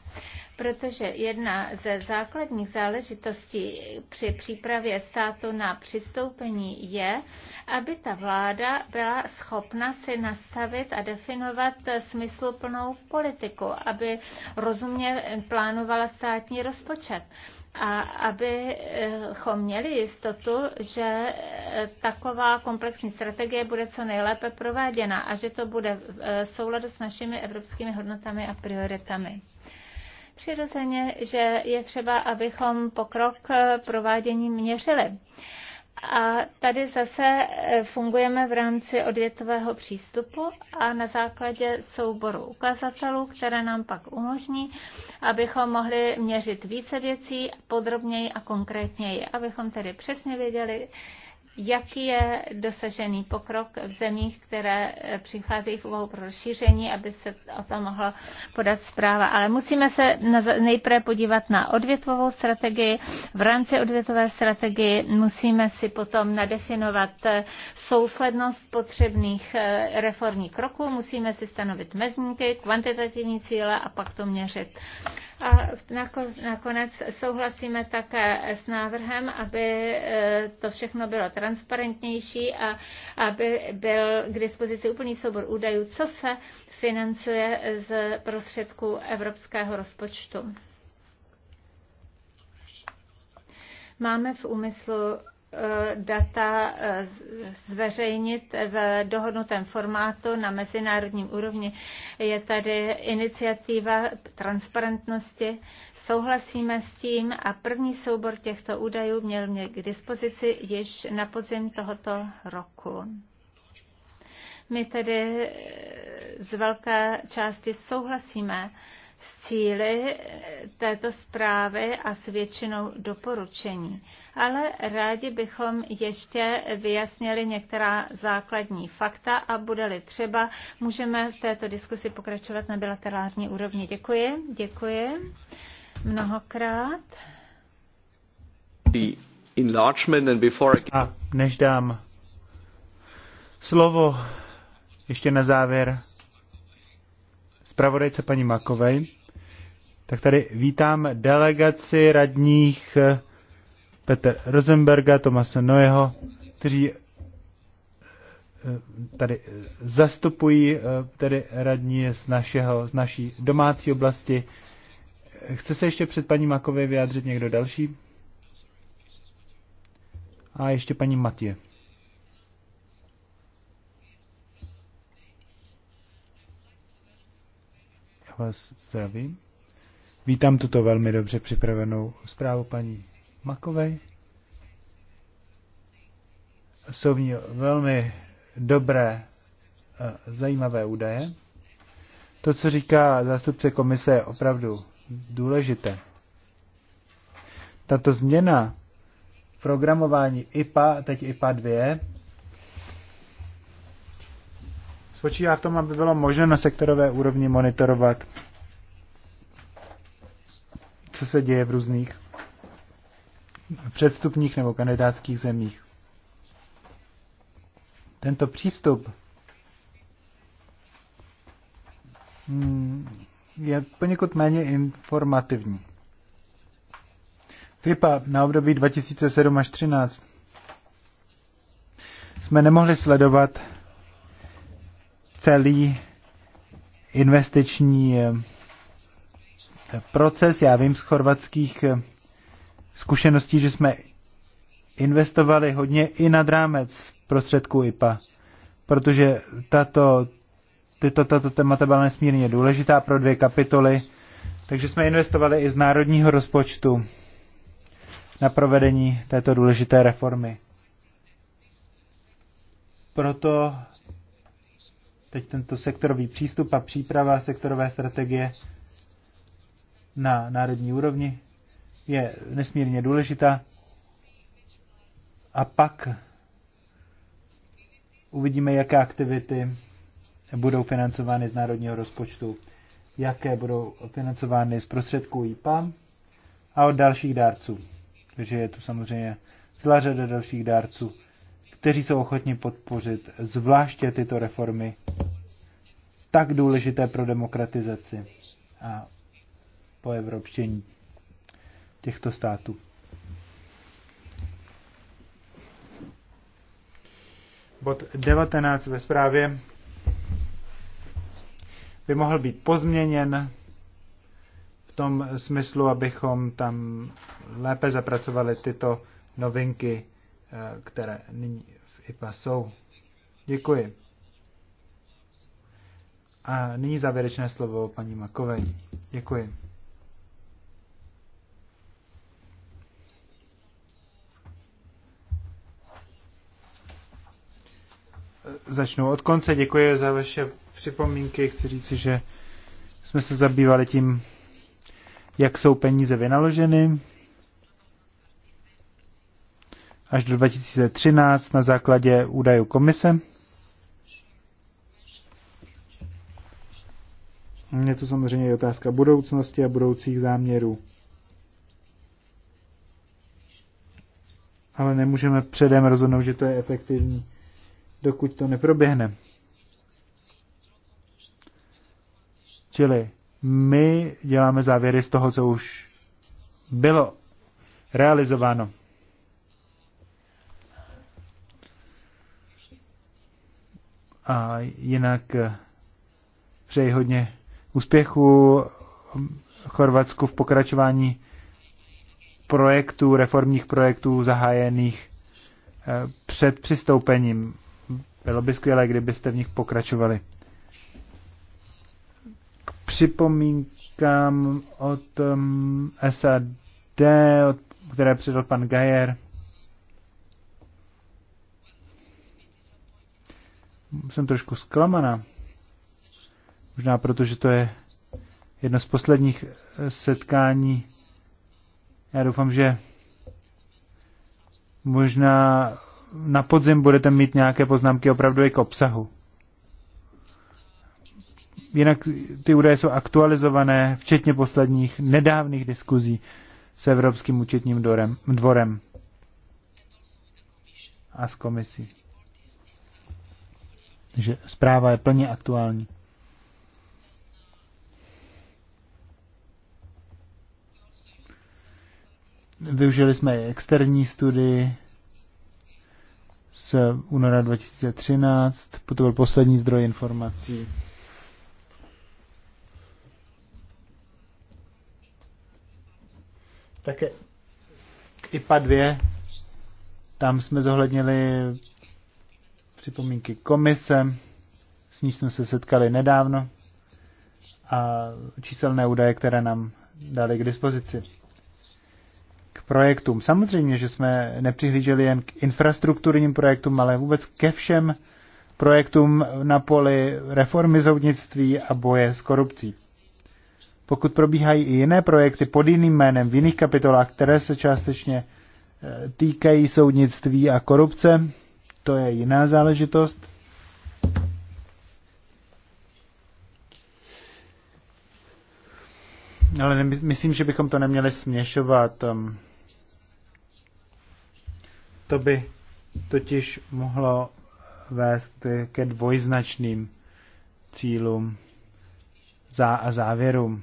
Speaker 2: protože jedna ze základních záležitostí při přípravě státu na přistoupení je, aby ta vláda byla schopna si nastavit a definovat smysluplnou politiku, aby rozumně plánovala státní rozpočet a abychom měli jistotu, že taková komplexní strategie bude co nejlépe prováděna a že to bude v eh, souladu s našimi evropskými hodnotami a prioritami. Přirozeně, že je třeba, abychom pokrok eh, provádění měřili. A tady zase eh, fungujeme v rámci odvětového přístupu a na základě souboru ukazatelů, které nám pak umožní, abychom mohli měřit více věcí podrobněji a konkrétněji, abychom tedy přesně věděli, jaký je dosažený pokrok v zemích, které eh, přicházejí v úvahu pro rozšíření, aby se o tom mohla podat zpráva. Ale musíme se nejprve podívat na odvětvovou strategii. V rámci odvětové strategii musíme si potom nadefinovat eh, souslednost potřebných eh, reformních kroků, musíme si stanovit mezníky, kvantitativní cíle a pak to měřit. A nakonec souhlasíme také s návrhem, aby e, to všechno bylo transparentnější a aby byl k dispozici úplný soubor údajů, co se financuje z prostředků evropského rozpočtu. Máme v úmyslu Eh, data eh, zveřejnit v dohodnutém formátu na mezinárodním úrovni. Je tady iniciativa transparentnosti. Souhlasíme s tím a první soubor těchto údajů měl mě k dispozici již na podzim tohoto roku. My tedy eh, z velké části souhlasíme s cíly eh, této zprávy a s většinou doporučení. Ale rádi bychom ještě vyjasnili některá základní fakta a bude-li třeba, můžeme v této diskusi pokračovat na bilaterální úrovni. Děkuji, děkuji mnohokrát.
Speaker 3: A než dám slovo ještě na závěr zpravodajce paní Makovej, tak tady vítám delegaci radních Petr Rosenberga, Tomase Noého, kteří eh, tady eh, zastupují eh, tedy radní z, našeho, z naší domácí oblasti. Chce se ještě před paní Makovej vyjádřit někdo další? A ještě paní Matě. vás zdravím. Vítám tuto velmi dobře připravenou zprávu paní Makovej. Jsou v ní velmi dobré, zajímavé údaje. To, co říká zástupce komise, je opravdu důležité. Tato změna programování IPA, teď IPA 2, spočívá v tom, aby bylo možné na sektorové úrovni monitorovat, co se děje v různých předstupních nebo kandidátských zemích. Tento přístup hmm, je poněkud méně informativní. FIPA na období 2007 až 2013 jsme nemohli sledovat celý investiční eh, proces. Já vím z chorvatských eh, zkušeností, že jsme investovali hodně i nad rámec prostředků IPA, protože tato, tyto, tato témata byla nesmírně důležitá pro dvě kapitoly, takže jsme investovali i z národního rozpočtu na provedení této důležité reformy. Proto teď tento sektorový přístup a příprava sektorové strategie na národní úrovni je nesmírně důležitá. A pak uvidíme, jaké aktivity budou financovány z národního rozpočtu, jaké budou financovány z prostředků IPA a od dalších dárců. Takže je tu samozřejmě celá řada dalších dárců kteří jsou ochotni podpořit zvláště tyto reformy, tak důležité pro demokratizaci a po evropštění těchto států. Bod 19 ve zprávě by mohl být pozměněn v tom smyslu, abychom tam lépe zapracovali tyto novinky Eh, které nyní v IPA jsou. Děkuji. A nyní závěrečné slovo paní Makové. Děkuji. Začnu od konce. Děkuji za vaše připomínky. Chci říci, že jsme se zabývali tím, jak jsou peníze vynaloženy, až do 2013 na základě údajů komise. Je to samozřejmě i otázka budoucnosti a budoucích záměrů. Ale nemůžeme předem rozhodnout, že to je efektivní, dokud to neproběhne. Čili my děláme závěry z toho, co už bylo realizováno. A jinak eh, přeji hodně úspěchu Chorvatsku v pokračování projektů, reformních projektů zahájených eh, před přistoupením. Bylo by skvělé, kdybyste v nich pokračovali. K připomínkám od mm, SAD, od, které předal pan Gajer, jsem trošku zklamaná. Možná proto, že to je jedno z posledních eh, setkání. Já doufám, že možná na podzim budete mít nějaké poznámky opravdu i k obsahu. Jinak ty údaje jsou aktualizované, včetně posledních nedávných diskuzí s Evropským účetním dvorem, a s komisí. Takže zpráva je plně aktuální. Využili jsme i externí studii z února 2013, to byl poslední zdroj informací. Také k IPA 2, tam jsme zohlednili připomínky komise, s níž jsme se setkali nedávno, a číselné údaje, které nám dali k dispozici. K projektům. Samozřejmě, že jsme nepřihlíželi jen k infrastrukturním projektům, ale vůbec ke všem projektům na poli reformy zoudnictví a boje s korupcí. Pokud probíhají i jiné projekty pod jiným jménem v jiných kapitolách, které se částečně e, týkají soudnictví a korupce, to je jiná záležitost. Ale myslím, že bychom to neměli směšovat. Um. To by totiž mohlo vést ke dvojznačným cílům zá a závěrům.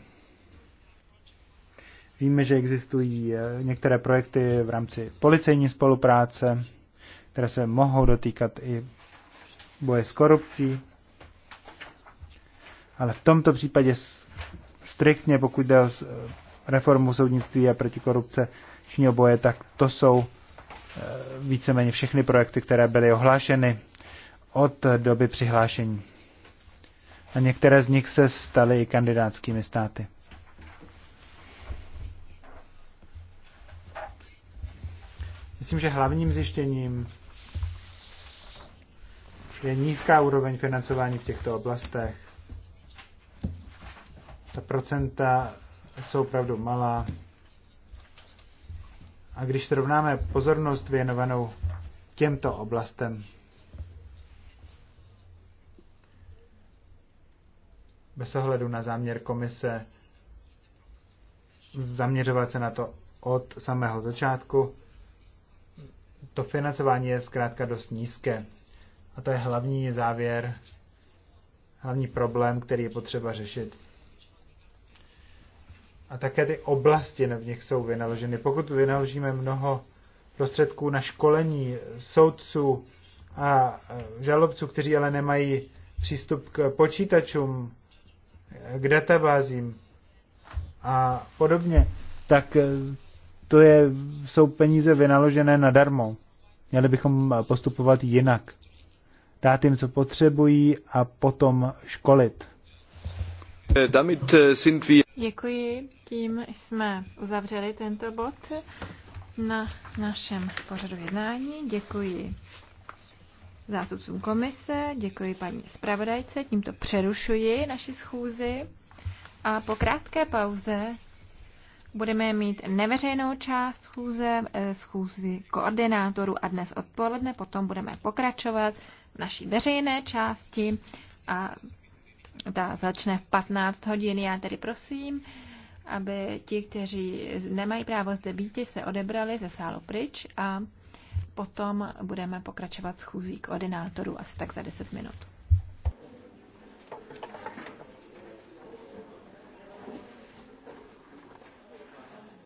Speaker 3: Víme, že existují eh, některé projekty v rámci policejní spolupráce, které se mohou dotýkat i boje s korupcí. Ale v tomto případě striktně, pokud jde o reformu soudnictví a protikorupce čního boje, tak to jsou eh, víceméně všechny projekty, které byly ohlášeny od doby přihlášení. A některé z nich se staly i kandidátskými státy. Myslím, že hlavním zjištěním je nízká úroveň financování v těchto oblastech. Ta procenta jsou opravdu malá. A když srovnáme pozornost věnovanou těmto oblastem, bez ohledu na záměr komise zaměřovat se na to od samého začátku, to financování je zkrátka dost nízké to je hlavní závěr, hlavní problém, který je potřeba řešit. A také ty oblasti, v nich jsou vynaloženy. Pokud vynaložíme mnoho prostředků na školení soudců a e, žalobců, kteří ale nemají přístup k počítačům, k databázím a podobně, tak e, to je, jsou peníze vynaložené nadarmo. Měli bychom postupovat jinak dát jim, co potřebují a potom školit.
Speaker 1: Eh, děkuji, tím jsme uzavřeli tento bod na našem pořadu jednání. Děkuji zástupcům komise, děkuji paní zpravodajce, tímto přerušuji naši schůzi a po krátké pauze budeme mít neveřejnou část schůze, eh, schůzi koordinátorů a dnes odpoledne potom budeme pokračovat naší veřejné části a ta začne v 15 hodin. Já tedy prosím, aby ti, kteří nemají právo zde být, se odebrali ze sálu pryč a potom budeme pokračovat schůzí ordinátoru asi tak za 10 minut.